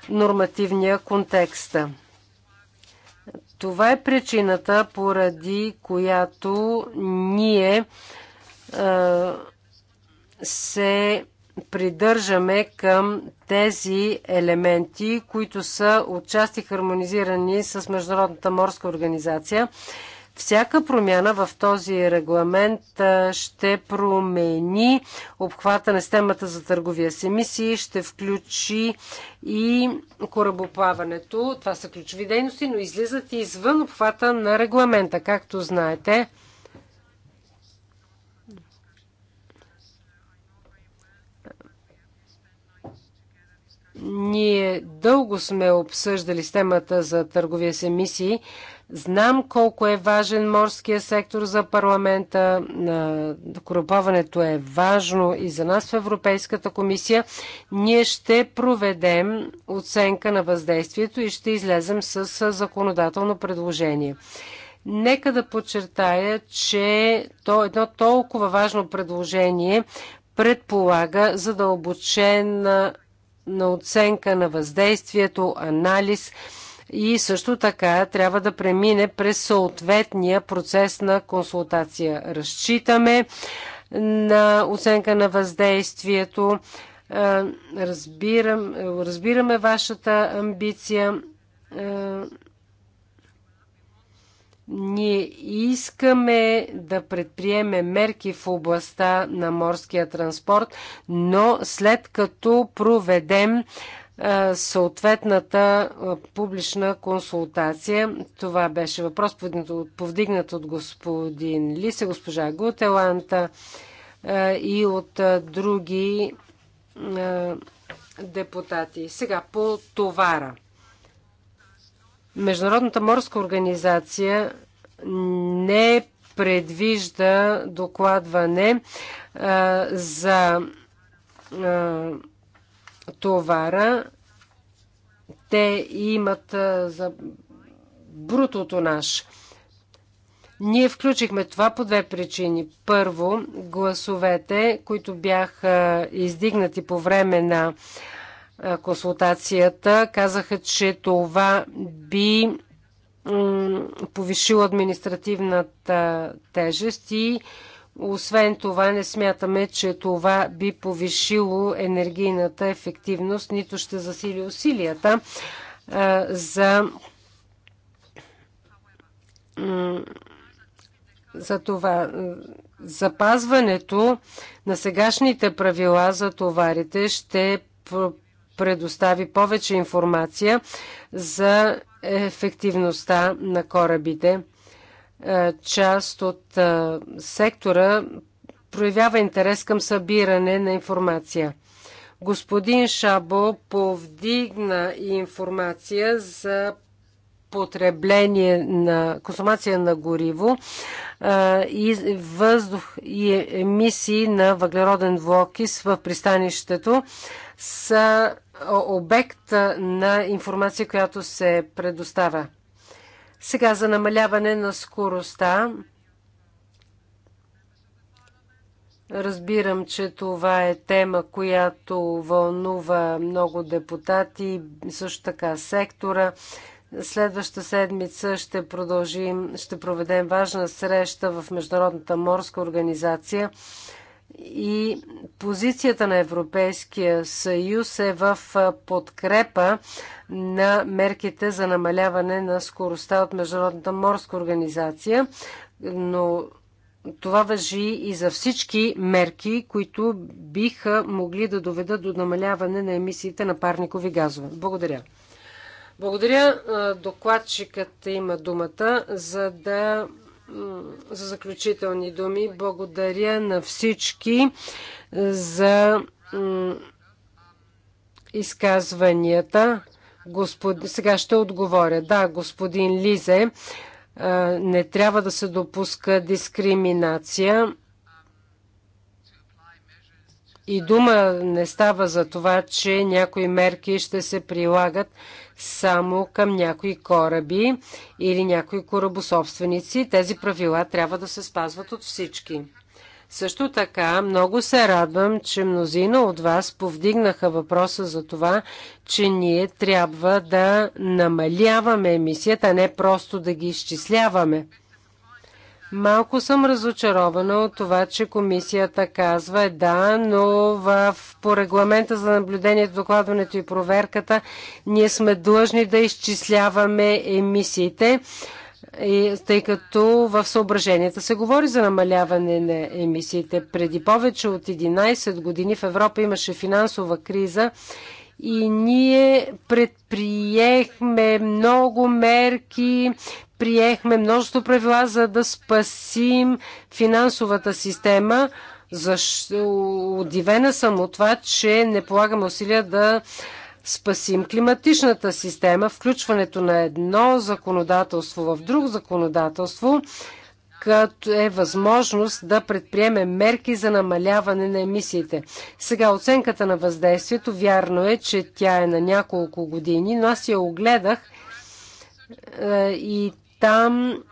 нормативния контекст. Това е причината, поради която ние а, се придържаме към тези елементи, които са отчасти хармонизирани с Международната морска организация всяка промяна в този регламент ще промени обхвата на системата за търговия с емисии, ще включи и корабоплаването. Това са ключови дейности, но излизат и извън обхвата на регламента. Както знаете, Ние дълго сме обсъждали с темата за търговия с емисии. Знам колко е важен морския сектор за парламента. Корабоването е важно и за нас в Европейската комисия. Ние ще проведем оценка на въздействието и ще излезем с законодателно предложение. Нека да подчертая, че то едно толкова важно предложение предполага задълбочен на оценка на въздействието, анализ и също така трябва да премине през съответния процес на консултация. Разчитаме на оценка на въздействието. Разбирам, разбираме вашата амбиция ние искаме да предприеме мерки в областта на морския транспорт, но след като проведем съответната публична консултация. Това беше въпрос, повдигнат от господин Лисе, госпожа Гутеланта и от други депутати. Сега по товара. Международната морска организация не предвижда докладване а, за а, товара. Те имат а, за брутото наш. Ние включихме това по две причини. Първо, гласовете, които бяха издигнати по време на а, консултацията, казаха, че това би повишило административната тежест и освен това не смятаме, че това би повишило енергийната ефективност, нито ще засили усилията за за това запазването на сегашните правила за товарите ще предостави повече информация за ефективността на корабите. Е, част от е, сектора проявява интерес към събиране на информация. Господин Шабо повдигна информация за потребление на консумация на гориво а, е, и въздух и емисии на въглероден двуокис в пристанището са обект на информация, която се предоставя. Сега за намаляване на скоростта. Разбирам, че това е тема, която вълнува много депутати, също така сектора. Следваща седмица ще продължим, ще проведем важна среща в Международната морска организация и позицията на Европейския съюз е в подкрепа на мерките за намаляване на скоростта от Международната морска организация, но това въжи и за всички мерки, които биха могли да доведат до намаляване на емисиите на парникови газове. Благодаря. Благодаря. Докладчикът има думата, за да за заключителни думи. Благодаря на всички за изказванията. Господ... Сега ще отговоря. Да, господин Лизе, не трябва да се допуска дискриминация. И дума не става за това, че някои мерки ще се прилагат само към някои кораби или някои корабособственици. Тези правила трябва да се спазват от всички. Също така, много се радвам, че мнозина от вас повдигнаха въпроса за това, че ние трябва да намаляваме емисията, а не просто да ги изчисляваме. Малко съм разочарована от това, че комисията казва да, но в, по регламента за наблюдението, докладването и проверката ние сме длъжни да изчисляваме емисиите, тъй като в съображенията се говори за намаляване на емисиите. Преди повече от 11 години в Европа имаше финансова криза и ние предприехме много мерки, приехме множество правила, за да спасим финансовата система. Защо? Удивена съм от това, че не полагаме усилия да спасим климатичната система, включването на едно законодателство в друго законодателство като е възможност да предприеме мерки за намаляване на емисиите. Сега оценката на въздействието, вярно е, че тя е на няколко години, но аз я огледах е, и там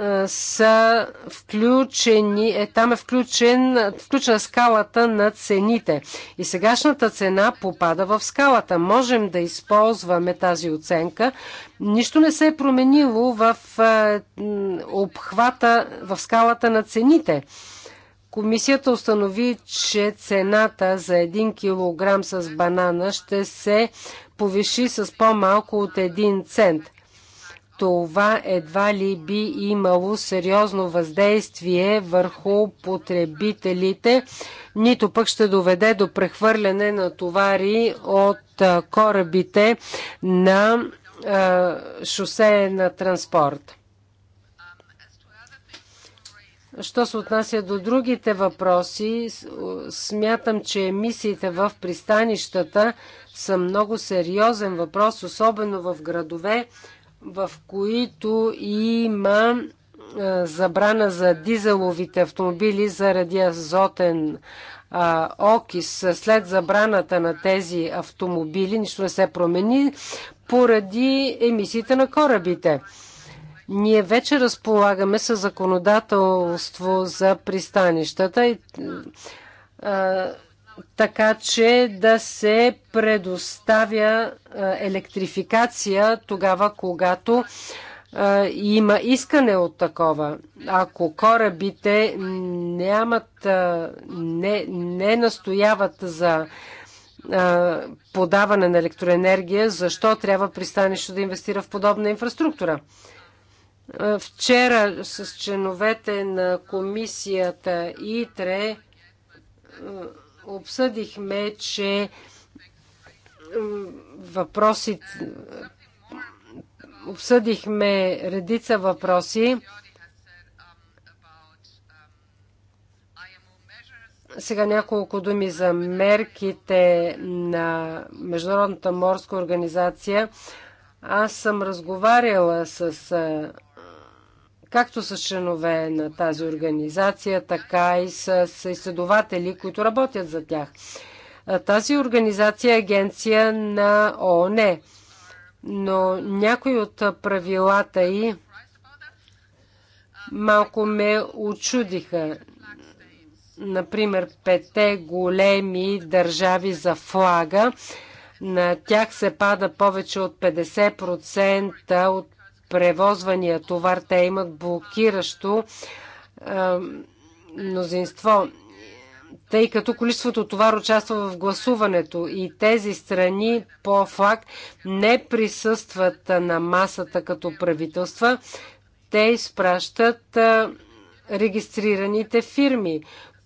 е, са включени, е, там е включен, включена скалата на цените. И сегашната цена попада в скалата. Можем да използваме тази оценка. Нищо не се е променило в е, обхвата, в скалата на цените. Комисията установи, че цената за 1 кг с банана ще се повиши с по-малко от 1 цент – това едва ли би имало сериозно въздействие върху потребителите, нито пък ще доведе до прехвърляне на товари от корабите на шосея на транспорт. Що се отнася до другите въпроси, смятам, че емисиите в пристанищата са много сериозен въпрос, особено в градове, в които има забрана за дизеловите автомобили заради азотен а, окис. След забраната на тези автомобили нищо не се промени поради емисиите на корабите. Ние вече разполагаме с законодателство за пристанищата и а, така че да се предоставя е, електрификация тогава, когато е, има искане от такова. Ако корабите нямат, е, не, не настояват за подаване на електроенергия, защо трябва пристанището да инвестира в подобна инфраструктура? Вчера с членовете на комисията ИТРЕ Обсъдихме, че въпроси, обсъдихме редица въпроси. Сега няколко думи за мерките на Международната морска организация. Аз съм разговаряла с както с членове на тази организация, така и с изследователи, които работят за тях. Тази организация е агенция на ООН, но някои от правилата и малко ме очудиха. Например, пете големи държави за флага. На тях се пада повече от 50% от превозвания товар. Те имат блокиращо мнозинство, тъй като количеството товар участва в гласуването и тези страни по факт не присъстват на масата като правителства, те изпращат регистрираните фирми.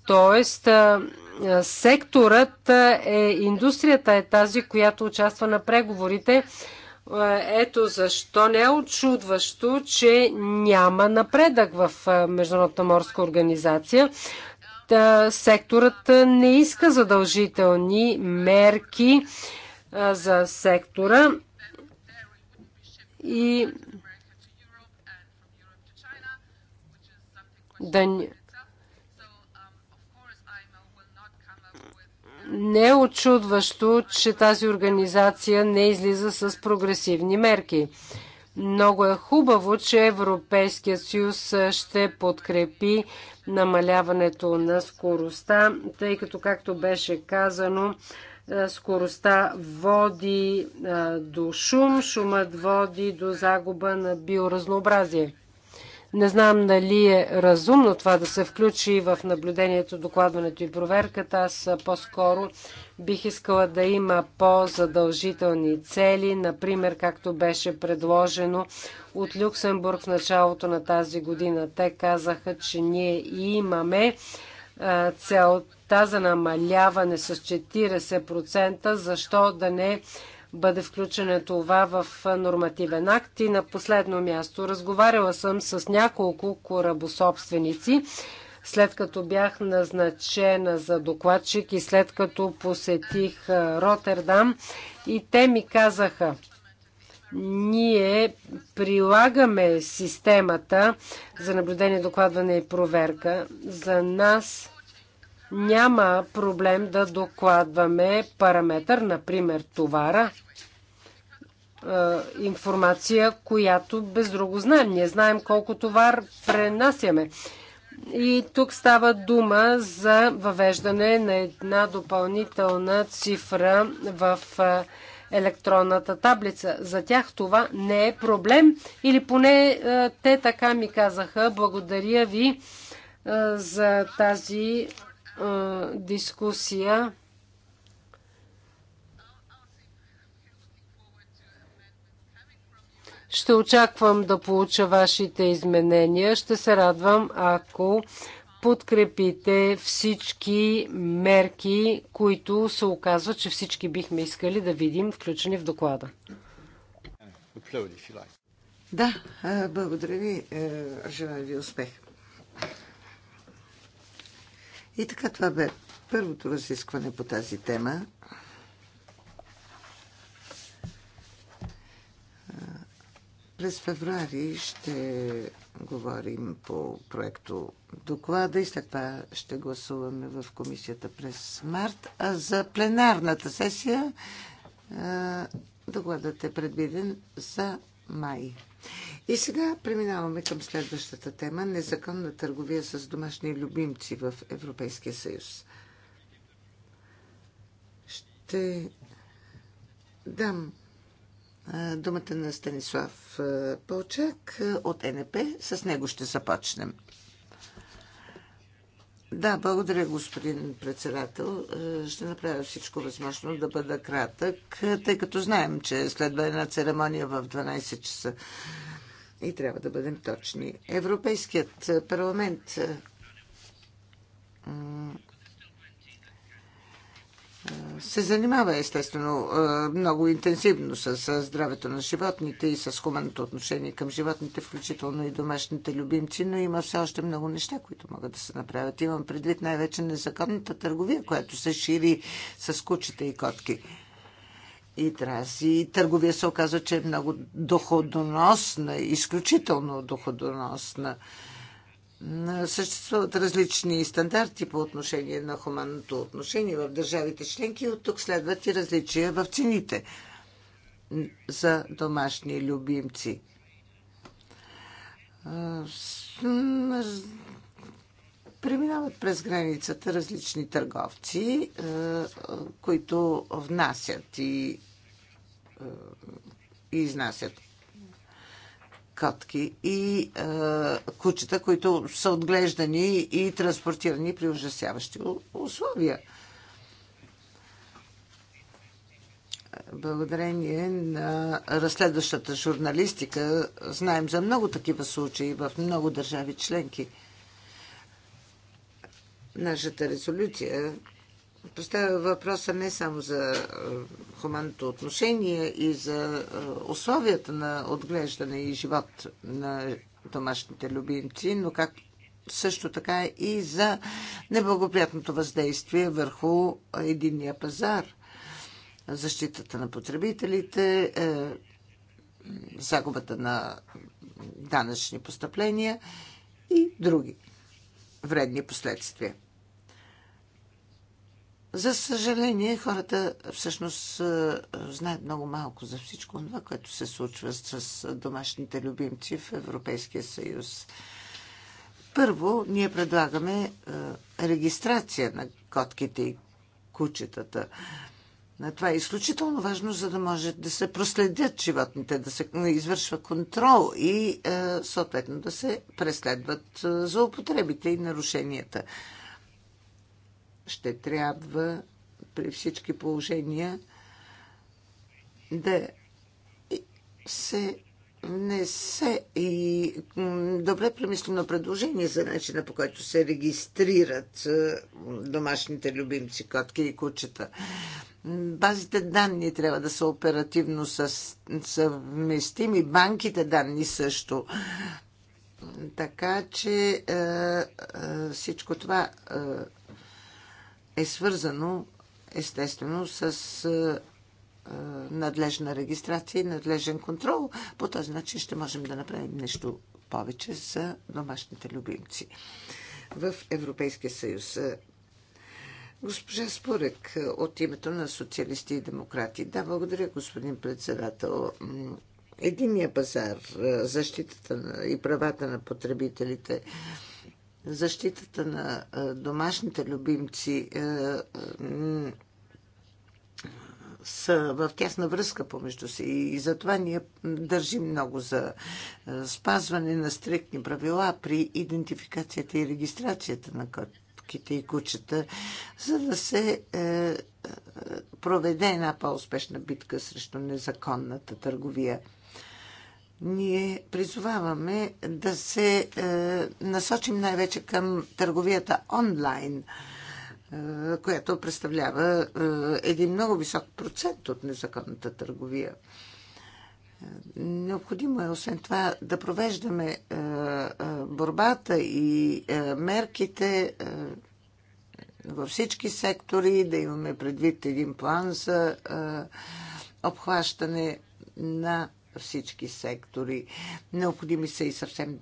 Тоест, секторът е, индустрията е тази, която участва на преговорите е, ето защо не е очудващо, че няма напредък в е, Международната морска организация. Секторът е, не иска задължителни мерки за сектора и да не е очудващо, че тази организация не излиза с прогресивни мерки. Много е хубаво, че Европейският съюз ще подкрепи намаляването на скоростта, тъй като, както беше казано, е, скоростта води е, до шум, шумът води до загуба на биоразнообразие. Не знам дали е разумно това да се включи в наблюдението, докладването и проверката. Аз по-скоро бих искала да има по-задължителни цели, например, както беше предложено от Люксембург в началото на тази година. Те казаха, че ние имаме целта за намаляване с 40%, защо да не бъде включено това в нормативен акт. И на последно място разговаряла съм с няколко корабособственици, след като бях назначена за докладчик и след като посетих Ротердам и те ми казаха, ние прилагаме системата за наблюдение, докладване и проверка. За нас няма проблем да докладваме параметър, например товара, информация, която без друго знаем. Ние знаем колко товар пренасяме. И тук става дума за въвеждане на една допълнителна цифра в електронната таблица. За тях това не е проблем или поне те така ми казаха. Благодаря ви за тази дискусия. Ще очаквам да получа вашите изменения. Ще се радвам, ако подкрепите всички мерки, които се оказват, че всички бихме искали да видим включени в доклада. Да, благодаря ви. Е, желая ви успех. И така това бе първото разискване по тази тема. През февруари ще говорим по проекто доклада и след това ще гласуваме в комисията през март. А за пленарната сесия докладът е предвиден за май. И сега преминаваме към следващата тема незаконна търговия с домашни любимци в Европейския съюз. Ще дам думата на Станислав Полчак от НП. С него ще започнем. Да, благодаря, господин председател. Е, ще направя всичко възможно да бъда кратък, е, тъй като знаем, че следва една церемония в 12 часа и трябва да бъдем точни. Европейският парламент е, се занимава естествено много интенсивно с здравето на животните и с хуманното отношение към животните, включително и домашните любимци, но има все още много неща, които могат да се направят. Имам предвид най-вече незаконната търговия, която се шири с кучета и котки. И тази търговия се оказва, че е много доходоносна, изключително доходоносна. Съществуват различни стандарти по отношение на хуманното отношение в държавите членки от тук следват и различия в цените за домашни любимци. Преминават през границата различни търговци, които внасят и изнасят котки и е, кучета, които са отглеждани и транспортирани при ужасяващи условия. Благодарение на разследващата журналистика знаем за много такива случаи в много държави членки. Нашата резолюция поставя въпроса не само за е, хуманното отношение и за е, условията на отглеждане и живот на домашните любимци, но как също така и за неблагоприятното въздействие върху единния пазар, защитата на потребителите, е, загубата на данъчни постъпления и други вредни последствия. За съжаление, хората всъщност е, знаят много малко за всичко това, което се случва с домашните любимци в Европейския съюз. Първо, ние предлагаме е, регистрация на котките и кучетата. Това е изключително важно, за да може да се проследят животните, да се извършва контрол и е, съответно да се преследват злоупотребите и нарушенията ще трябва при всички положения да се не се и добре премислено предложение за начина по който се регистрират е, домашните любимци, котки и кучета. Базите данни трябва да са оперативно съвместими, банките данни също. Така че е, е, всичко това е, е свързано естествено с надлежна регистрация и надлежен контрол. По този начин ще можем да направим нещо повече за домашните любимци в Европейския съюз. Госпожа Спорек от името на социалисти и демократи. Да, благодаря, господин председател. Единия пазар, защитата и правата на потребителите защитата на домашните любимци са в тясна връзка помежду си и затова ние държим много за спазване на стриктни правила при идентификацията и регистрацията на котките и кучета, за да се е, е, проведе една по-успешна битка срещу незаконната търговия. Ние призоваваме да се е, насочим най-вече към търговията онлайн, е, която представлява е, един много висок процент от незаконната търговия. Е, необходимо е, освен това, да провеждаме е, е, борбата и мерките във всички сектори, да имаме предвид един план за обхващане на всички сектори. Необходими са и съвсем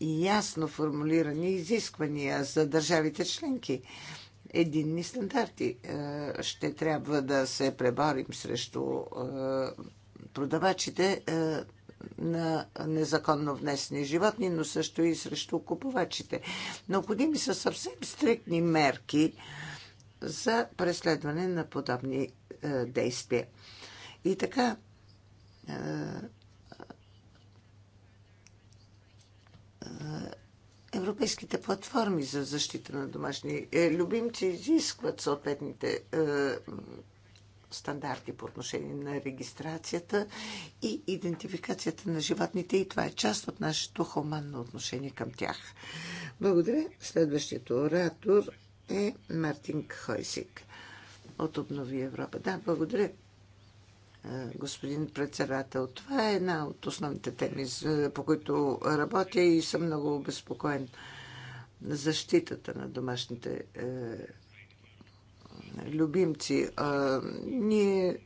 ясно формулирани изисквания за държавите членки. Единни стандарти. Е, ще трябва да се преборим срещу е, продавачите е, на незаконно внесени животни, но също и срещу купувачите. Необходими са съвсем стриктни мерки за преследване на подобни действия. И така, е, е, европейските платформи за защита на домашни е, любимци изискват съответните стандарти по отношение на регистрацията и идентификацията на животните и това е част от нашето хуманно отношение към тях. Благодаря. Следващият оратор е Мартин Хойсик от Обнови Европа. Да, благодаря господин председател. Това е една от основните теми, по които работя и съм много обезпокоен. Защитата на домашните е, любимци. Ние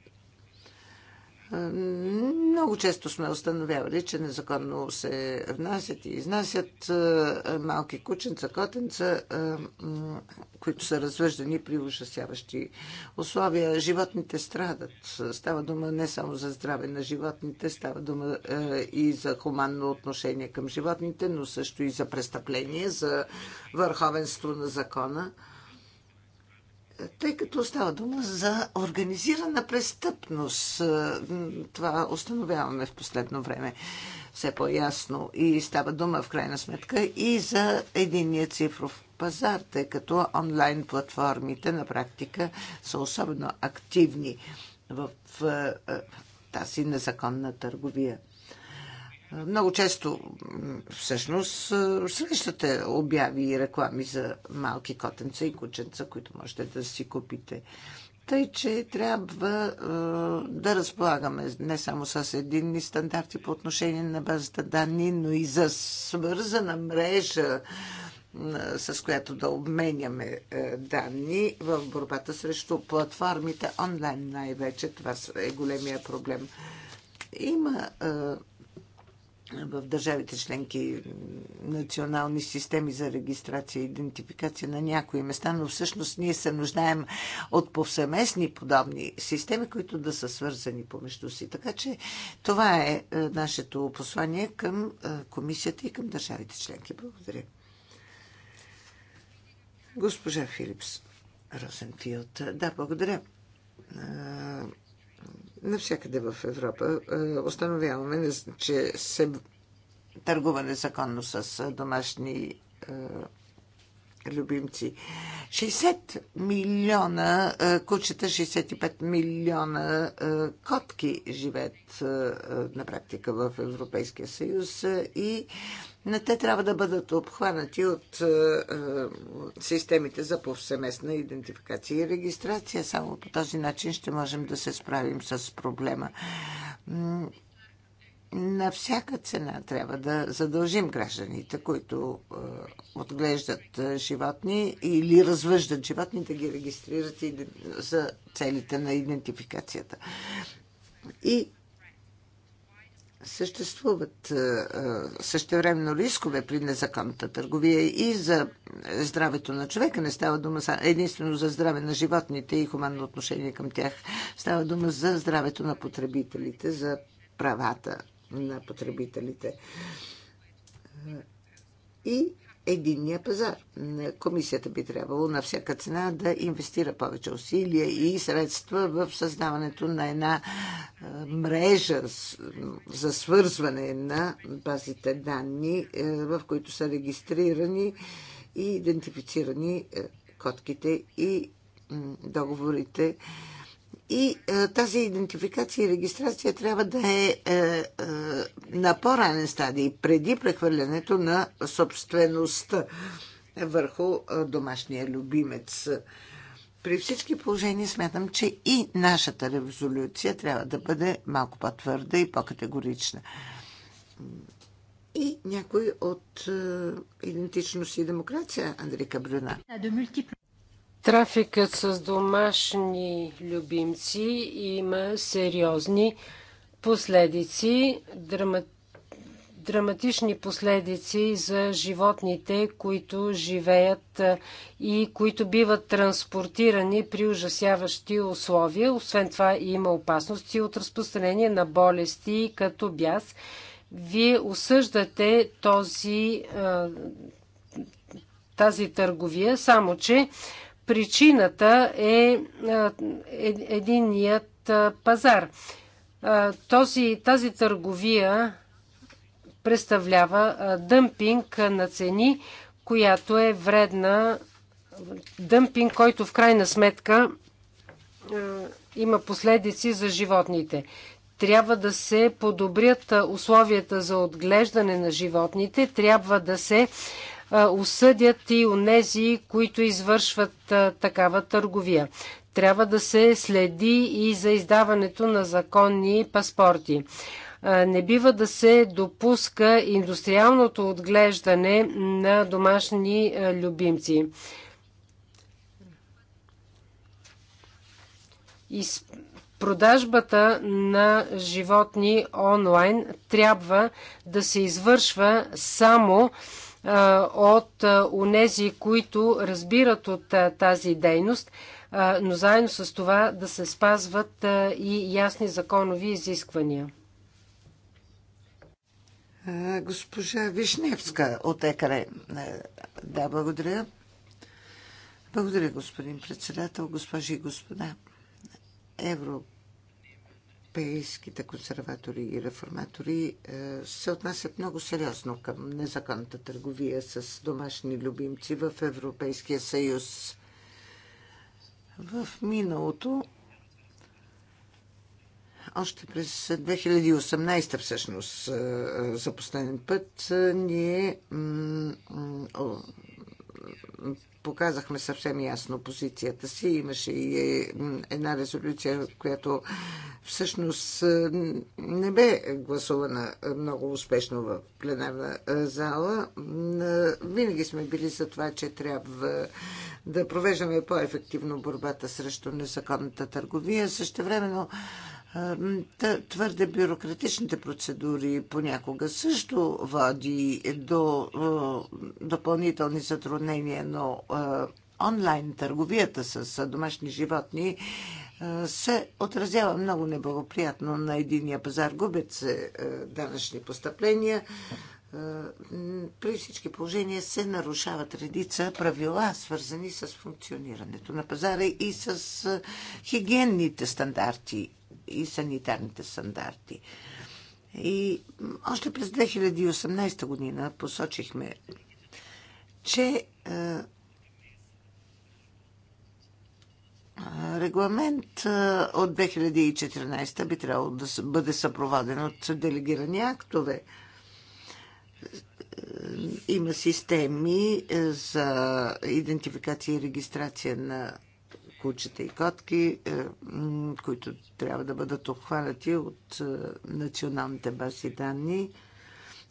много често сме установявали, че незаконно се внасят и изнасят малки кученца, котенца, които са развъждани при ужасяващи условия. Животните страдат. Става дума не само за здраве на животните, става дума и за хуманно отношение към животните, но също и за престъпление, за върховенство на закона тъй като става дума за организирана престъпност. Е, това установяваме в последно време все по-ясно. И става дума в крайна сметка и за единния цифров пазар, тъй като онлайн платформите на практика са особено активни в е, е, тази незаконна търговия. Много често, всъщност, срещате обяви и реклами за малки котенца и кученца, които можете да си купите. Тъй, че трябва е, да разполагаме не само с единни стандарти по отношение на базата данни, но и за свързана мрежа, е, с която да обменяме е, данни в борбата срещу платформите онлайн най-вече. Това е големия проблем. Има е, в държавите членки национални системи за регистрация и идентификация на някои места, но всъщност ние се нуждаем от повсеместни подобни системи, които да са свързани помежду си. Така че това е, е нашето послание към е, комисията и към държавите членки. Благодаря. Госпожа Филипс Розенфилд, Да, благодаря е, Навсякъде в Европа е, установяваме, че се търгува незаконно с е, домашни е, любимци. 60 милиона е, кучета, 65 милиона е, котки живеят е, на практика в Европейския съюз и те трябва да бъдат обхванати от системите за повсеместна идентификация и регистрация. Само по този начин ще можем да се справим с проблема на всяка цена трябва да задължим гражданите, които е, отглеждат е, животни или развъждат животни, да ги регистрират и за целите на идентификацията. И съществуват е, е, същевременно рискове при незаконната търговия и за здравето на човека. Не става дума единствено за здраве на животните и хуманно отношение към тях. Става дума за здравето на потребителите, за правата на потребителите и единния пазар. Комисията би трябвало на всяка цена да инвестира повече усилия и средства в създаването на една мрежа за свързване на базите данни, е, в които са регистрирани и идентифицирани е, котките и договорите и е, тази идентификация и регистрация трябва да е, е, е на по-ранен стадий, преди прехвърлянето на собствеността върху е, домашния любимец. При всички положения смятам, че и нашата резолюция трябва да бъде малко по-твърда и по-категорична. И някой от е, идентичност и демокрация, Андрика Брюна. Трафикът с домашни любимци има сериозни последици, драма... драматични последици за животните, които живеят и които биват транспортирани при ужасяващи условия. Освен това има опасности от разпространение на болести като бяс. Вие осъждате този, тази търговия, само че Причината е, е единият пазар. Този, тази търговия представлява дъмпинг на цени, която е вредна. Дъмпинг, който в крайна сметка има последици за животните. Трябва да се подобрят условията за отглеждане на животните, трябва да се осъдят и онези, които извършват такава търговия. Трябва да се следи и за издаването на законни паспорти. Не бива да се допуска индустриалното отглеждане на домашни любимци. Из продажбата на животни онлайн трябва да се извършва само от унези, които разбират от тази дейност, но заедно с това да се спазват и ясни законови изисквания. Госпожа Вишневска от ЕКР. Да, благодаря. Благодаря, господин председател, госпожи и господа. Европа европейските консерватори и реформатори е, се отнасят много сериозно към незаконната търговия с домашни любимци в Европейския съюз. В миналото, още през 2018 всъщност, е, е, за последен път, ние показахме съвсем ясно позицията си. Имаше и е, една резолюция, която всъщност е, не бе гласувана е, много успешно в пленарна зала. Винаги сме били за това, че трябва да провеждаме по-ефективно борбата срещу незаконната търговия. Също времено твърде бюрократичните процедури понякога също води до допълнителни затруднения, но онлайн търговията с домашни животни се отразява много неблагоприятно на единия пазар. Губят се данъчни постъпления. При всички положения се нарушават редица правила, свързани с функционирането на пазара и с хигиенните стандарти и санитарните стандарти. И още през 2018 година посочихме, че е, регламент е, от 2014 би трябвало да бъде съпроводен от делегирани актове. Има системи е, за идентификация и регистрация на кучета и котки, е, които трябва да бъдат обхванати от е, националните бази данни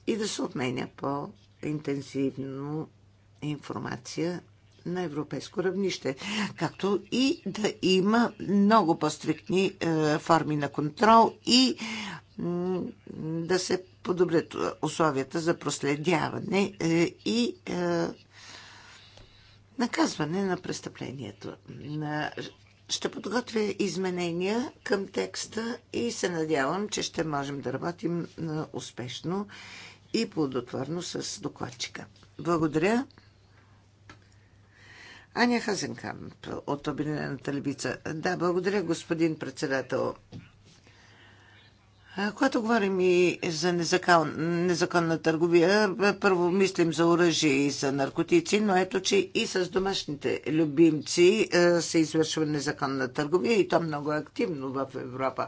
и да се обменя по-интенсивно информация на европейско равнище, както и да има много по-стриктни е, форми на контрол и да се подобрят условията за проследяване и наказване на престъплението. Ще подготвя изменения към текста и се надявам, че ще можем да работим успешно и плодотворно с докладчика. Благодаря. Аня Хазенкамп от Обединената левица. Да, благодаря, господин председател. Когато говорим и за незаконна търговия, първо мислим за оръжие и за наркотици, но ето, че и с домашните любимци се извършва незаконна търговия и то много активно в Европа.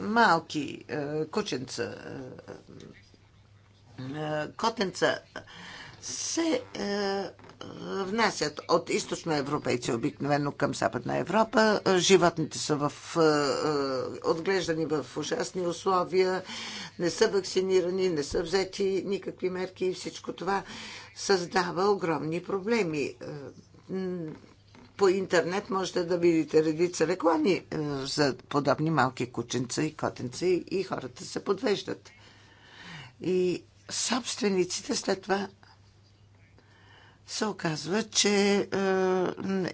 Малки кученца, котенца се е, е, внасят от източноевропейци обикновено към Западна Европа. Животните са в, е, е, отглеждани в ужасни условия, не са вакцинирани, не са взети никакви мерки и всичко това създава огромни проблеми. Е, по интернет можете да видите редица реклами за подобни малки кученца и котенца и хората се подвеждат. И собствениците след това се оказва, че е,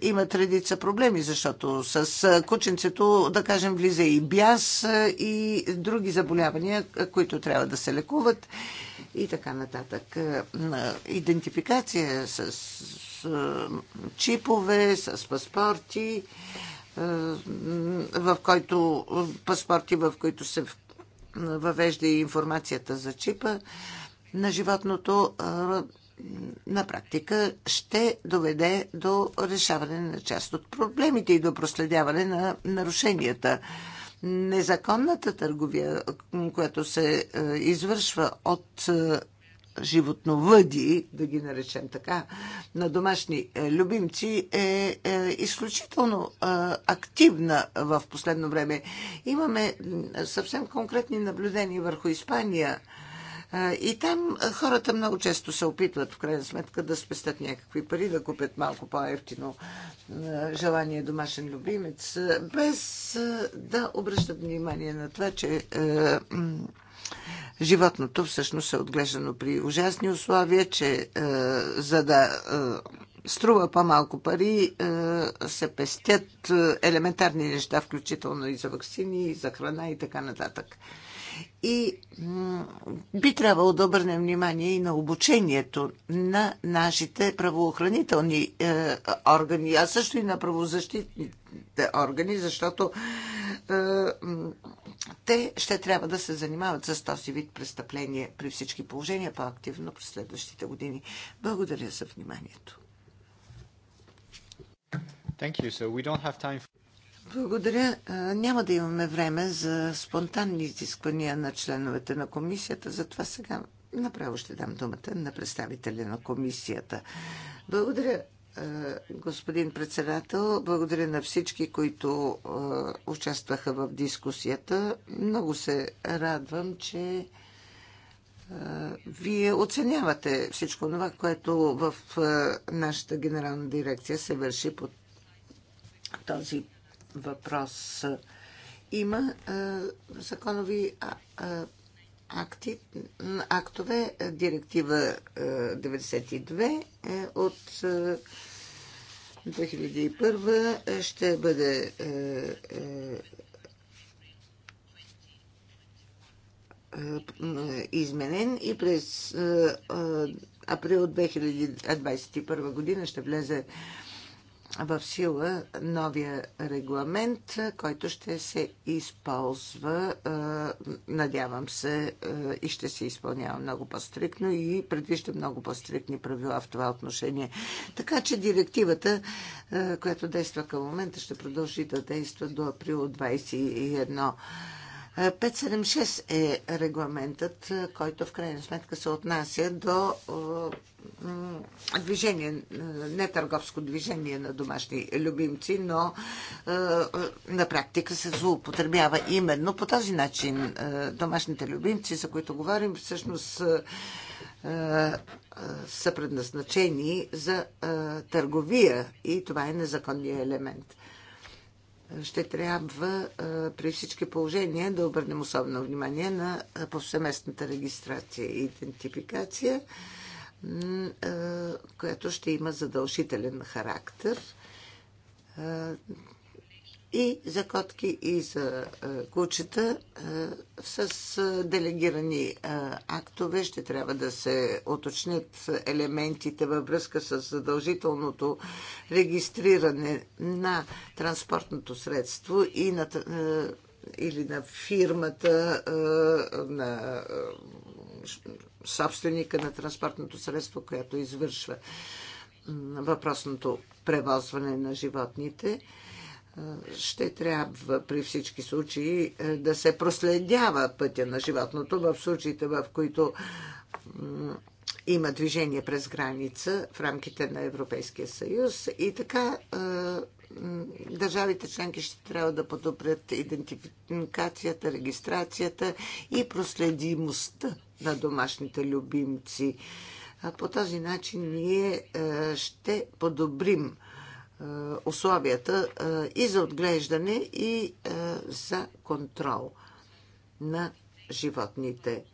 имат редица проблеми, защото с е, кученцето, да кажем, влиза и бяс е, и други заболявания, е, които трябва да се лекуват и така нататък. Идентификация с, с чипове, с паспорти, е, в който, паспорти, в които се въвежда и информацията за чипа на животното. Е, на практика ще доведе до решаване на част от проблемите и до проследяване на нарушенията. Незаконната търговия, която се е, извършва от е, животновъди, да ги наречем така, на домашни е, любимци е, изключително активна в последно време. Имаме съвсем конкретни наблюдения върху Испания – и там хората много често се опитват, в крайна сметка, да спестят някакви пари, да купят малко по-ефтино желание домашен любимец, без да обръщат внимание на това, че животното всъщност е отглеждано при ужасни условия, че за да струва по-малко пари, се пестят елементарни неща, включително и за вакцини, и за храна и така нататък. И би трябвало да обърнем внимание и на обучението на нашите правоохранителни е, органи, а също и на правозащитните органи, защото е, те ще трябва да се занимават с този вид престъпление при всички положения по-активно през следващите години. Благодаря за вниманието. Thank you. So we don't have time for... Благодаря. Няма да имаме време за спонтанни изисквания на членовете на комисията, затова сега направо ще дам думата на представителя на комисията. Благодаря, господин председател. Благодаря на всички, които участваха в дискусията. Много се радвам, че вие оценявате всичко това, което в нашата генерална дирекция се върши под този въпрос. Има а, е, законови а, а, акти, актове, е, директива а, е, 92 е, от а, 2001 ще бъде а, а, изменен и през април 2021 година ще влезе в сила новия регламент, който ще се използва, е, надявам се, е, и ще се изпълнява много по-стрикно и предвижда много по-стрикни правила в това отношение. Така че директивата, е, която действа към момента, ще продължи да действа до април 21 576 е регламентът, който в крайна сметка се отнася до движение, не търговско движение на домашни любимци, но на практика се злоупотребява именно по този начин. Домашните любимци, за които говорим, всъщност са предназначени за търговия и това е незаконният елемент ще трябва при всички положения да обърнем особено внимание на повсеместната регистрация и идентификация, която ще има задължителен характер и за котки и за кучета с делегирани актове ще трябва да се оточнят елементите във връзка с задължителното регистриране на транспортното средство и на, или на фирмата, на собственика на транспортното средство, което извършва въпросното превозване на животните ще трябва при всички случаи да се проследява пътя на животното в случаите, в които има движение през граница в рамките на Европейския съюз и така държавите членки ще трябва да подобрят идентификацията, регистрацията и проследимостта на домашните любимци. По този начин ние ще подобрим е, условията е, и за отглеждане, и е, за контрол на животните.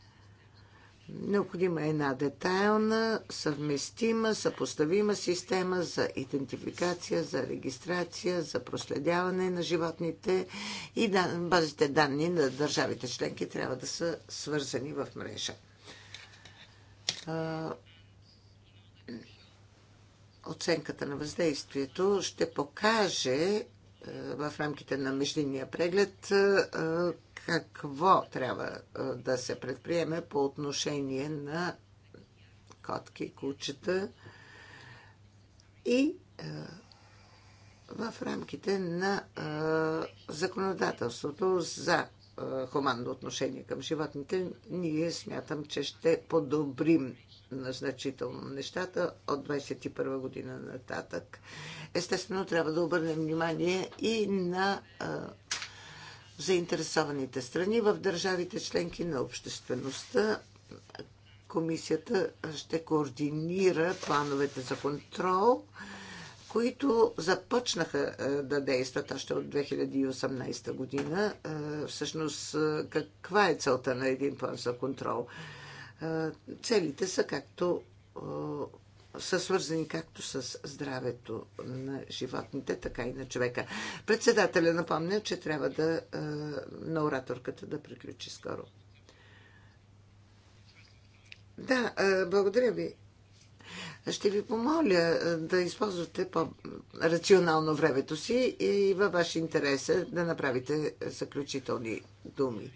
Необходима е една детайлна, съвместима, съпоставима система за идентификация, за регистрация, за проследяване на животните и базите данни на държавите членки трябва да са свързани в мрежа оценката на въздействието ще покаже е, в рамките на междинния преглед е, какво трябва е, да се предприеме по отношение на котки и кучета и в рамките на законодателството за хуманно отношение към животните, ние смятам, че ще подобрим на значително нещата от 21 година нататък. Естествено, трябва да обърнем внимание и на а, заинтересованите страни в държавите членки на обществеността. Комисията ще координира плановете за контрол, които започнаха да действат още от 2018 година. Всъщност, каква е целта на един план за контрол? целите са както са свързани както с здравето на животните, така и на човека. Председателя напомня, че трябва да на ораторката да приключи скоро. Да, благодаря ви. Ще ви помоля да използвате по-рационално времето си и във ваш интерес е да направите заключителни думи.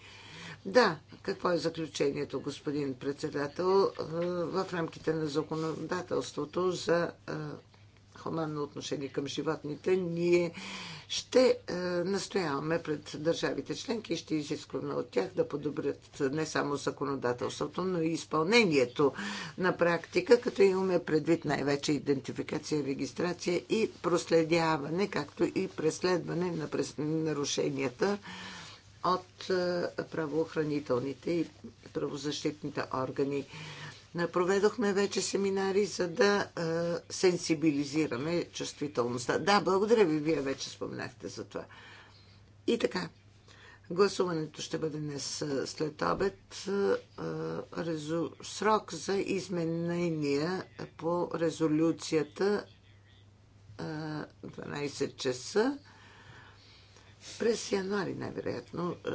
Да, какво е заключението, господин председател, е, в рамките на законодателството за е, хуманно отношение към животните, ние ще е, настояваме пред държавите членки и ще изискваме от тях да подобрят не само законодателството, но и изпълнението на практика, като имаме предвид най-вече идентификация, регистрация и проследяване, както и преследване на нарушенията от е, правоохранителните и правозащитните органи. Е, проведохме вече семинари, за да е, сенсибилизираме чувствителността. Да, благодаря ви, вие вече споменахте за това. И така, гласуването ще бъде днес след обед. Срок за изменения по резолюцията 12 часа. През януари най-вероятно е,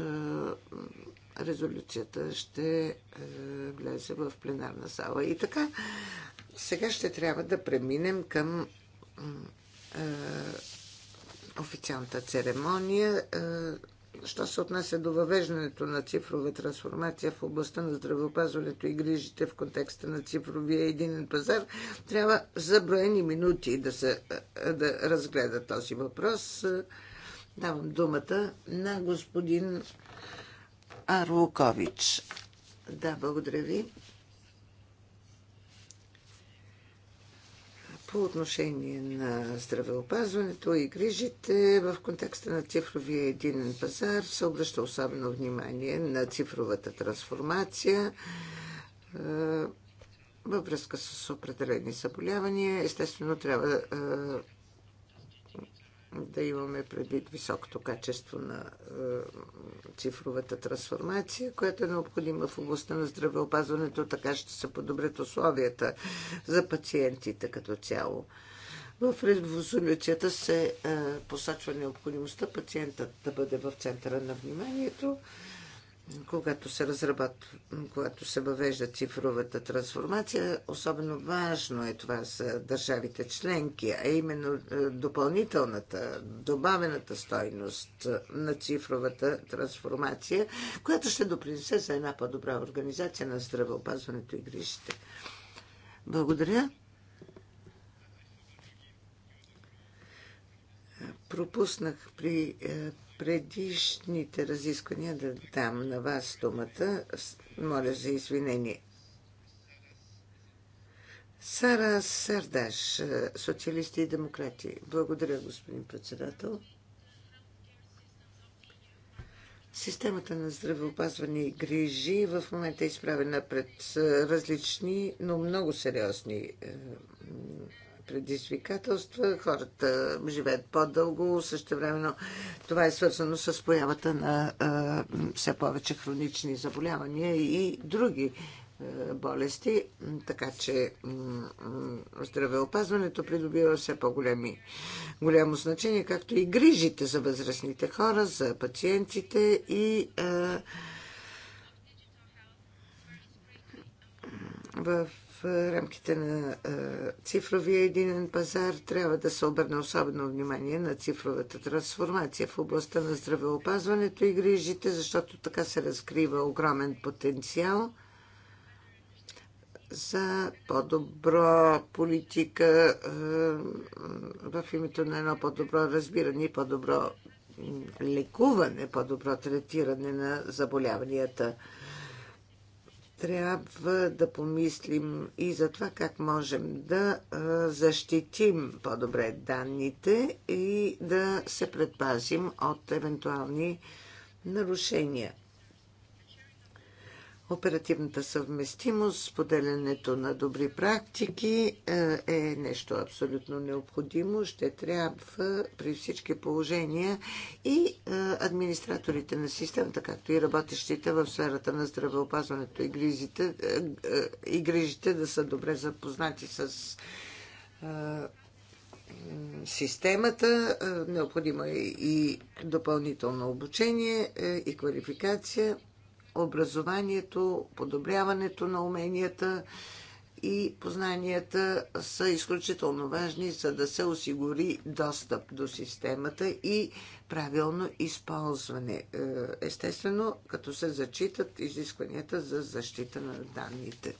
резолюцията ще е, влезе в пленарна зала. И така, сега ще трябва да преминем към е, официалната церемония. Що се отнася до въвеждането на цифрова трансформация в областта на здравеопазването и грижите в контекста на цифровия единен пазар, трябва за броени минути да, се, да разгледа този въпрос. Давам думата на господин Арлукович. Да, благодаря ви. По отношение на здравеопазването и грижите в контекста на цифровия единен пазар се обръща особено внимание на цифровата трансформация във връзка с определени заболявания. Естествено, трябва да имаме предвид високото качество на е, цифровата трансформация, която е необходима в областта на здравеопазването, така ще се подобрят условията за пациентите като цяло. В резолюцията се е, посочва необходимостта пациентът да бъде в центъра на вниманието когато се разработва, когато се въвежда цифровата трансформация, особено важно е това за държавите членки, а именно е, допълнителната, добавената стойност е, на цифровата трансформация, която ще допринесе за една по-добра организация на здравеопазването и грижите. Благодаря. Пропуснах при е, предишните разисквания да дам на вас думата. Моля за извинение. Сара Сардаш, е, социалисти и демократи. Благодаря, господин председател. Системата на здравеопазване и грижи в момента е изправена пред е, различни, но много сериозни е, предизвикателства, хората живеят по-дълго, времено това е свързано с появата на все повече хронични заболявания и други болести, така че здравеопазването придобива все по-големи голямо значение, както и грижите за възрастните хора, за пациентите и в рамките на цифровия единен пазар трябва да се обърне особено внимание на цифровата трансформация в областта на здравеопазването и грижите, защото така се разкрива огромен потенциал за по-добра политика в името на едно по-добро разбиране и по-добро лекуване, по-добро третиране на заболяванията трябва да помислим и за това как можем да защитим по-добре данните и да се предпазим от евентуални нарушения. Оперативната съвместимост, споделянето на добри практики е, е нещо абсолютно необходимо. Ще трябва при всички положения и е, администраторите на системата, както и работещите в сферата на здравеопазването и грижите, е, и грижите да са добре запознати с системата. Необходимо е и допълнително обучение и квалификация образованието, подобряването на уменията и познанията са изключително важни, за да се осигури достъп до системата и правилно използване. Е, естествено, като се зачитат изискванията за защита на данните.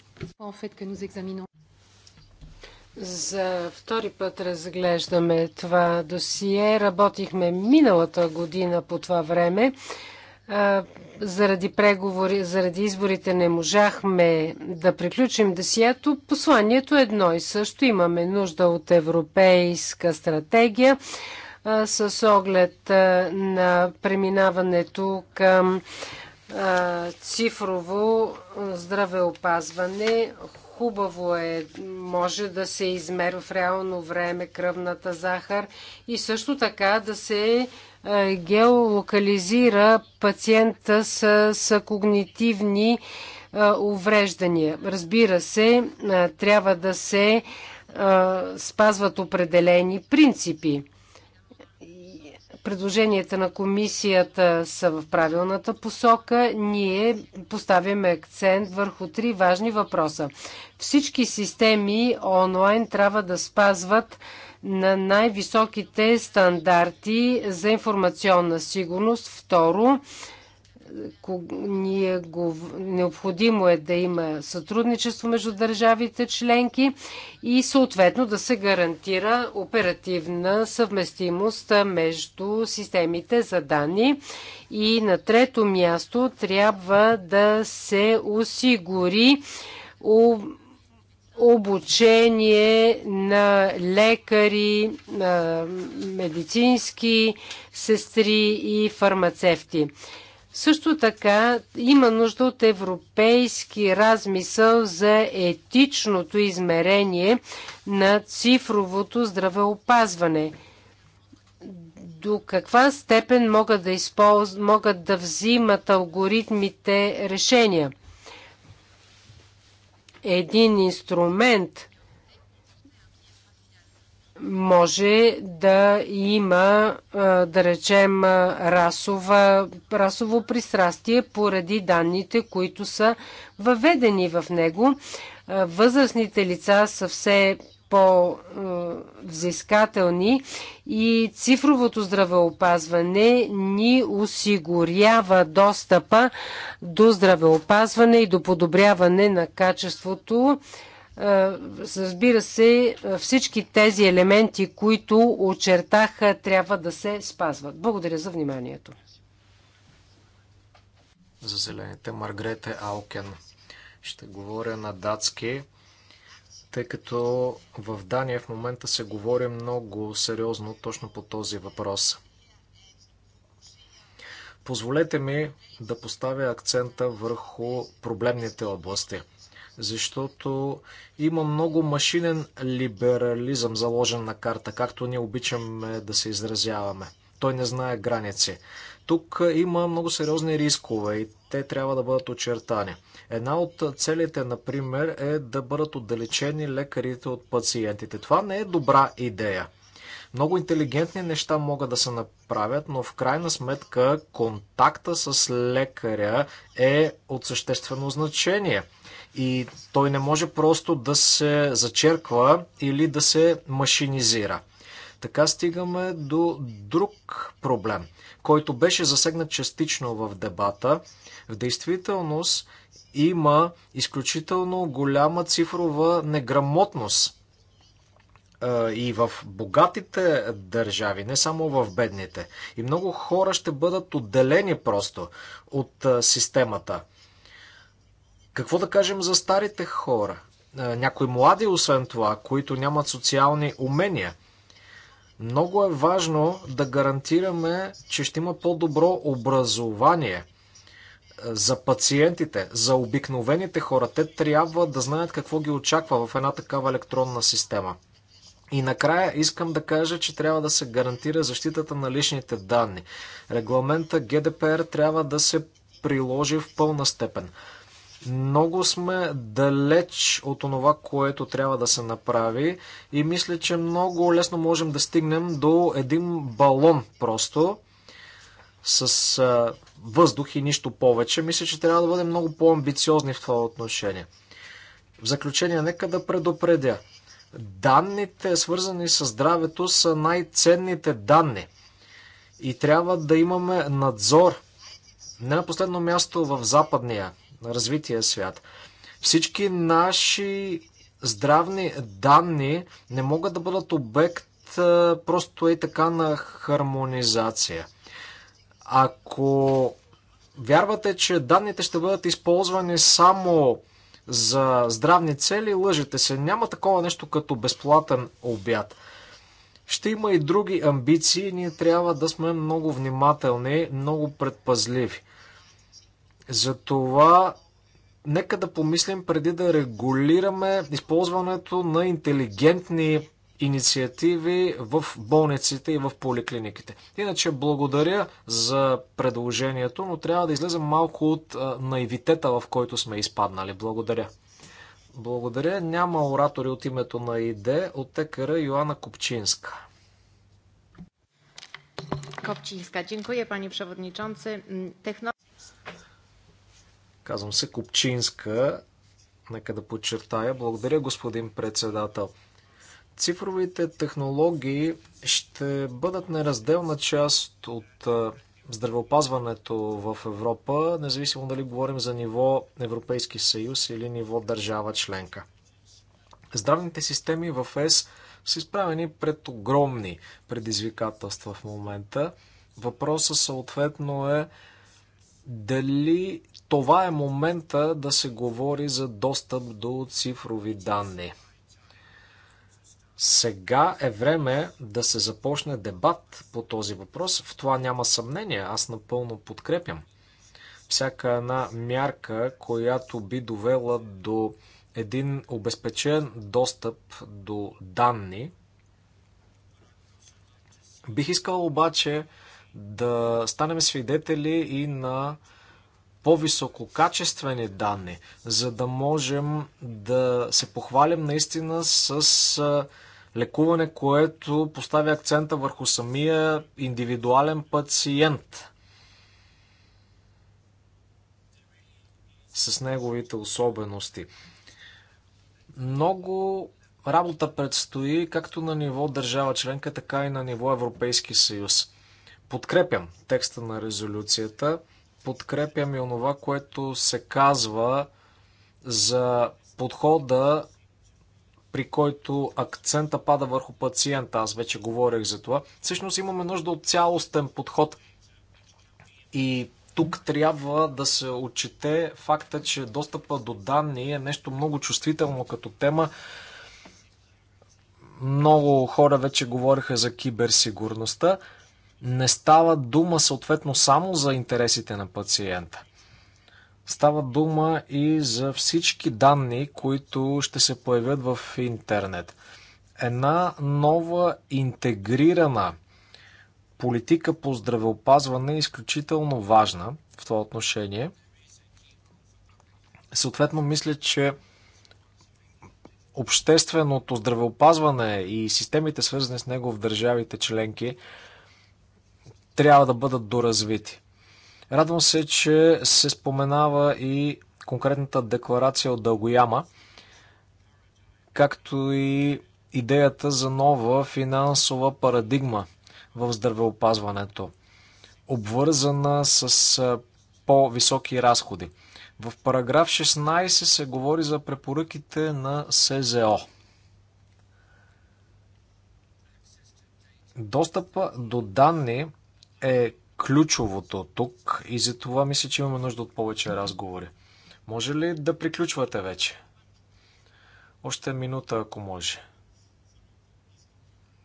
За втори път разглеждаме това досие. Работихме миналата година по това време заради преговори, заради изборите не можахме да приключим досието. Посланието е едно и също. Имаме нужда от европейска стратегия а, с оглед а, на преминаването към а, цифрово здравеопазване. Хубаво е, може да се измерва в реално време кръвната захар и също така да се геолокализира пациента с, с когнитивни увреждания. Разбира се, трябва да се спазват определени принципи. Предложенията на комисията са в правилната посока. Ние поставяме акцент върху три важни въпроса. Всички системи онлайн трябва да спазват на най-високите стандарти за информационна сигурност. Второ, необходимо е да има сътрудничество между държавите членки и съответно да се гарантира оперативна съвместимост между системите за данни. И на трето място трябва да се осигури обучение на лекари, на медицински сестри и фармацевти. Също така има нужда от европейски размисъл за етичното измерение на цифровото здравеопазване. До каква степен могат да, използ... могат да взимат алгоритмите решения? един инструмент може да има, да речем, расова, расово пристрастие поради данните, които са въведени в него. Възрастните лица са все по-взискателни и цифровото здравеопазване ни осигурява достъпа до здравеопазване и до подобряване на качеството. Е, разбира се, всички тези елементи, които очертаха, трябва да се спазват. Благодаря за вниманието. За зелените Маргрете Аукен. Ще говоря на датски тъй като в Дания в момента се говори много сериозно точно по този въпрос. Позволете ми да поставя акцента върху проблемните области, защото има много машинен либерализъм заложен на карта, както ние обичаме да се изразяваме. Той не знае граници. Тук има много сериозни рискове и те трябва да бъдат очертани. Една от целите, например, е да бъдат отдалечени лекарите от пациентите. Това не е добра идея. Много интелигентни неща могат да се направят, но в крайна сметка контакта с лекаря е от съществено значение. И той не може просто да се зачерква или да се машинизира. Така стигаме до друг проблем, който беше засегнат частично в дебата. В действителност има изключително голяма цифрова неграмотност и в богатите държави, не само в бедните. И много хора ще бъдат отделени просто от системата. Какво да кажем за старите хора? Някои млади, освен това, които нямат социални умения – много е важно да гарантираме, че ще има по-добро образование за пациентите, за обикновените хора. Те трябва да знаят какво ги очаква в една такава електронна система. И накрая искам да кажа, че трябва да се гарантира защитата на личните данни. Регламента ГДПР трябва да се приложи в пълна степен. Много сме далеч от онова, което трябва да се направи и мисля, че много лесно можем да стигнем до един балон просто с а, въздух и нищо повече. Мисля, че трябва да бъдем много по-амбициозни в това отношение. В заключение, нека да предупредя. Данните, свързани с здравето, са най-ценните данни. И трябва да имаме надзор. Не на последно място в западния на развития свят. Всички наши здравни данни не могат да бъдат обект просто е така на хармонизация. Ако вярвате, че данните ще бъдат използвани само за здравни цели, лъжете се. Няма такова нещо като безплатен обяд. Ще има и други амбиции. Ние трябва да сме много внимателни, много предпазливи. Затова нека да помислим преди да регулираме използването на интелигентни инициативи в болниците и в поликлиниките. Иначе благодаря за предложението, но трябва да излезем малко от наивитета, в който сме изпаднали. Благодаря. Благодаря. Няма оратори от името на ИД от ТКР Йоанна Копчинска. Копчинска, Дякую, пани Przewodniczący. Казвам се Копчинска. Нека да подчертая. Благодаря, господин председател. Цифровите технологии ще бъдат неразделна част от здравеопазването в Европа, независимо дали говорим за ниво Европейски съюз или ниво държава членка. Здравните системи в ЕС са изправени пред огромни предизвикателства в момента. Въпросът съответно е дали това е момента да се говори за достъп до цифрови данни. Сега е време да се започне дебат по този въпрос. В това няма съмнение. Аз напълно подкрепям. Всяка една мярка, която би довела до един обезпечен достъп до данни. Бих искал обаче да станем свидетели и на по-висококачествени данни, за да можем да се похвалим наистина с лекуване, което поставя акцента върху самия индивидуален пациент с неговите особености. Много работа предстои както на ниво държава членка, така и на ниво Европейски съюз. Подкрепям текста на резолюцията – подкрепям и онова, което се казва за подхода, при който акцента пада върху пациента. Аз вече говорех за това. Всъщност имаме нужда от цялостен подход. И тук трябва да се отчете факта, че достъпа до данни е нещо много чувствително като тема. Много хора вече говориха за киберсигурността не става дума съответно само за интересите на пациента. Става дума и за всички данни, които ще се появят в интернет. Една нова интегрирана политика по здравеопазване е изключително важна в това отношение. Съответно, мисля, че общественото здравеопазване и системите, свързани с него в държавите членки, трябва да бъдат доразвити. Радвам се, че се споменава и конкретната декларация от Дългояма, както и идеята за нова финансова парадигма в здравеопазването, обвързана с по-високи разходи. В параграф 16 се говори за препоръките на СЗО. Достъпа до данни е ключовото тук и за това мисля, че имаме нужда от повече разговори. Може ли да приключвате вече? Още минута, ако може.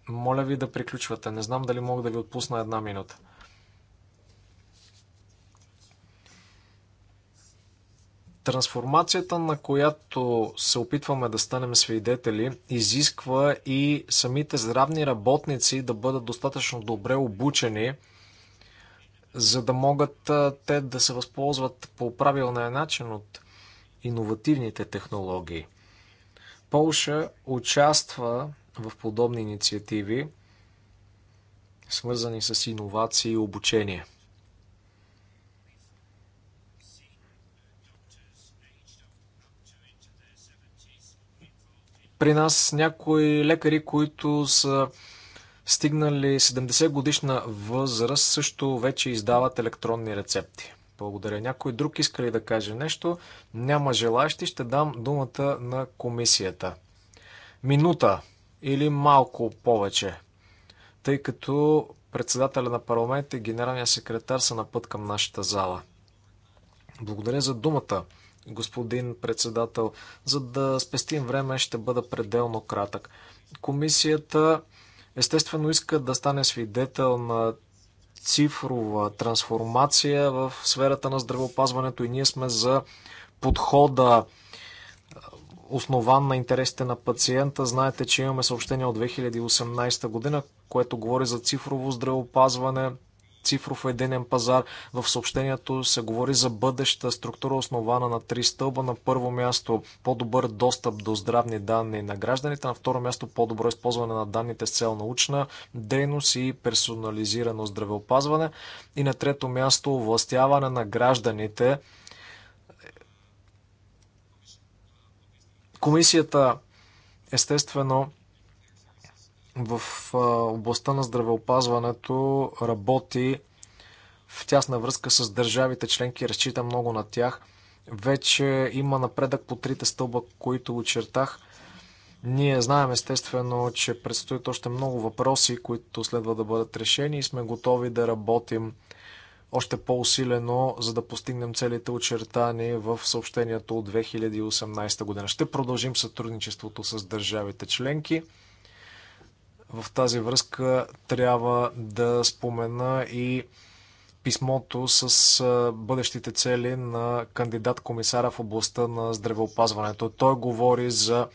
Моля ви да приключвате. Не знам дали мога да ви отпусна една минута. Трансформацията, на която се опитваме да станем свидетели, изисква и самите здравни работници да бъдат достатъчно добре обучени, за да могат те да се възползват по правилния начин от иновативните технологии. Полша участва в подобни инициативи, свързани с иновации и обучение. При нас някои лекари, които са стигнали 70 годишна възраст, също вече издават електронни рецепти. Благодаря. Някой друг иска ли да каже нещо? Няма желащи. Ще дам думата на комисията. Минута или малко повече, тъй като председателя на парламент и генералния секретар са на път към нашата зала. Благодаря за думата, господин председател. За да спестим време, ще бъда пределно кратък. Комисията естествено иска да стане свидетел на цифрова трансформация в сферата на здравеопазването и ние сме за подхода основан на интересите на пациента. Знаете, че имаме съобщение от 2018 година, което говори за цифрово здравеопазване, цифров единен пазар. В съобщението се говори за бъдеща структура, основана на три стълба. На първо място по-добър достъп до здравни данни на гражданите. На второ място по-добро използване на данните с цел научна дейност и персонализирано здравеопазване. И на трето място властяване на гражданите. Комисията естествено в областта на здравеопазването работи в тясна връзка с държавите членки, разчита много на тях. Вече има напредък по трите стълба, които очертах. Ние знаем естествено, че предстоят още много въпроси, които следва да бъдат решени и сме готови да работим още по-усилено, за да постигнем целите очертани в съобщението от 2018 година. Ще продължим сътрудничеството с държавите членки. В тази връзка трябва да спомена и писмото с бъдещите цели на кандидат комисара в областта на здравеопазването. Той говори за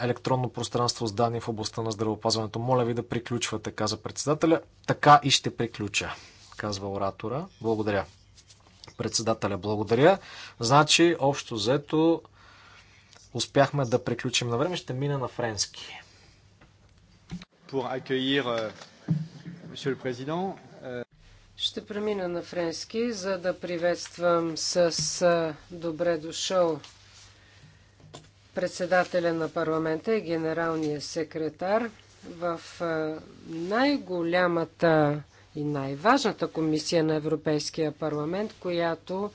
електронно пространство с данни в областта на здравеопазването. Моля ви да приключвате, каза председателя. Така и ще приключа, казва оратора. Благодаря. Председателя, благодаря. Значи, общо взето, успяхме да приключим на време. Ще мина на френски pour accueillir euh, Monsieur le Président. Euh, Ще премина на френски, за да приветствам с добре дошъл председателя на парламента и генералния секретар в най-голямата и най-важната комисия на Европейския парламент, която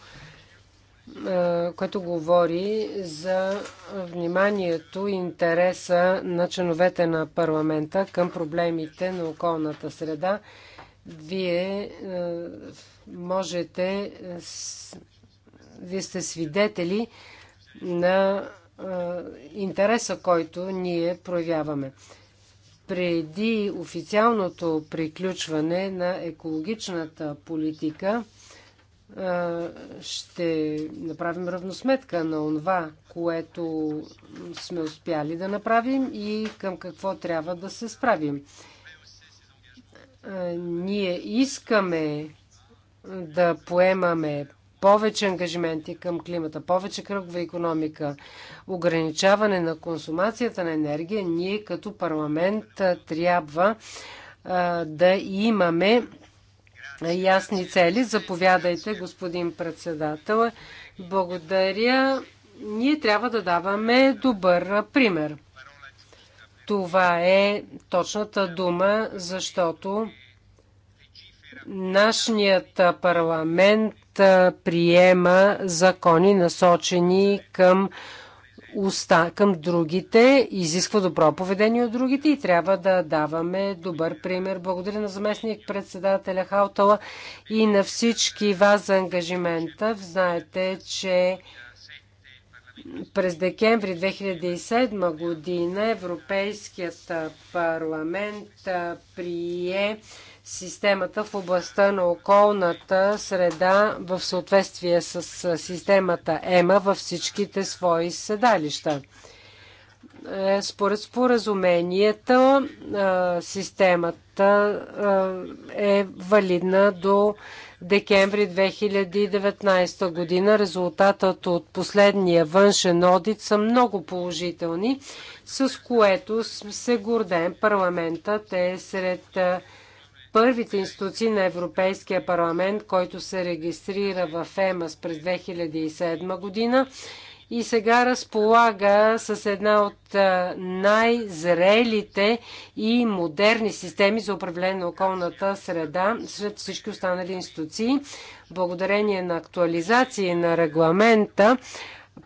е, което говори за вниманието и интереса на членовете на парламента към проблемите на околната среда. Вие е, можете, вие сте свидетели на е, интереса, който ние проявяваме. Преди официалното приключване на екологичната политика, ще направим равносметка на това, което сме успяли да направим и към какво трябва да се справим. Ние искаме да поемаме повече ангажименти към климата, повече кръгова економика, ограничаване на консумацията на енергия, ние като парламент трябва да имаме ясни цели. Заповядайте, господин председател. Благодаря. Ние трябва да даваме добър пример. Това е точната дума, защото нашният парламент приема закони насочени към уста, към другите, изисква добро поведение от другите и трябва да даваме добър пример. Благодаря на заместник председателя Хаутала и на всички вас за ангажимента. Знаете, че през декември 2007 година Европейският парламент прие системата в областта на околната среда в съответствие с системата ЕМА във всичките свои седалища. Е, според споразуменията е, системата е, е валидна до декември 2019 година. Резултатът от последния външен одит са много положителни, с което се гордеем. Парламентът е сред първите институции на Европейския парламент, който се регистрира в ЕМАС през 2007 година и сега разполага с една от най-зрелите и модерни системи за управление на околната среда сред всички останали институции. Благодарение на актуализации на регламента,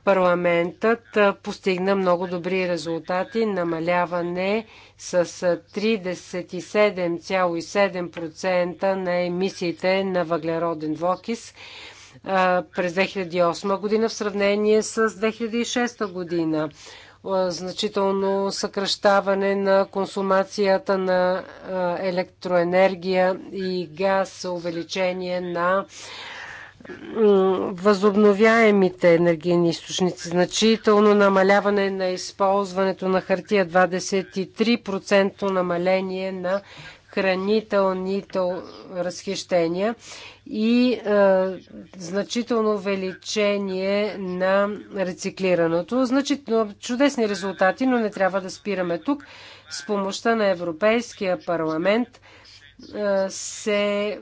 парламентът постигна много добри резултати, намаляване с 37,7% на емисиите на въглероден двокис през 2008 година в сравнение с 2006 година. Значително съкръщаване на консумацията на електроенергия и газ, увеличение на възобновяемите енергийни източници, значително намаляване на използването на хартия, 23% намаление на хранителните разхищения и е, значително увеличение на рециклирането. Значително чудесни резултати, но не трябва да спираме тук. С помощта на Европейския парламент е, се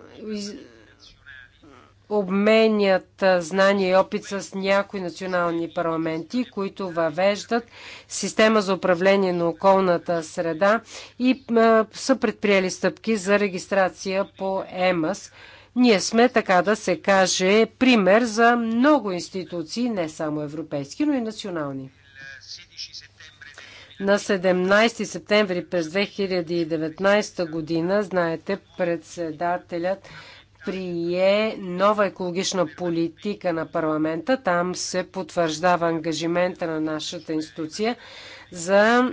обменят знания и опит с някои национални парламенти, които въвеждат система за управление на околната среда и са предприели стъпки за регистрация по ЕМАС. Ние сме, така да се каже, пример за много институции, не само европейски, но и национални. На 17 септември през 2019 година, знаете, председателят прие нова екологична политика на парламента. Там се потвърждава ангажимента на нашата институция за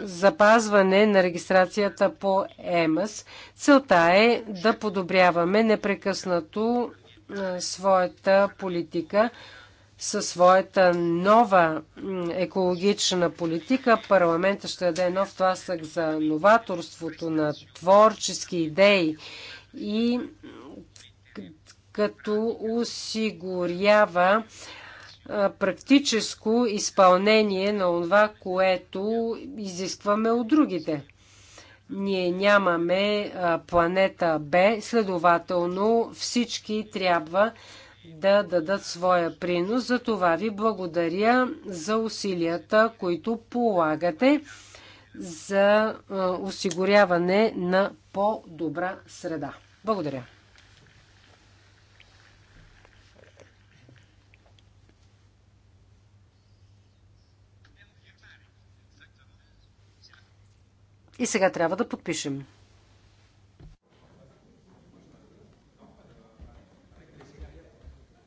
запазване на регистрацията по ЕМАС. Целта е да подобряваме непрекъснато своята политика със своята нова екологична политика. Парламента ще даде нов тласък за новаторството на творчески идеи и като осигурява практическо изпълнение на това, което изискваме от другите. Ние нямаме планета Б, следователно всички трябва да дадат своя принос. За това ви благодаря за усилията, които полагате за осигуряване на по-добра среда. Благодаря. И сега трябва да подпишем.